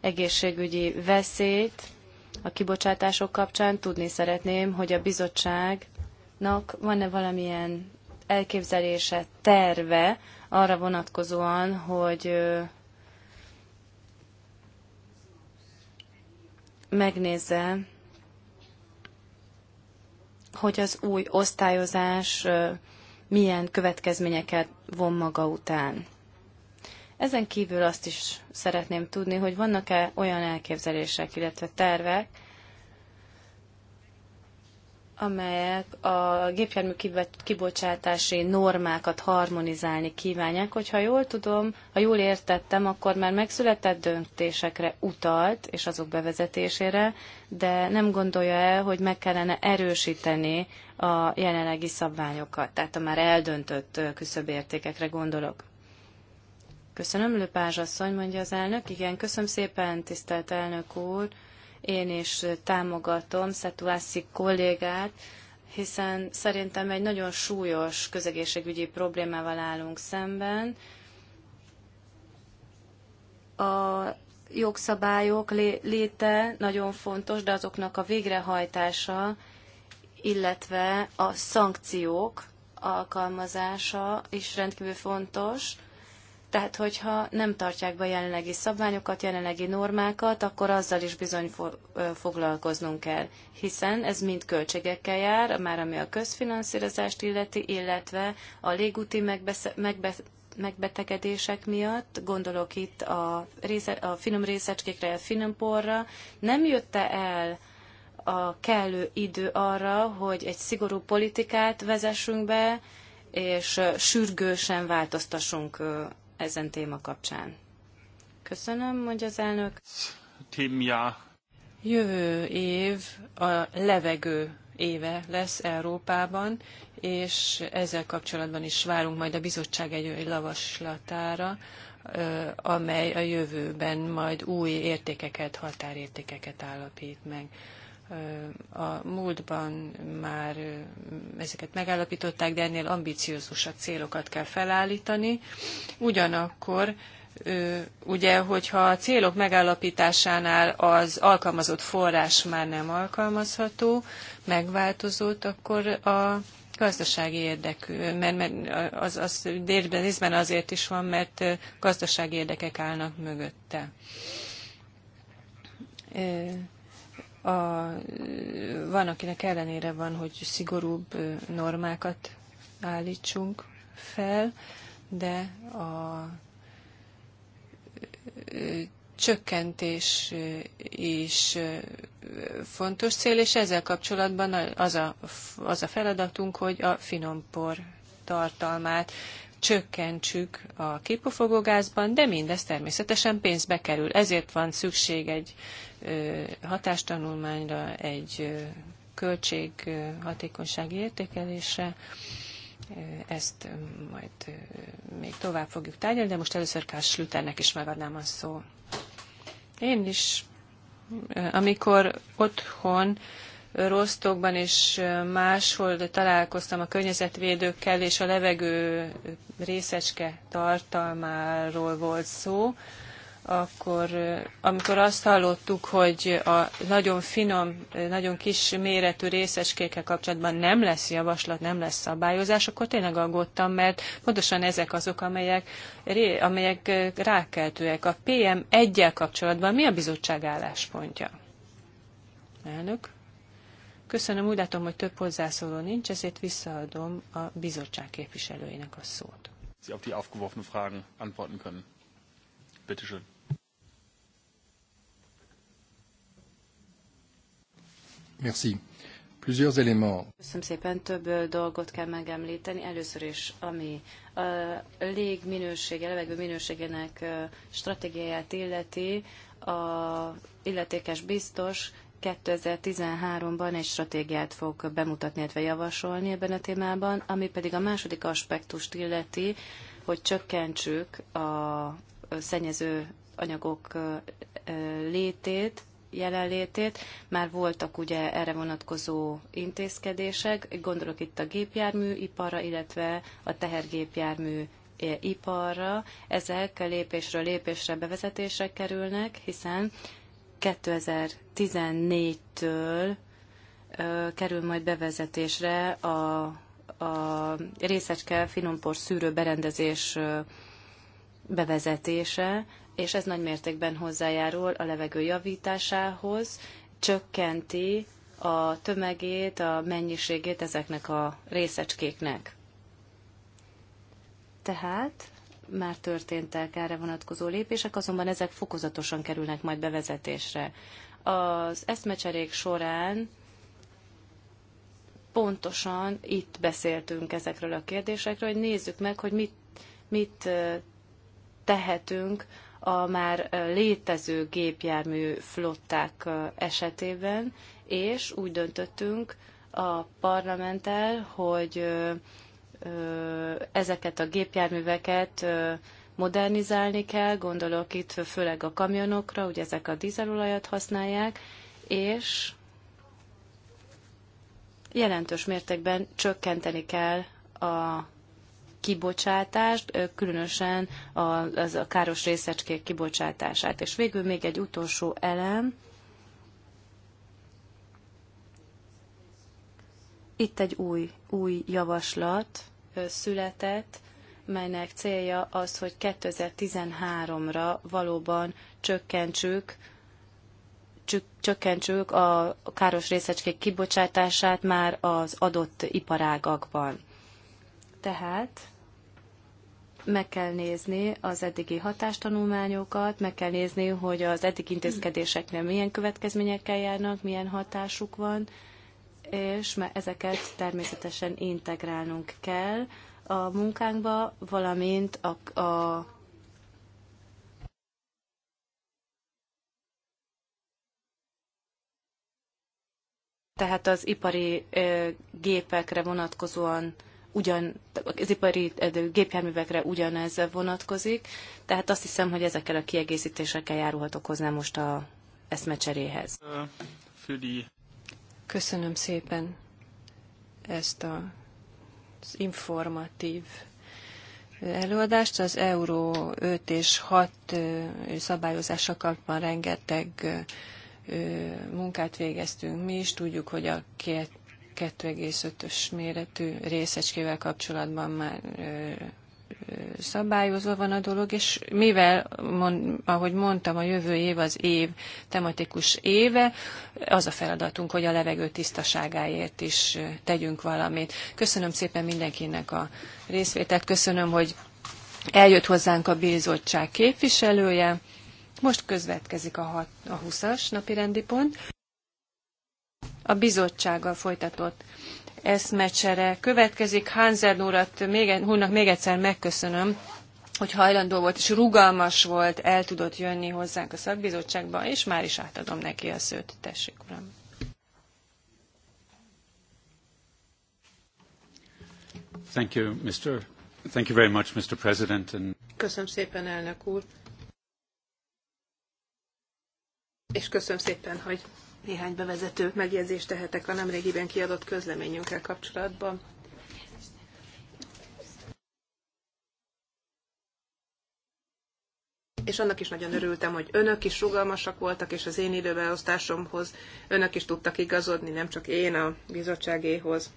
egészségügyi veszélyt a kibocsátások kapcsán. Tudni szeretném, hogy a bizottságnak van-e valamilyen elképzelése, terve arra vonatkozóan, hogy megnézze, hogy az új osztályozás milyen következményeket von maga után. Ezen kívül azt is szeretném tudni, hogy vannak-e olyan elképzelések, illetve tervek, amelyek a gépjármű kibocsátási normákat harmonizálni kívánják. Hogyha jól tudom, ha jól értettem, akkor már megszületett döntésekre utalt, és azok bevezetésére, de nem gondolja el, hogy meg kellene erősíteni a jelenlegi szabványokat, tehát a már eldöntött küszöbértékekre gondolok. Köszönöm, Löpázs asszony, mondja az elnök. Igen, köszönöm szépen, tisztelt elnök úr. Én is támogatom Szetuászi kollégát, hiszen szerintem egy nagyon súlyos közegészségügyi problémával állunk szemben. A jogszabályok léte nagyon fontos, de azoknak a végrehajtása, illetve a szankciók alkalmazása is rendkívül fontos. Tehát, hogyha nem tartják be jelenlegi szabványokat, jelenlegi normákat, akkor azzal is bizony foglalkoznunk kell, hiszen ez mind költségekkel jár, már ami a közfinanszírozást illeti, illetve a légúti megbeszélés. megbe- megbetegedések miatt, gondolok itt a, része- a finom részecskékre, a finom porra, nem jötte el a kellő idő arra, hogy egy szigorú politikát vezessünk be, és sürgősen változtassunk ezen téma kapcsán. Köszönöm, mondja az elnök. Témja. Jövő év a levegő éve lesz Európában, és ezzel kapcsolatban is várunk majd a bizottság egy lavaslatára, amely a jövőben majd új értékeket, határértékeket állapít meg. A múltban már ezeket megállapították, de ennél ambiciózusabb célokat kell felállítani. Ugyanakkor ugye, hogyha a célok megállapításánál az alkalmazott forrás már nem alkalmazható, megváltozott, akkor a gazdasági érdekű, mert, mert az, az részben azért is van, mert gazdasági érdekek állnak mögötte. A, van, akinek ellenére van, hogy szigorúbb normákat állítsunk fel, de a csökkentés is fontos cél, és ezzel kapcsolatban az a, az a feladatunk, hogy a finompor tartalmát csökkentsük a kipufogógázban, de mindez természetesen pénzbe kerül. Ezért van szükség egy hatástanulmányra, egy költség értékelésre. Ezt majd még tovább fogjuk tárgyalni, de most először Kás Slüternek is megadnám a szó. Én is, amikor otthon Rostokban és máshol találkoztam a környezetvédőkkel, és a levegő részecske tartalmáról volt szó, akkor amikor azt hallottuk, hogy a nagyon finom, nagyon kis méretű részecskékkel kapcsolatban nem lesz javaslat, nem lesz szabályozás, akkor tényleg aggódtam, mert pontosan ezek azok, amelyek, amelyek rákeltőek. A PM 1 kapcsolatban mi a bizottság álláspontja? Elnök? Köszönöm, úgy látom, hogy több hozzászóló nincs, ezért visszaadom a bizottság képviselőinek a szót. Sie auf die aufgeworfenen Fragen antworten können. Bitte schön. Merci. Plusieurs éléments. Köszönöm szépen, több dolgot kell megemlíteni. Először is, ami a légminősége, levegő minőségének stratégiáját illeti, a illetékes biztos 2013-ban egy stratégiát fog bemutatni, illetve javasolni ebben a témában, ami pedig a második aspektust illeti, hogy csökkentsük a szennyező anyagok létét, jelenlétét. Már voltak ugye erre vonatkozó intézkedések, gondolok itt a gépjárműiparra, illetve a tehergépjármű iparra. Ezek lépésről lépésre bevezetésre kerülnek, hiszen 2014-től kerül majd bevezetésre a, a részecske finompor szűrő berendezés bevezetése, és ez nagy mértékben hozzájárul a levegő javításához, csökkenti a tömegét, a mennyiségét ezeknek a részecskéknek. Tehát már történtek erre vonatkozó lépések, azonban ezek fokozatosan kerülnek majd bevezetésre. Az eszmecserék során pontosan itt beszéltünk ezekről a kérdésekről, hogy nézzük meg, hogy mit, mit tehetünk a már létező gépjármű flották esetében, és úgy döntöttünk a parlamenttel, hogy ezeket a gépjárműveket modernizálni kell, gondolok itt főleg a kamionokra, ugye ezek a dízelolajat használják, és jelentős mértékben csökkenteni kell a kibocsátást, különösen a, az a káros részecskék kibocsátását. És végül még egy utolsó elem. Itt egy új, új javaslat született, melynek célja az, hogy 2013-ra valóban csökkentsük csökkentsük a káros részecskék kibocsátását már az adott iparágakban. Tehát meg kell nézni az eddigi hatástanulmányokat, meg kell nézni, hogy az eddig intézkedéseknél milyen következményekkel járnak, milyen hatásuk van, és mert ezeket természetesen integrálnunk kell a munkánkba, valamint a, a tehát az ipari gépekre vonatkozóan ugyan, az ipari gépjárművekre ugyanez vonatkozik, tehát azt hiszem, hogy ezekkel a kiegészítésekkel járulhatok hozzá most a eszmecseréhez. Uh, Köszönöm szépen ezt a, az informatív előadást. Az Euró 5 és 6 szabályozása kapcsolatban rengeteg munkát végeztünk mi is. Tudjuk, hogy a két 2,5-ös méretű részecskével kapcsolatban már szabályozva van a dolog, és mivel, mond, ahogy mondtam, a jövő év az év tematikus éve, az a feladatunk, hogy a levegő tisztaságáért is tegyünk valamit. Köszönöm szépen mindenkinek a részvételt, köszönöm, hogy eljött hozzánk a bizottság képviselője. Most közvetkezik a, hat, a 20-as napi rendi pont. A bizottsággal folytatott eszmecsere következik. Hansen urat még, e- úrnak még egyszer megköszönöm, hogy hajlandó volt és rugalmas volt, el tudott jönni hozzánk a szakbizottságba, és már is átadom neki a szőt. Tessék, uram! Thank you, Mr. Thank you very much, Mr. President. And... Köszönöm szépen, elnök úr! És köszönöm szépen, hogy néhány bevezető megjegyzést tehetek a nemrégiben kiadott közleményünkkel kapcsolatban. és annak is nagyon örültem, hogy önök is rugalmasak voltak, és az én időbeosztásomhoz önök is tudtak igazodni, nem csak én a bizottságéhoz.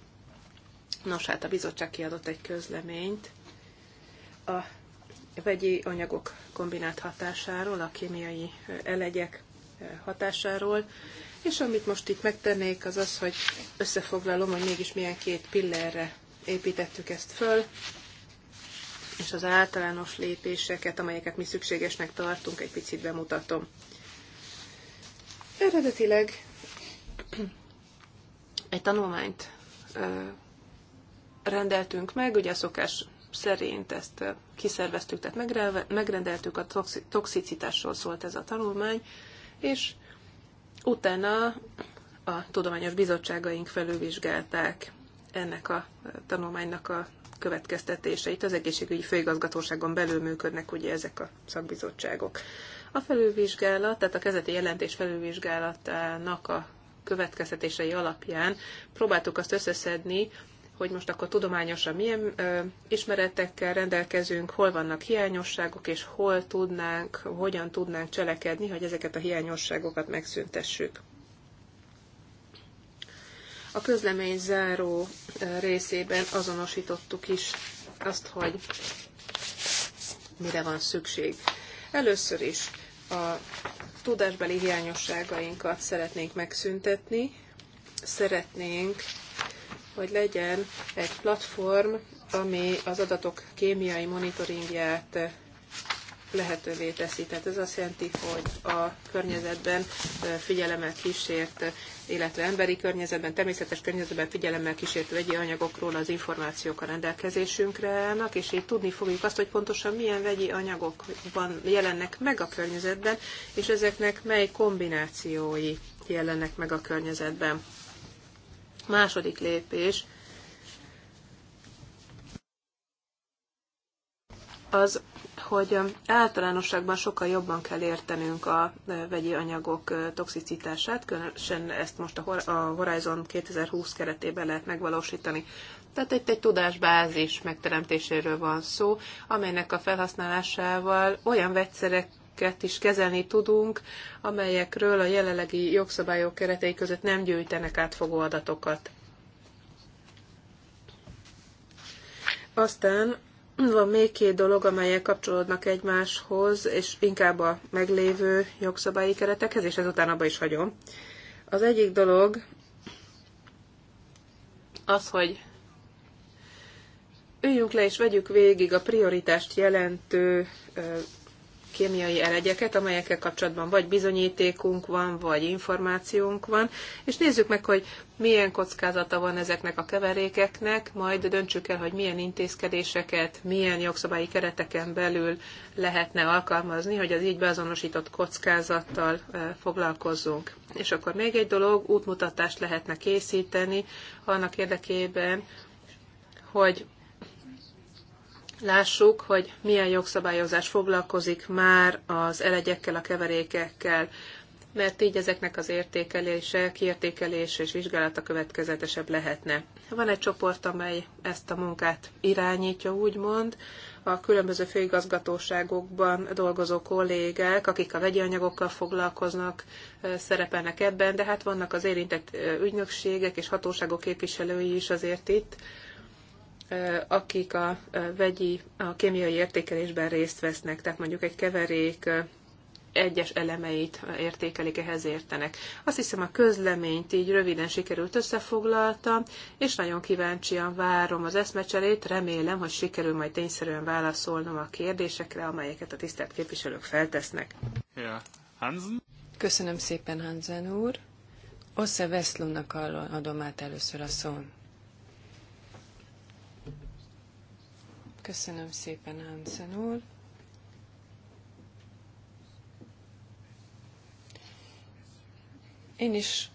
Nos, hát a bizottság kiadott egy közleményt a vegyi anyagok kombinált hatásáról, a kémiai elegyek hatásáról, és amit most itt megtennék, az az, hogy összefoglalom, hogy mégis milyen két pillerre építettük ezt föl, és az általános lépéseket, amelyeket mi szükségesnek tartunk, egy picit bemutatom. Eredetileg egy tanulmányt rendeltünk meg, ugye a szokás szerint ezt kiszerveztük, tehát megrendeltük, a toxicitásról szólt ez a tanulmány, és Utána a tudományos bizottságaink felülvizsgálták ennek a eh, tanulmánynak a következtetéseit. Az egészségügyi főigazgatóságon belül működnek ugye ezek a szakbizottságok. A felülvizsgálat, tehát a kezeti jelentés felülvizsgálatának a következtetései alapján próbáltuk azt összeszedni, hogy most akkor tudományosan milyen ö, ismeretekkel rendelkezünk, hol vannak hiányosságok, és hol tudnánk, hogyan tudnánk cselekedni, hogy ezeket a hiányosságokat megszüntessük. A közlemény záró részében azonosítottuk is azt, hogy mire van szükség. Először is a tudásbeli hiányosságainkat szeretnénk megszüntetni, szeretnénk hogy legyen egy platform, ami az adatok kémiai monitoringját lehetővé teszi. Tehát ez azt jelenti, hogy a környezetben figyelemmel kísért, illetve emberi környezetben, természetes környezetben figyelemmel kísért vegyi anyagokról az információk a rendelkezésünkre állnak, és így tudni fogjuk azt, hogy pontosan milyen vegyi anyagok van, jelennek meg a környezetben, és ezeknek mely kombinációi jelennek meg a környezetben. Második lépés az, hogy általánosságban sokkal jobban kell értenünk a vegyi anyagok toxicitását, különösen ezt most a Horizon 2020 keretében lehet megvalósítani. Tehát itt egy tudásbázis megteremtéséről van szó, amelynek a felhasználásával olyan vegyszerek ügyeket is kezelni tudunk, amelyekről a jelenlegi jogszabályok keretei között nem gyűjtenek átfogó adatokat. Aztán van még két dolog, amelyek kapcsolódnak egymáshoz, és inkább a meglévő jogszabályi keretekhez, és ezután abba is hagyom. Az egyik dolog az, hogy üljünk le és vegyük végig a prioritást jelentő kémiai elegyeket, amelyekkel kapcsolatban vagy bizonyítékunk van, vagy információnk van, és nézzük meg, hogy milyen kockázata van ezeknek a keverékeknek, majd döntsük el, hogy milyen intézkedéseket, milyen jogszabályi kereteken belül lehetne alkalmazni, hogy az így beazonosított kockázattal eh, foglalkozzunk. És akkor még egy dolog, útmutatást lehetne készíteni annak érdekében, hogy lássuk, hogy milyen jogszabályozás foglalkozik már az elegyekkel, a keverékekkel, mert így ezeknek az értékelése, kiértékelése és vizsgálata következetesebb lehetne. Van egy csoport, amely ezt a munkát irányítja, úgymond, a különböző főigazgatóságokban dolgozó kollégák, akik a vegyi anyagokkal foglalkoznak, szerepelnek ebben, de hát vannak az érintett ügynökségek és hatóságok képviselői is azért itt, akik a vegyi, a kémiai értékelésben részt vesznek, tehát mondjuk egy keverék egyes elemeit értékelik, ehhez értenek. Azt hiszem a közleményt így röviden sikerült összefoglaltam, és nagyon kíváncsian várom az eszmecserét, remélem, hogy sikerül majd tényszerűen válaszolnom a kérdésekre, amelyeket a tisztelt képviselők feltesznek. Ja. Hansen? Köszönöm szépen, Hansen úr. Osze Veszlónak adom át először a szón. Köszönöm szépen, Hansen úr. Én is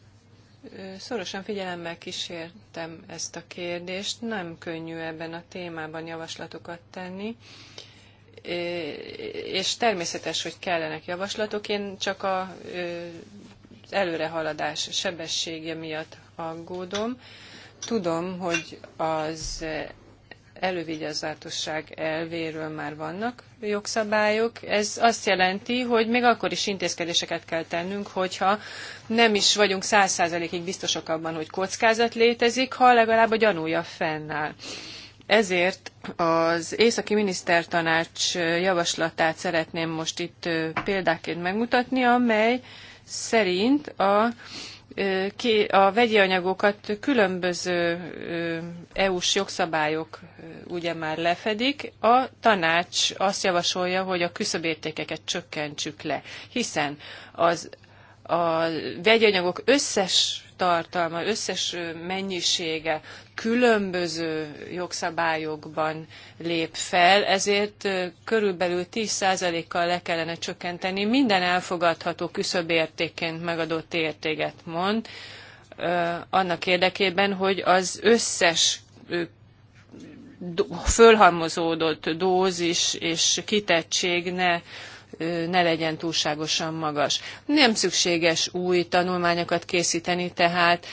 szorosan figyelemmel kísértem ezt a kérdést. Nem könnyű ebben a témában javaslatokat tenni, és természetes, hogy kellenek javaslatok. Én csak a előrehaladás sebessége miatt aggódom. Tudom, hogy az elővigyázatosság elvéről már vannak jogszabályok. Ez azt jelenti, hogy még akkor is intézkedéseket kell tennünk, hogyha nem is vagyunk száz százalékig biztosak abban, hogy kockázat létezik, ha legalább a gyanúja fennáll. Ezért az Északi Minisztertanács javaslatát szeretném most itt példáként megmutatni, amely szerint a ki a vegyi anyagokat különböző EU-s jogszabályok ugye már lefedik. A tanács azt javasolja, hogy a küszöbértékeket csökkentsük le, hiszen az a vegyi anyagok összes tartalma, összes mennyisége különböző jogszabályokban lép fel, ezért körülbelül 10%-kal le kellene csökkenteni minden elfogadható küszöbértékként megadott értéket mond, annak érdekében, hogy az összes fölhalmozódott dózis és kitettség ne ne legyen túlságosan magas. Nem szükséges új tanulmányokat készíteni, tehát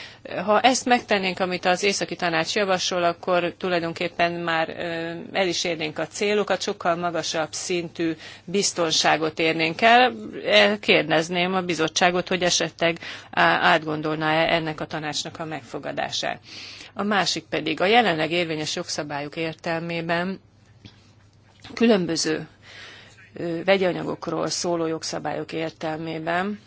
ha ezt megtennénk, amit az északi tanács javasol, akkor tulajdonképpen már el is érnénk a célokat, sokkal magasabb szintű biztonságot érnénk el. E, kérdezném a bizottságot, hogy esetleg átgondolná-e ennek a tanácsnak a megfogadását. A másik pedig a jelenleg érvényes jogszabályok értelmében különböző vegyi anyagokról szóló jogszabályok értelmében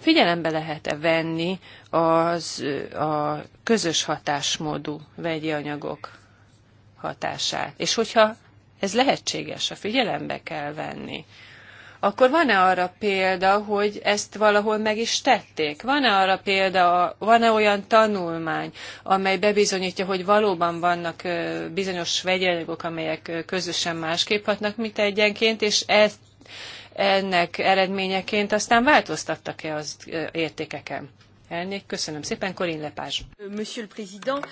figyelembe lehet-e venni az, a közös hatásmódú vegyi anyagok hatását. És hogyha ez lehetséges, a figyelembe kell venni, akkor van-e arra példa, hogy ezt valahol meg is tették? Van-e arra példa, van-e olyan tanulmány, amely bebizonyítja, hogy valóban vannak bizonyos vegyelők, amelyek közösen másképp hatnak, mint egyenként, és ez, ennek eredményeként aztán változtattak-e az értékeken? Elnék, köszönöm szépen, Korin Lepázs. Monsieur le Président,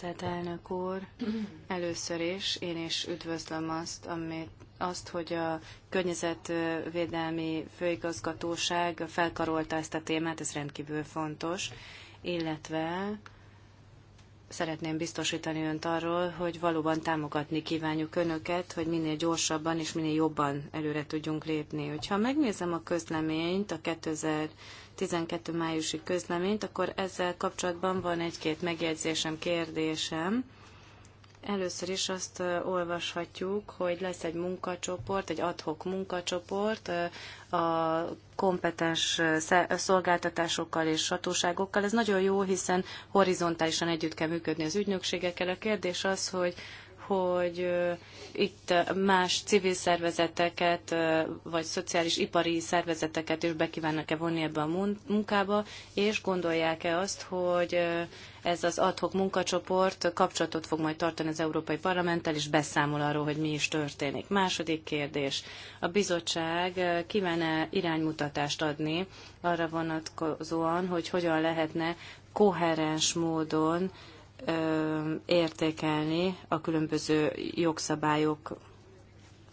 tehát elnök úr, először is én is üdvözlöm azt, amit azt, hogy a környezetvédelmi főigazgatóság felkarolta ezt a témát, ez rendkívül fontos, illetve szeretném biztosítani önt arról, hogy valóban támogatni kívánjuk önöket, hogy minél gyorsabban és minél jobban előre tudjunk lépni. Ha megnézem a közleményt, a 2012 májusi közleményt, akkor ezzel kapcsolatban van egy-két megjegyzésem, kérdésem. Először is azt olvashatjuk, hogy lesz egy munkacsoport, egy adhok munkacsoport a kompetens szolgáltatásokkal és hatóságokkal. Ez nagyon jó, hiszen horizontálisan együtt kell működni az ügynökségekkel. A kérdés az, hogy hogy itt más civil szervezeteket, vagy szociális ipari szervezeteket is bekívánnak-e vonni ebbe a munkába, és gondolják-e azt, hogy ez az adhok munkacsoport kapcsolatot fog majd tartani az Európai Parlamenttel, és beszámol arról, hogy mi is történik. Második kérdés. A bizottság kíván-e iránymutatást adni arra vonatkozóan, hogy hogyan lehetne koherens módon értékelni a különböző jogszabályok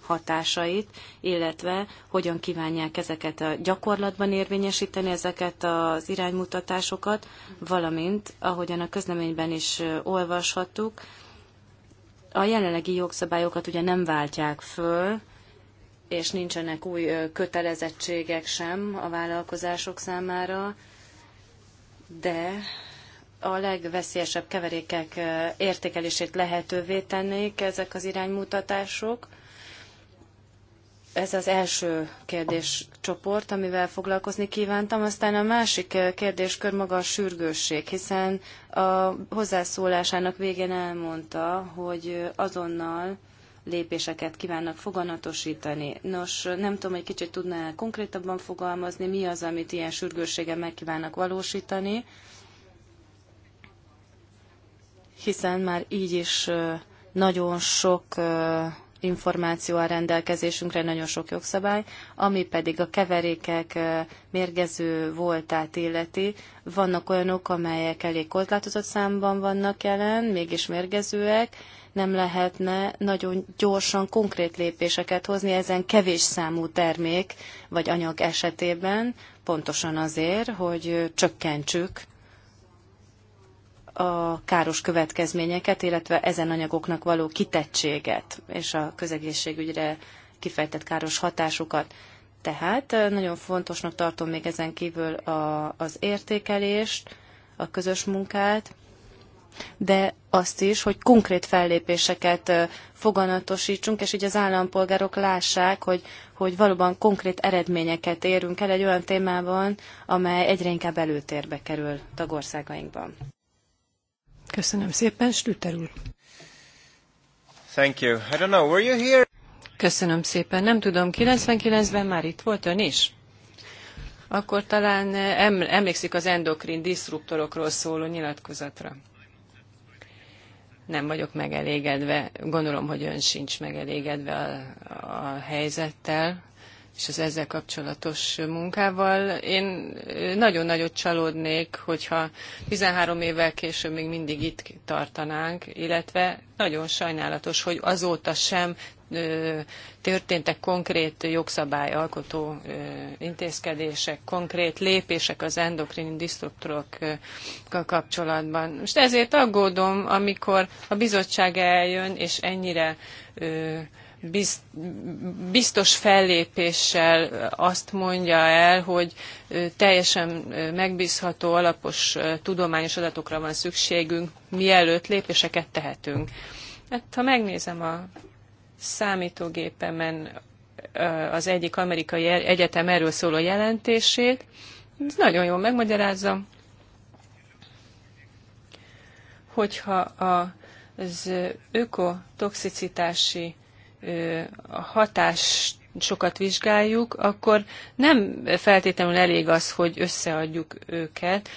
hatásait, illetve hogyan kívánják ezeket a gyakorlatban érvényesíteni ezeket az iránymutatásokat, valamint, ahogyan a közleményben is olvashattuk, a jelenlegi jogszabályokat ugye nem váltják föl, és nincsenek új kötelezettségek sem a vállalkozások számára, de a legveszélyesebb keverékek értékelését lehetővé tennék ezek az iránymutatások. Ez az első kérdéscsoport, amivel foglalkozni kívántam. Aztán a másik kérdéskör maga a sürgősség, hiszen a hozzászólásának végén elmondta, hogy azonnal lépéseket kívánnak foganatosítani. Nos, nem tudom, hogy kicsit tudná konkrétabban fogalmazni, mi az, amit ilyen sürgősséggel meg kívánnak valósítani hiszen már így is nagyon sok információ a rendelkezésünkre, nagyon sok jogszabály, ami pedig a keverékek mérgező voltát illeti. Vannak olyanok, amelyek elég korlátozott számban vannak jelen, mégis mérgezőek, nem lehetne nagyon gyorsan konkrét lépéseket hozni ezen kevés számú termék vagy anyag esetében, pontosan azért, hogy csökkentsük a káros következményeket, illetve ezen anyagoknak való kitettséget és a közegészségügyre kifejtett káros hatásukat. Tehát nagyon fontosnak tartom még ezen kívül a, az értékelést, a közös munkát, de azt is, hogy konkrét fellépéseket foganatosítsunk, és így az állampolgárok lássák, hogy, hogy valóban konkrét eredményeket érünk el egy olyan témában, amely egyre inkább előtérbe kerül tagországainkban. Köszönöm szépen, Stüter úr. Thank you. I don't know, were you here? Köszönöm szépen. Nem tudom, 99-ben már itt volt ön is? Akkor talán eh, emlékszik az endokrin diszruptorokról szóló nyilatkozatra. Nem vagyok megelégedve, gondolom, hogy ön sincs megelégedve a, a helyzettel, és az ezzel kapcsolatos munkával. Én nagyon nagyot csalódnék, hogyha 13 évvel később még mindig itt tartanánk, illetve nagyon sajnálatos, hogy azóta sem történtek konkrét jogszabályalkotó intézkedések, konkrét lépések az endokrin disztruktúrokkal kapcsolatban. Most ezért aggódom, amikor a bizottság eljön, és ennyire biztos fellépéssel azt mondja el, hogy teljesen megbízható, alapos tudományos adatokra van szükségünk, mielőtt lépéseket tehetünk. Hát, ha megnézem a számítógépemen az egyik amerikai e-, egyetem erről szóló jelentését, ez nagyon jól megmagyarázza, hogyha az ökotoxicitási a hatást sokat vizsgáljuk, akkor nem feltétlenül elég az, hogy összeadjuk őket,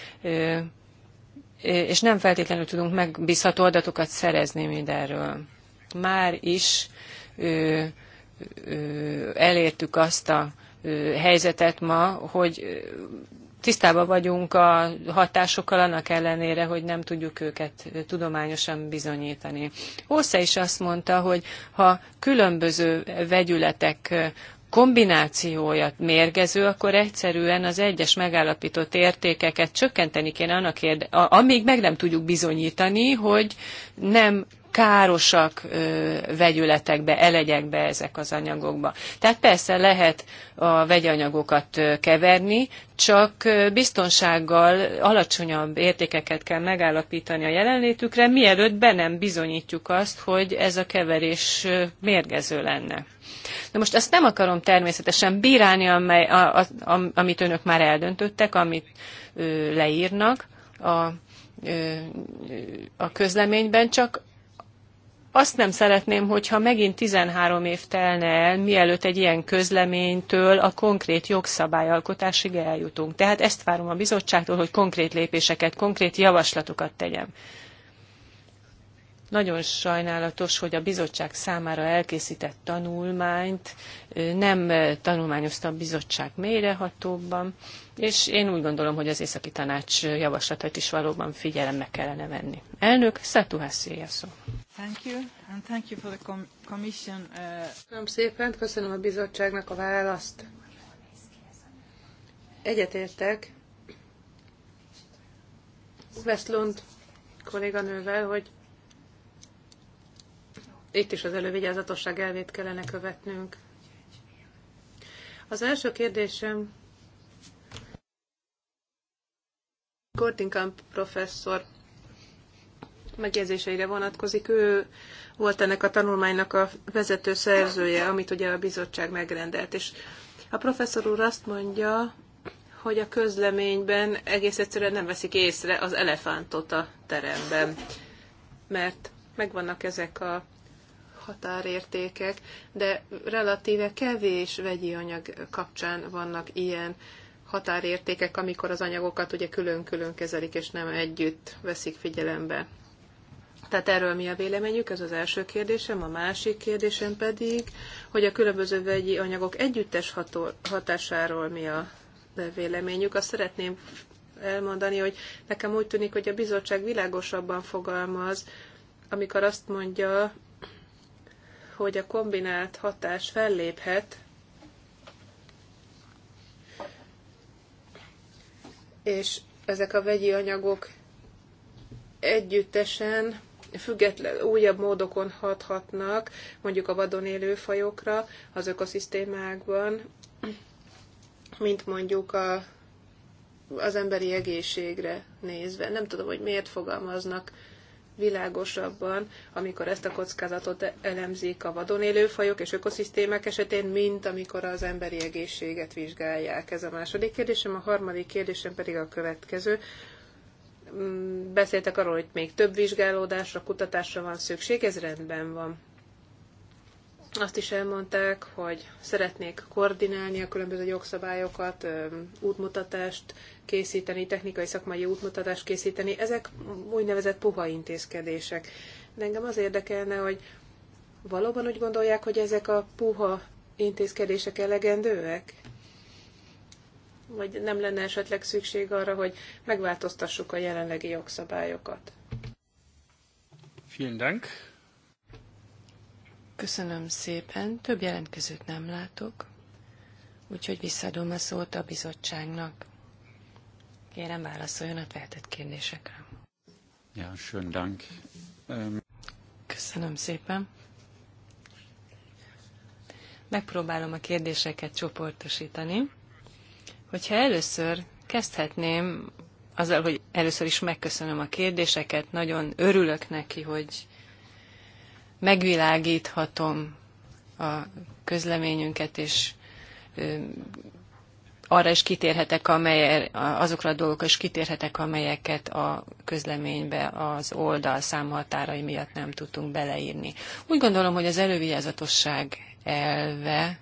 és nem feltétlenül tudunk megbízható adatokat szerezni mindenről. Már is elértük azt a helyzetet ma, hogy Tisztában vagyunk a hatásokkal, annak ellenére, hogy nem tudjuk őket tudományosan bizonyítani. Hossza is azt mondta, hogy ha különböző vegyületek kombinációja mérgező, akkor egyszerűen az egyes megállapított értékeket csökkenteni kéne annak érde, amíg meg nem tudjuk bizonyítani, hogy nem károsak vegyületekbe, elegyekbe ezek az anyagokba. Tehát persze lehet a vegyanyagokat keverni, csak biztonsággal alacsonyabb értékeket kell megállapítani a jelenlétükre, mielőtt be nem bizonyítjuk azt, hogy ez a keverés mérgező lenne. Na most ezt nem akarom természetesen bírálni, amely, a, a, amit önök már eldöntöttek, amit ö, leírnak a, ö, a közleményben, csak azt nem szeretném, hogyha megint 13 év telne el, mielőtt egy ilyen közleménytől a konkrét jogszabályalkotásig eljutunk. Tehát ezt várom a bizottságtól, hogy konkrét lépéseket, konkrét javaslatokat tegyen. Nagyon sajnálatos, hogy a bizottság számára elkészített tanulmányt nem tanulmányozta a bizottság mélyrehatóbban, és én úgy gondolom, hogy az északi tanács javaslatait is valóban figyelembe kellene venni. Elnök, Szatuhászi Thank you, and thank you for the commission. Uh, köszönöm szépen, köszönöm a bizottságnak a választ. Egyetértek Westlund, kolléganővel, hogy itt is az elővigyázatosság elvét kellene követnünk. Az első kérdésem Gortinkamp professzor megjegyzéseire vonatkozik. Ő volt ennek a tanulmánynak a vezető szerzője, amit ugye a bizottság megrendelt. És a professzor úr azt mondja, hogy a közleményben egész egyszerűen nem veszik észre az elefántot a teremben, mert megvannak ezek a határértékek, de relatíve kevés vegyi anyag kapcsán vannak ilyen határértékek, amikor az anyagokat ugye külön-külön kezelik, és nem együtt veszik figyelembe. Tehát erről mi a véleményük? Ez az első kérdésem. A másik kérdésem pedig, hogy a különböző vegyi anyagok együttes ható, hatásáról mi a véleményük. Azt szeretném elmondani, hogy nekem úgy tűnik, hogy a bizottság világosabban fogalmaz, amikor azt mondja, hogy a kombinált hatás felléphet, és ezek a vegyi anyagok együttesen független, újabb módokon hathatnak, mondjuk a vadon élő fajokra, az ökoszisztémákban, mint mondjuk a, az emberi egészségre nézve. Nem tudom, hogy miért fogalmaznak világosabban, amikor ezt a kockázatot elemzik a vadon élő fajok és ökoszisztémák esetén, mint amikor az emberi egészséget vizsgálják. Ez a második kérdésem. A harmadik kérdésem pedig a következő. Mm, beszéltek arról, hogy még több vizsgálódásra, kutatásra van szükség, ez rendben van. Azt is elmondták, hogy szeretnék koordinálni a különböző jogszabályokat, útmutatást készíteni, technikai szakmai útmutatást készíteni. Ezek úgynevezett puha intézkedések. De engem az érdekelne, hogy valóban úgy gondolják, hogy ezek a puha intézkedések elegendőek? Vagy nem lenne esetleg szükség arra, hogy megváltoztassuk a jelenlegi jogszabályokat? Vielen Dank. Köszönöm szépen. Több jelentkezőt nem látok, úgyhogy visszadom a szót a bizottságnak. Kérem, válaszoljon a feltett kérdésekre. Ja, schön dank. Um... Köszönöm szépen. Megpróbálom a kérdéseket csoportosítani. Hogyha először kezdhetném azzal, hogy először is megköszönöm a kérdéseket, nagyon örülök neki, hogy megvilágíthatom a közleményünket, és arra is kitérhetek, amely, azokra a dolgokra is kitérhetek, amelyeket a közleménybe az oldal számhatárai miatt nem tudtunk beleírni. Úgy gondolom, hogy az elővigyázatosság elve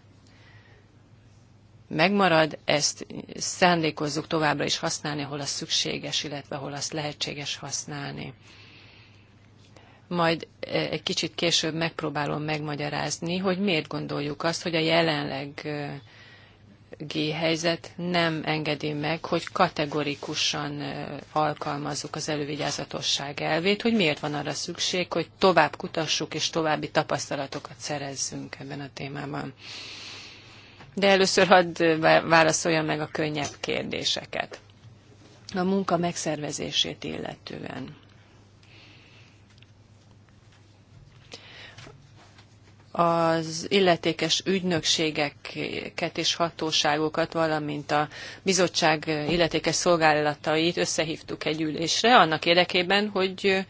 megmarad, ezt szándékozzuk továbbra is használni, hol az szükséges, illetve hol azt lehetséges használni majd e, egy kicsit később megpróbálom megmagyarázni, hogy miért gondoljuk azt, hogy a jelenleg e, helyzet nem engedi meg, hogy kategorikusan e, alkalmazzuk az elővigyázatosság elvét, hogy miért van arra szükség, hogy tovább kutassuk és további tapasztalatokat szerezzünk ebben a témában. De először hadd válaszoljam meg a könnyebb kérdéseket. A munka megszervezését illetően. az illetékes ügynökségeket és hatóságokat, valamint a bizottság illetékes szolgálatait összehívtuk egy ülésre, annak érdekében, hogy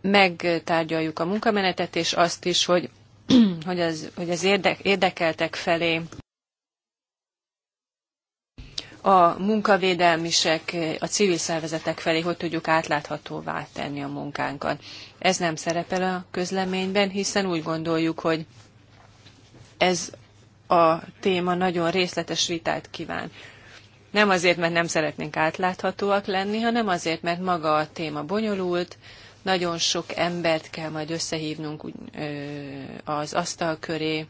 megtárgyaljuk a munkamenetet, és azt is, hogy, hogy, az, hogy az érdekeltek felé a munkavédelmisek, a civil szervezetek felé hogy tudjuk átláthatóvá tenni a munkánkat. Ez nem szerepel a közleményben, hiszen úgy gondoljuk, hogy ez a téma nagyon részletes vitát kíván. Nem azért, mert nem szeretnénk átláthatóak lenni, hanem azért, mert maga a téma bonyolult, nagyon sok embert kell majd összehívnunk az asztal köré,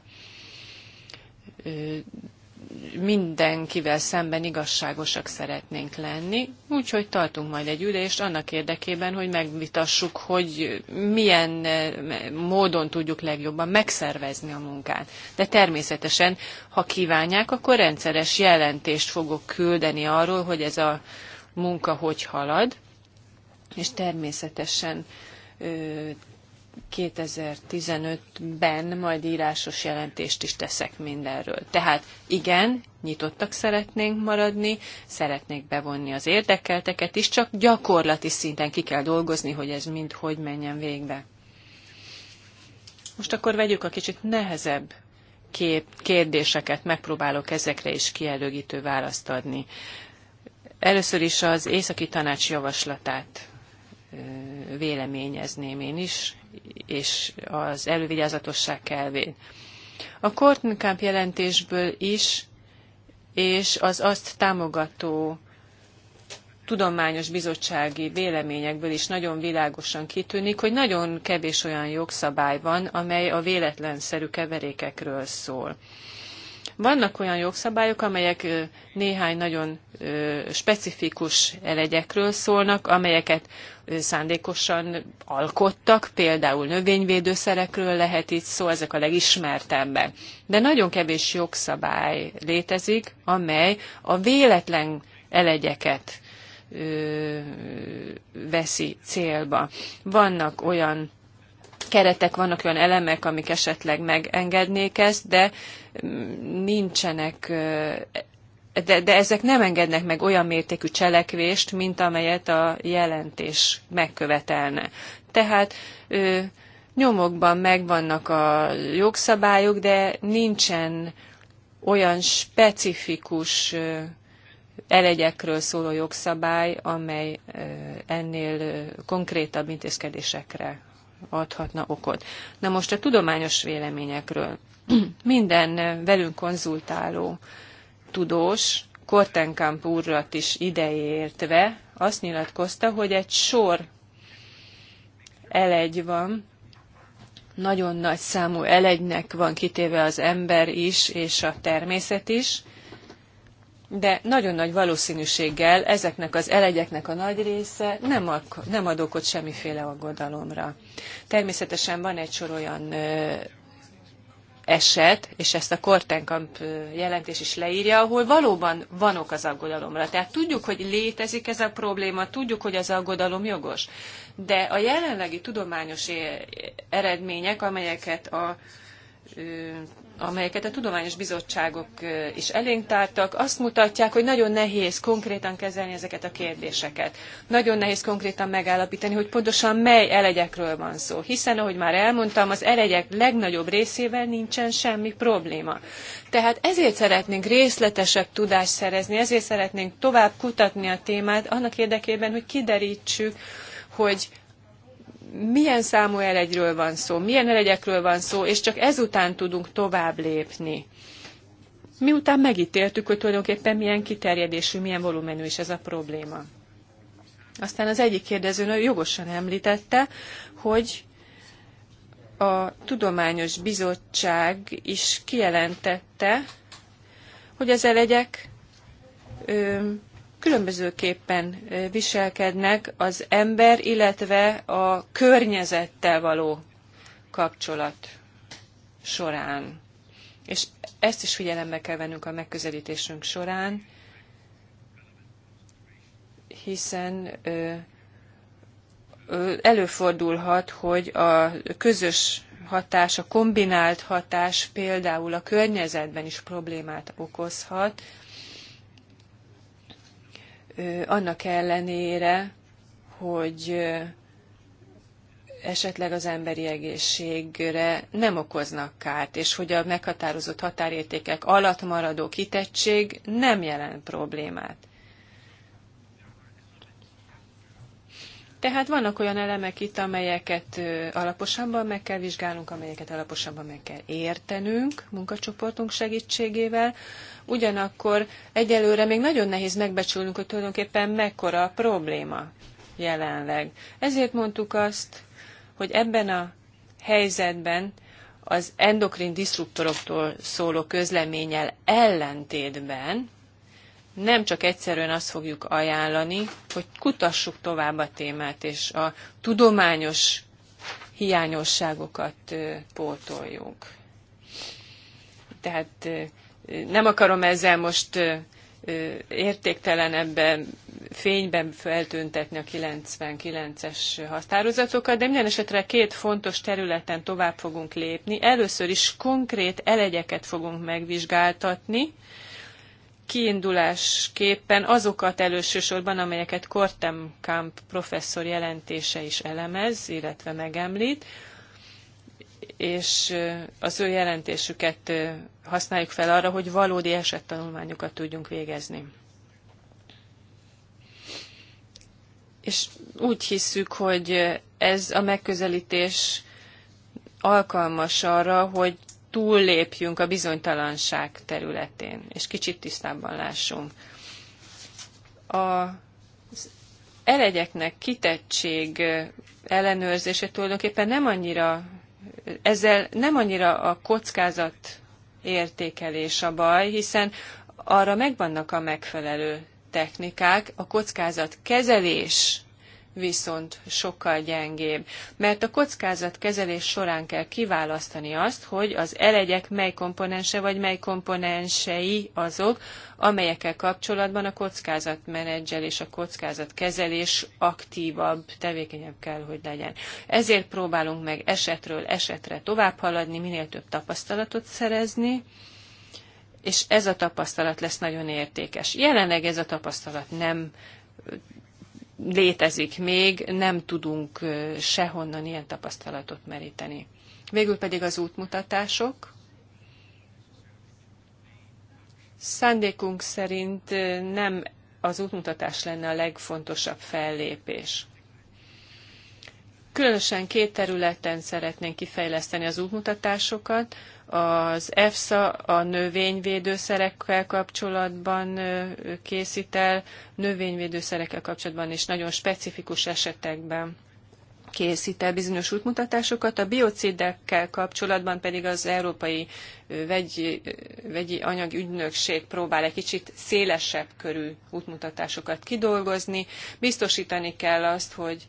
mindenkivel szemben igazságosak szeretnénk lenni, úgyhogy tartunk majd egy ülést annak érdekében, hogy megvitassuk, hogy milyen eh, módon tudjuk legjobban megszervezni a munkát. De természetesen, ha kívánják, akkor rendszeres jelentést fogok küldeni arról, hogy ez a munka hogy halad, és természetesen eh, 2015-ben majd írásos jelentést is teszek mindenről. Tehát igen, nyitottak szeretnénk maradni, szeretnék bevonni az érdekelteket is, csak gyakorlati szinten ki kell dolgozni, hogy ez mind hogy menjen végbe. Most akkor vegyük a kicsit nehezebb kép, kérdéseket, megpróbálok ezekre is kielőgítő választ adni. Először is az északi tanács javaslatát véleményezném én is, és az elővigyázatosság kelvén. A Kortenkamp jelentésből is, és az azt támogató tudományos bizottsági véleményekből is nagyon világosan kitűnik, hogy nagyon kevés olyan jogszabály van, amely a véletlenszerű keverékekről szól. Vannak olyan jogszabályok, amelyek néhány nagyon specifikus elegyekről szólnak, amelyeket szándékosan alkottak, például növényvédőszerekről lehet itt szó, ezek a legismertebbek. De nagyon kevés jogszabály létezik, amely a véletlen elegyeket veszi célba. Vannak olyan keretek, vannak olyan elemek, amik esetleg megengednék ezt, de mm, nincsenek de, de ezek nem engednek meg olyan mértékű cselekvést, mint amelyet a jelentés megkövetelne. Tehát ö, nyomokban megvannak a jogszabályok, de nincsen olyan specifikus ö, elegyekről szóló jogszabály, amely ö, ennél konkrétabb intézkedésekre adhatna okot. Na most a tudományos véleményekről. Minden eh, velünk konzultáló tudós, Kortenkamp úrrat is ideértve, azt nyilatkozta, hogy egy sor elegy van, nagyon nagy számú elegynek van kitéve az ember is, és a természet is, de nagyon nagy valószínűséggel ezeknek az elegyeknek a nagy része nem, ak- nem ad okot semmiféle aggodalomra. Természetesen van egy sor olyan eset, és ezt a Kortenkamp jelentés is leírja, ahol valóban van ok az aggodalomra. Tehát tudjuk, hogy létezik ez a probléma, tudjuk, hogy az aggodalom jogos. De a jelenlegi tudományos eredmények, amelyeket a amelyeket a tudományos bizottságok is elénk tártak, azt mutatják, hogy nagyon nehéz konkrétan kezelni ezeket a kérdéseket. Nagyon nehéz konkrétan megállapítani, hogy pontosan mely elegyekről van szó, hiszen, ahogy már elmondtam, az elegyek legnagyobb részével nincsen semmi probléma. Tehát ezért szeretnénk részletesebb tudást szerezni, ezért szeretnénk tovább kutatni a témát, annak érdekében, hogy kiderítsük, hogy milyen számú elegyről van szó, milyen elegyekről van szó, és csak ezután tudunk tovább lépni. Miután megítéltük, hogy tulajdonképpen milyen kiterjedésű, milyen volumenű is ez a probléma. Aztán az egyik kérdezőnő jogosan említette, hogy a Tudományos Bizottság is kijelentette, hogy az elegyek különbözőképpen viselkednek az ember, illetve a környezettel való kapcsolat során. És ezt is figyelembe kell vennünk a megközelítésünk során, hiszen előfordulhat, hogy a közös hatás, a kombinált hatás például a környezetben is problémát okozhat, annak ellenére, hogy esetleg az emberi egészségre nem okoznak kárt, és hogy a meghatározott határértékek alatt maradó kitettség nem jelent problémát. Tehát vannak olyan elemek itt, amelyeket alaposabban meg kell vizsgálnunk, amelyeket alaposabban meg kell értenünk munkacsoportunk segítségével. Ugyanakkor egyelőre még nagyon nehéz megbecsülnünk, hogy tulajdonképpen mekkora a probléma jelenleg. Ezért mondtuk azt, hogy ebben a helyzetben az endokrin diszruptoroktól szóló közleménnyel ellentétben nem csak egyszerűen azt fogjuk ajánlani, hogy kutassuk tovább a témát, és a tudományos hiányosságokat pótoljuk. Tehát nem akarom ezzel most értéktelenebben fényben feltüntetni a 99-es határozatokat, de minden esetre két fontos területen tovább fogunk lépni. Először is konkrét elegyeket fogunk megvizsgáltatni, kiindulásképpen azokat elsősorban, amelyeket camp professzor jelentése is elemez, illetve megemlít, és az ő jelentésüket használjuk fel arra, hogy valódi esettanulmányokat tudjunk végezni. És úgy hisszük, hogy ez a megközelítés alkalmas arra, hogy túllépjünk a bizonytalanság területén, és kicsit tisztábban lássunk. A elegyeknek kitettség ellenőrzése tulajdonképpen nem annyira, ezzel nem annyira a kockázat értékelés a baj, hiszen arra megvannak a megfelelő technikák, a kockázat kezelés viszont sokkal gyengébb. Mert a kockázatkezelés során kell kiválasztani azt, hogy az elegyek mely komponense vagy mely komponensei azok, amelyekkel kapcsolatban a kockázatmenedzsel és a kockázatkezelés aktívabb, tevékenyebb kell, hogy legyen. Ezért próbálunk meg esetről esetre tovább haladni, minél több tapasztalatot szerezni, és ez a tapasztalat lesz nagyon értékes. Jelenleg ez a tapasztalat nem létezik még, nem tudunk sehonnan ilyen tapasztalatot meríteni. Végül pedig az útmutatások. Szándékunk szerint nem az útmutatás lenne a legfontosabb fellépés. Különösen két területen szeretnénk kifejleszteni az útmutatásokat. Az EFSA a növényvédőszerekkel kapcsolatban készít el, növényvédőszerekkel kapcsolatban és nagyon specifikus esetekben készít el bizonyos útmutatásokat, a biocidekkel kapcsolatban pedig az Európai Vegyi, anyag Ügynökség próbál egy kicsit szélesebb körű útmutatásokat kidolgozni. Biztosítani kell azt, hogy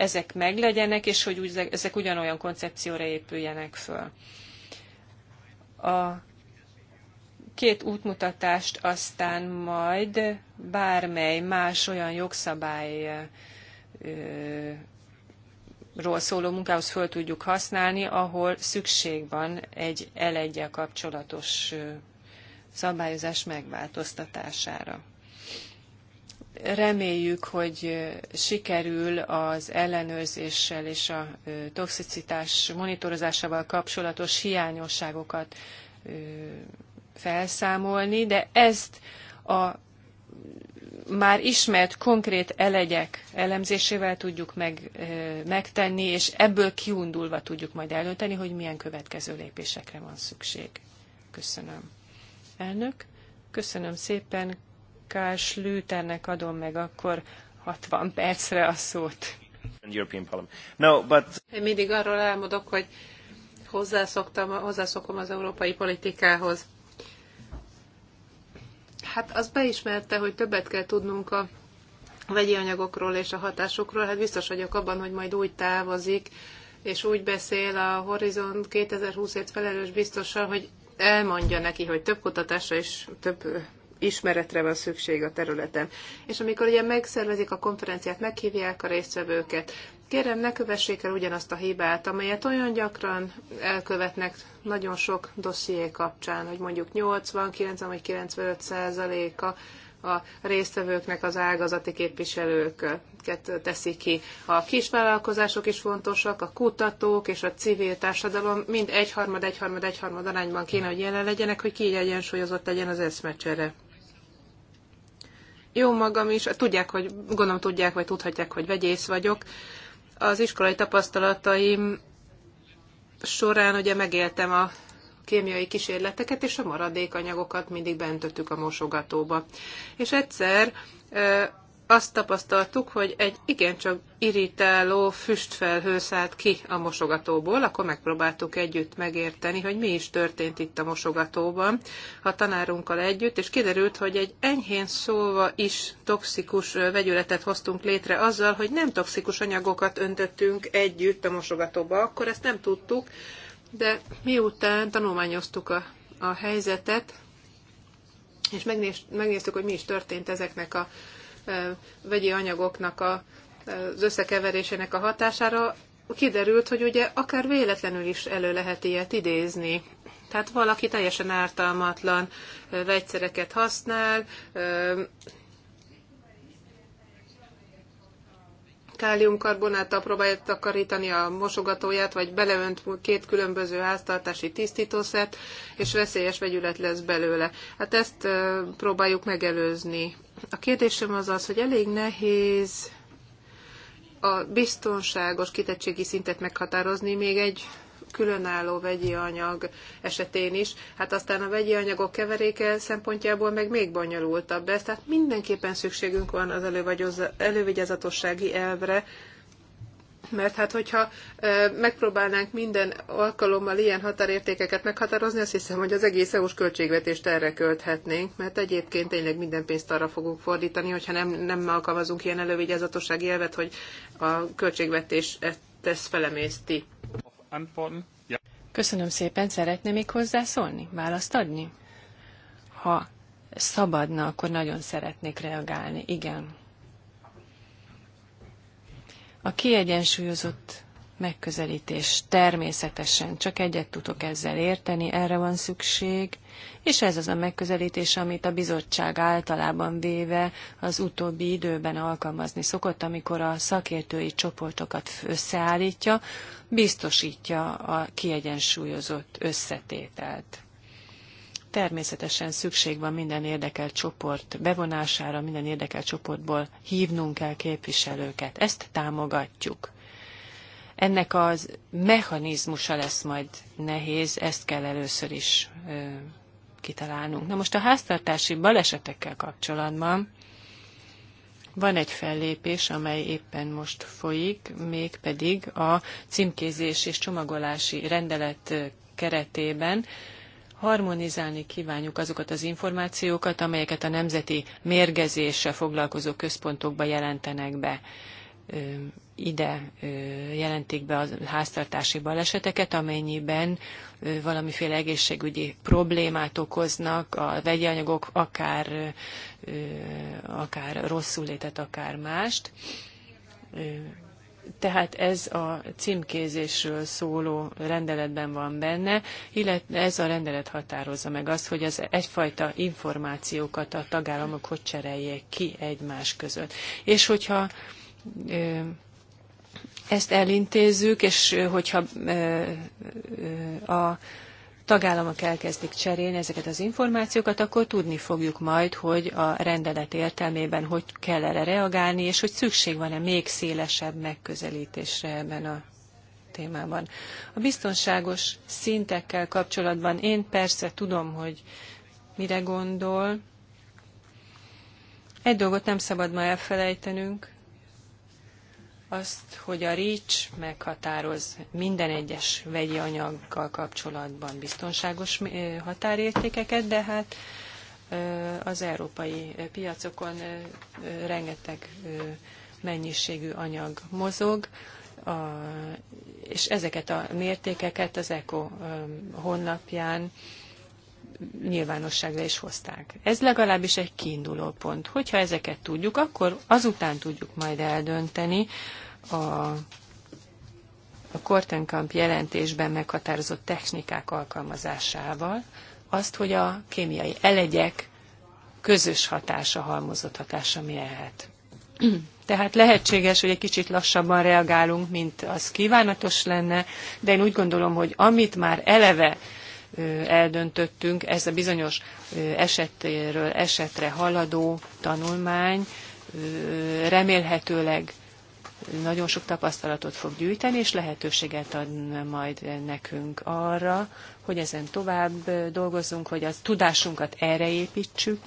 ezek meglegyenek, és hogy úgy, ezek ugyanolyan koncepcióra épüljenek föl. A két útmutatást aztán majd bármely más olyan jogszabály ról szóló munkához föl tudjuk használni, ahol szükség van egy l kapcsolatos szabályozás megváltoztatására. Reméljük, hogy sikerül az ellenőrzéssel és a toxicitás monitorozásával kapcsolatos hiányosságokat felszámolni, de ezt a már ismert konkrét elegyek elemzésével tudjuk meg, megtenni, és ebből kiundulva tudjuk majd eldönteni, hogy milyen következő lépésekre van szükség. Köszönöm. Elnök, köszönöm szépen. K. Slüternek adom meg akkor 60 percre a szót. No, but... Én mindig arról álmodok, hogy hozzászoktam, hozzászokom az európai politikához. Hát az beismerte, hogy többet kell tudnunk a vegyi anyagokról és a hatásukról. Hát biztos vagyok abban, hogy majd úgy távozik, és úgy beszél a Horizon 2020-ért felelős biztossal, hogy elmondja neki, hogy több kutatásra és több ismeretre van szükség a területen. És amikor ugye megszervezik a konferenciát, meghívják a résztvevőket, kérem, ne kövessék el ugyanazt a hibát, amelyet olyan gyakran elkövetnek nagyon sok dosszié kapcsán, hogy mondjuk 80, 90 vagy 95 százaléka a résztvevőknek az ágazati képviselőket teszi ki. A kisvállalkozások is fontosak, a kutatók és a civil társadalom mind egyharmad, egyharmad, egyharmad arányban kéne, hogy jelen legyenek, hogy kiegyensúlyozott legyen az eszmecsere. Jó magam is, tudják, hogy gondolom tudják, vagy tudhatják, hogy vegyész vagyok. Az iskolai tapasztalataim során ugye megéltem a kémiai kísérleteket, és a maradékanyagokat mindig bentöttük a mosogatóba. És egyszer azt tapasztaltuk, hogy egy igencsak irritáló füstfelhő szállt ki a mosogatóból, akkor megpróbáltuk együtt megérteni, hogy mi is történt itt a mosogatóban a tanárunkkal együtt, és kiderült, hogy egy enyhén szólva is toxikus vegyületet hoztunk létre azzal, hogy nem toxikus anyagokat öntöttünk együtt a mosogatóba. Akkor ezt nem tudtuk, de miután tanulmányoztuk a, a helyzetet, és megnéztük, hogy mi is történt ezeknek a vegyi anyagoknak a, az összekeverésének a hatására kiderült, hogy ugye akár véletlenül is elő lehet ilyet idézni. Tehát valaki teljesen ártalmatlan vegyszereket használ, káliumkarbonáttal próbálja takarítani a mosogatóját, vagy beleönt két különböző háztartási tisztítószert, és veszélyes vegyület lesz belőle. Hát ezt próbáljuk megelőzni. A kérdésem az az, hogy elég nehéz a biztonságos kitettségi szintet meghatározni még egy különálló vegyi anyag esetén is. Hát aztán a vegyi anyagok keveréke szempontjából meg még bonyolultabb ez, tehát mindenképpen szükségünk van az elővigyázatossági elvre, mert hát, hogyha megpróbálnánk minden alkalommal ilyen határértékeket meghatározni, azt hiszem, hogy az egész EU-s költségvetést erre költhetnénk, mert egyébként tényleg minden pénzt arra fogunk fordítani, hogyha nem, nem alkalmazunk ilyen elővigyázatossági elvet, hogy a költségvetés ezt tesz felemészti antworten? Ja. Köszönöm szépen, szeretne még hozzászólni, választ adni? Ha szabadna, akkor nagyon szeretnék reagálni, igen. A kiegyensúlyozott megközelítés. Természetesen csak egyet tudok ezzel érteni, erre van szükség, és ez az a megközelítés, amit a bizottság általában véve az utóbbi időben alkalmazni szokott, amikor a szakértői csoportokat összeállítja, biztosítja a kiegyensúlyozott összetételt. Természetesen szükség van minden érdekelt csoport bevonására, minden érdekelt csoportból hívnunk kell képviselőket. Ezt támogatjuk. Ennek az mechanizmusa lesz majd nehéz, ezt kell először is ö, kitalálnunk. Na most a háztartási balesetekkel kapcsolatban van egy fellépés, amely éppen most folyik, mégpedig a címkézés és csomagolási rendelet keretében harmonizálni kívánjuk azokat az információkat, amelyeket a nemzeti mérgezéssel foglalkozó központokba jelentenek be ide jelentik be a háztartási baleseteket, amennyiben valamiféle egészségügyi problémát okoznak a vegyi anyagok, akár, akár rosszulétet, akár mást. Tehát ez a címkézésről szóló rendeletben van benne, illetve ez a rendelet határozza meg azt, hogy az egyfajta információkat a tagállamok hogy cseréljék ki egymás között. És hogyha ezt elintézzük, és hogyha a tagállamok elkezdik cserélni ezeket az információkat, akkor tudni fogjuk majd, hogy a rendelet értelmében hogy kell erre reagálni, és hogy szükség van-e még szélesebb megközelítésre ebben a témában. A biztonságos szintekkel kapcsolatban én persze tudom, hogy mire gondol. Egy dolgot nem szabad ma elfelejtenünk, azt, hogy a REACH meghatároz minden egyes vegyi anyaggal kapcsolatban biztonságos eh, határértékeket, de hát eh, az európai piacokon eh, rengeteg mennyiségű anyag mozog, és ezeket a mértékeket az ECO honlapján nyilvánosságra is hozták. Ez legalábbis egy kiinduló pont. Hogyha ezeket tudjuk, akkor azután tudjuk majd eldönteni a, a Kortenkamp jelentésben meghatározott technikák alkalmazásával azt, hogy a kémiai elegyek közös hatása, halmozott hatása mi lehet. Tehát lehetséges, hogy egy kicsit lassabban reagálunk, mint az kívánatos lenne, de én úgy gondolom, hogy amit már eleve eldöntöttünk, ez a bizonyos esetről esetre haladó tanulmány remélhetőleg nagyon sok tapasztalatot fog gyűjteni, és lehetőséget ad majd nekünk arra, hogy ezen tovább dolgozzunk, hogy a tudásunkat erre építsük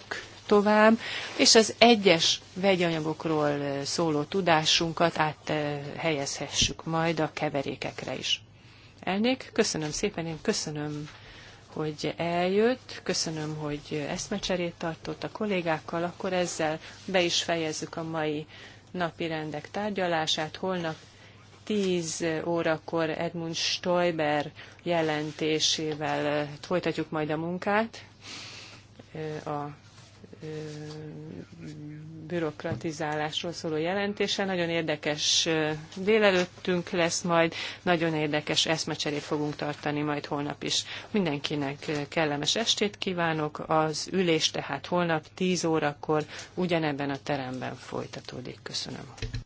tovább, és az egyes vegyanyagokról szóló tudásunkat áthelyezhessük majd a keverékekre is. Elnék, köszönöm szépen, én köszönöm hogy eljött. Köszönöm, hogy eszmecserét tartott a kollégákkal. Akkor ezzel be is fejezzük a mai napi rendek tárgyalását. Holnap 10 órakor Edmund Stoiber jelentésével folytatjuk majd a munkát. A bürokratizálásról szóló jelentése. Nagyon érdekes délelőttünk lesz majd, nagyon érdekes eszmecserét fogunk tartani majd holnap is. Mindenkinek kellemes estét kívánok, az ülés tehát holnap 10 órakor ugyanebben a teremben folytatódik. Köszönöm.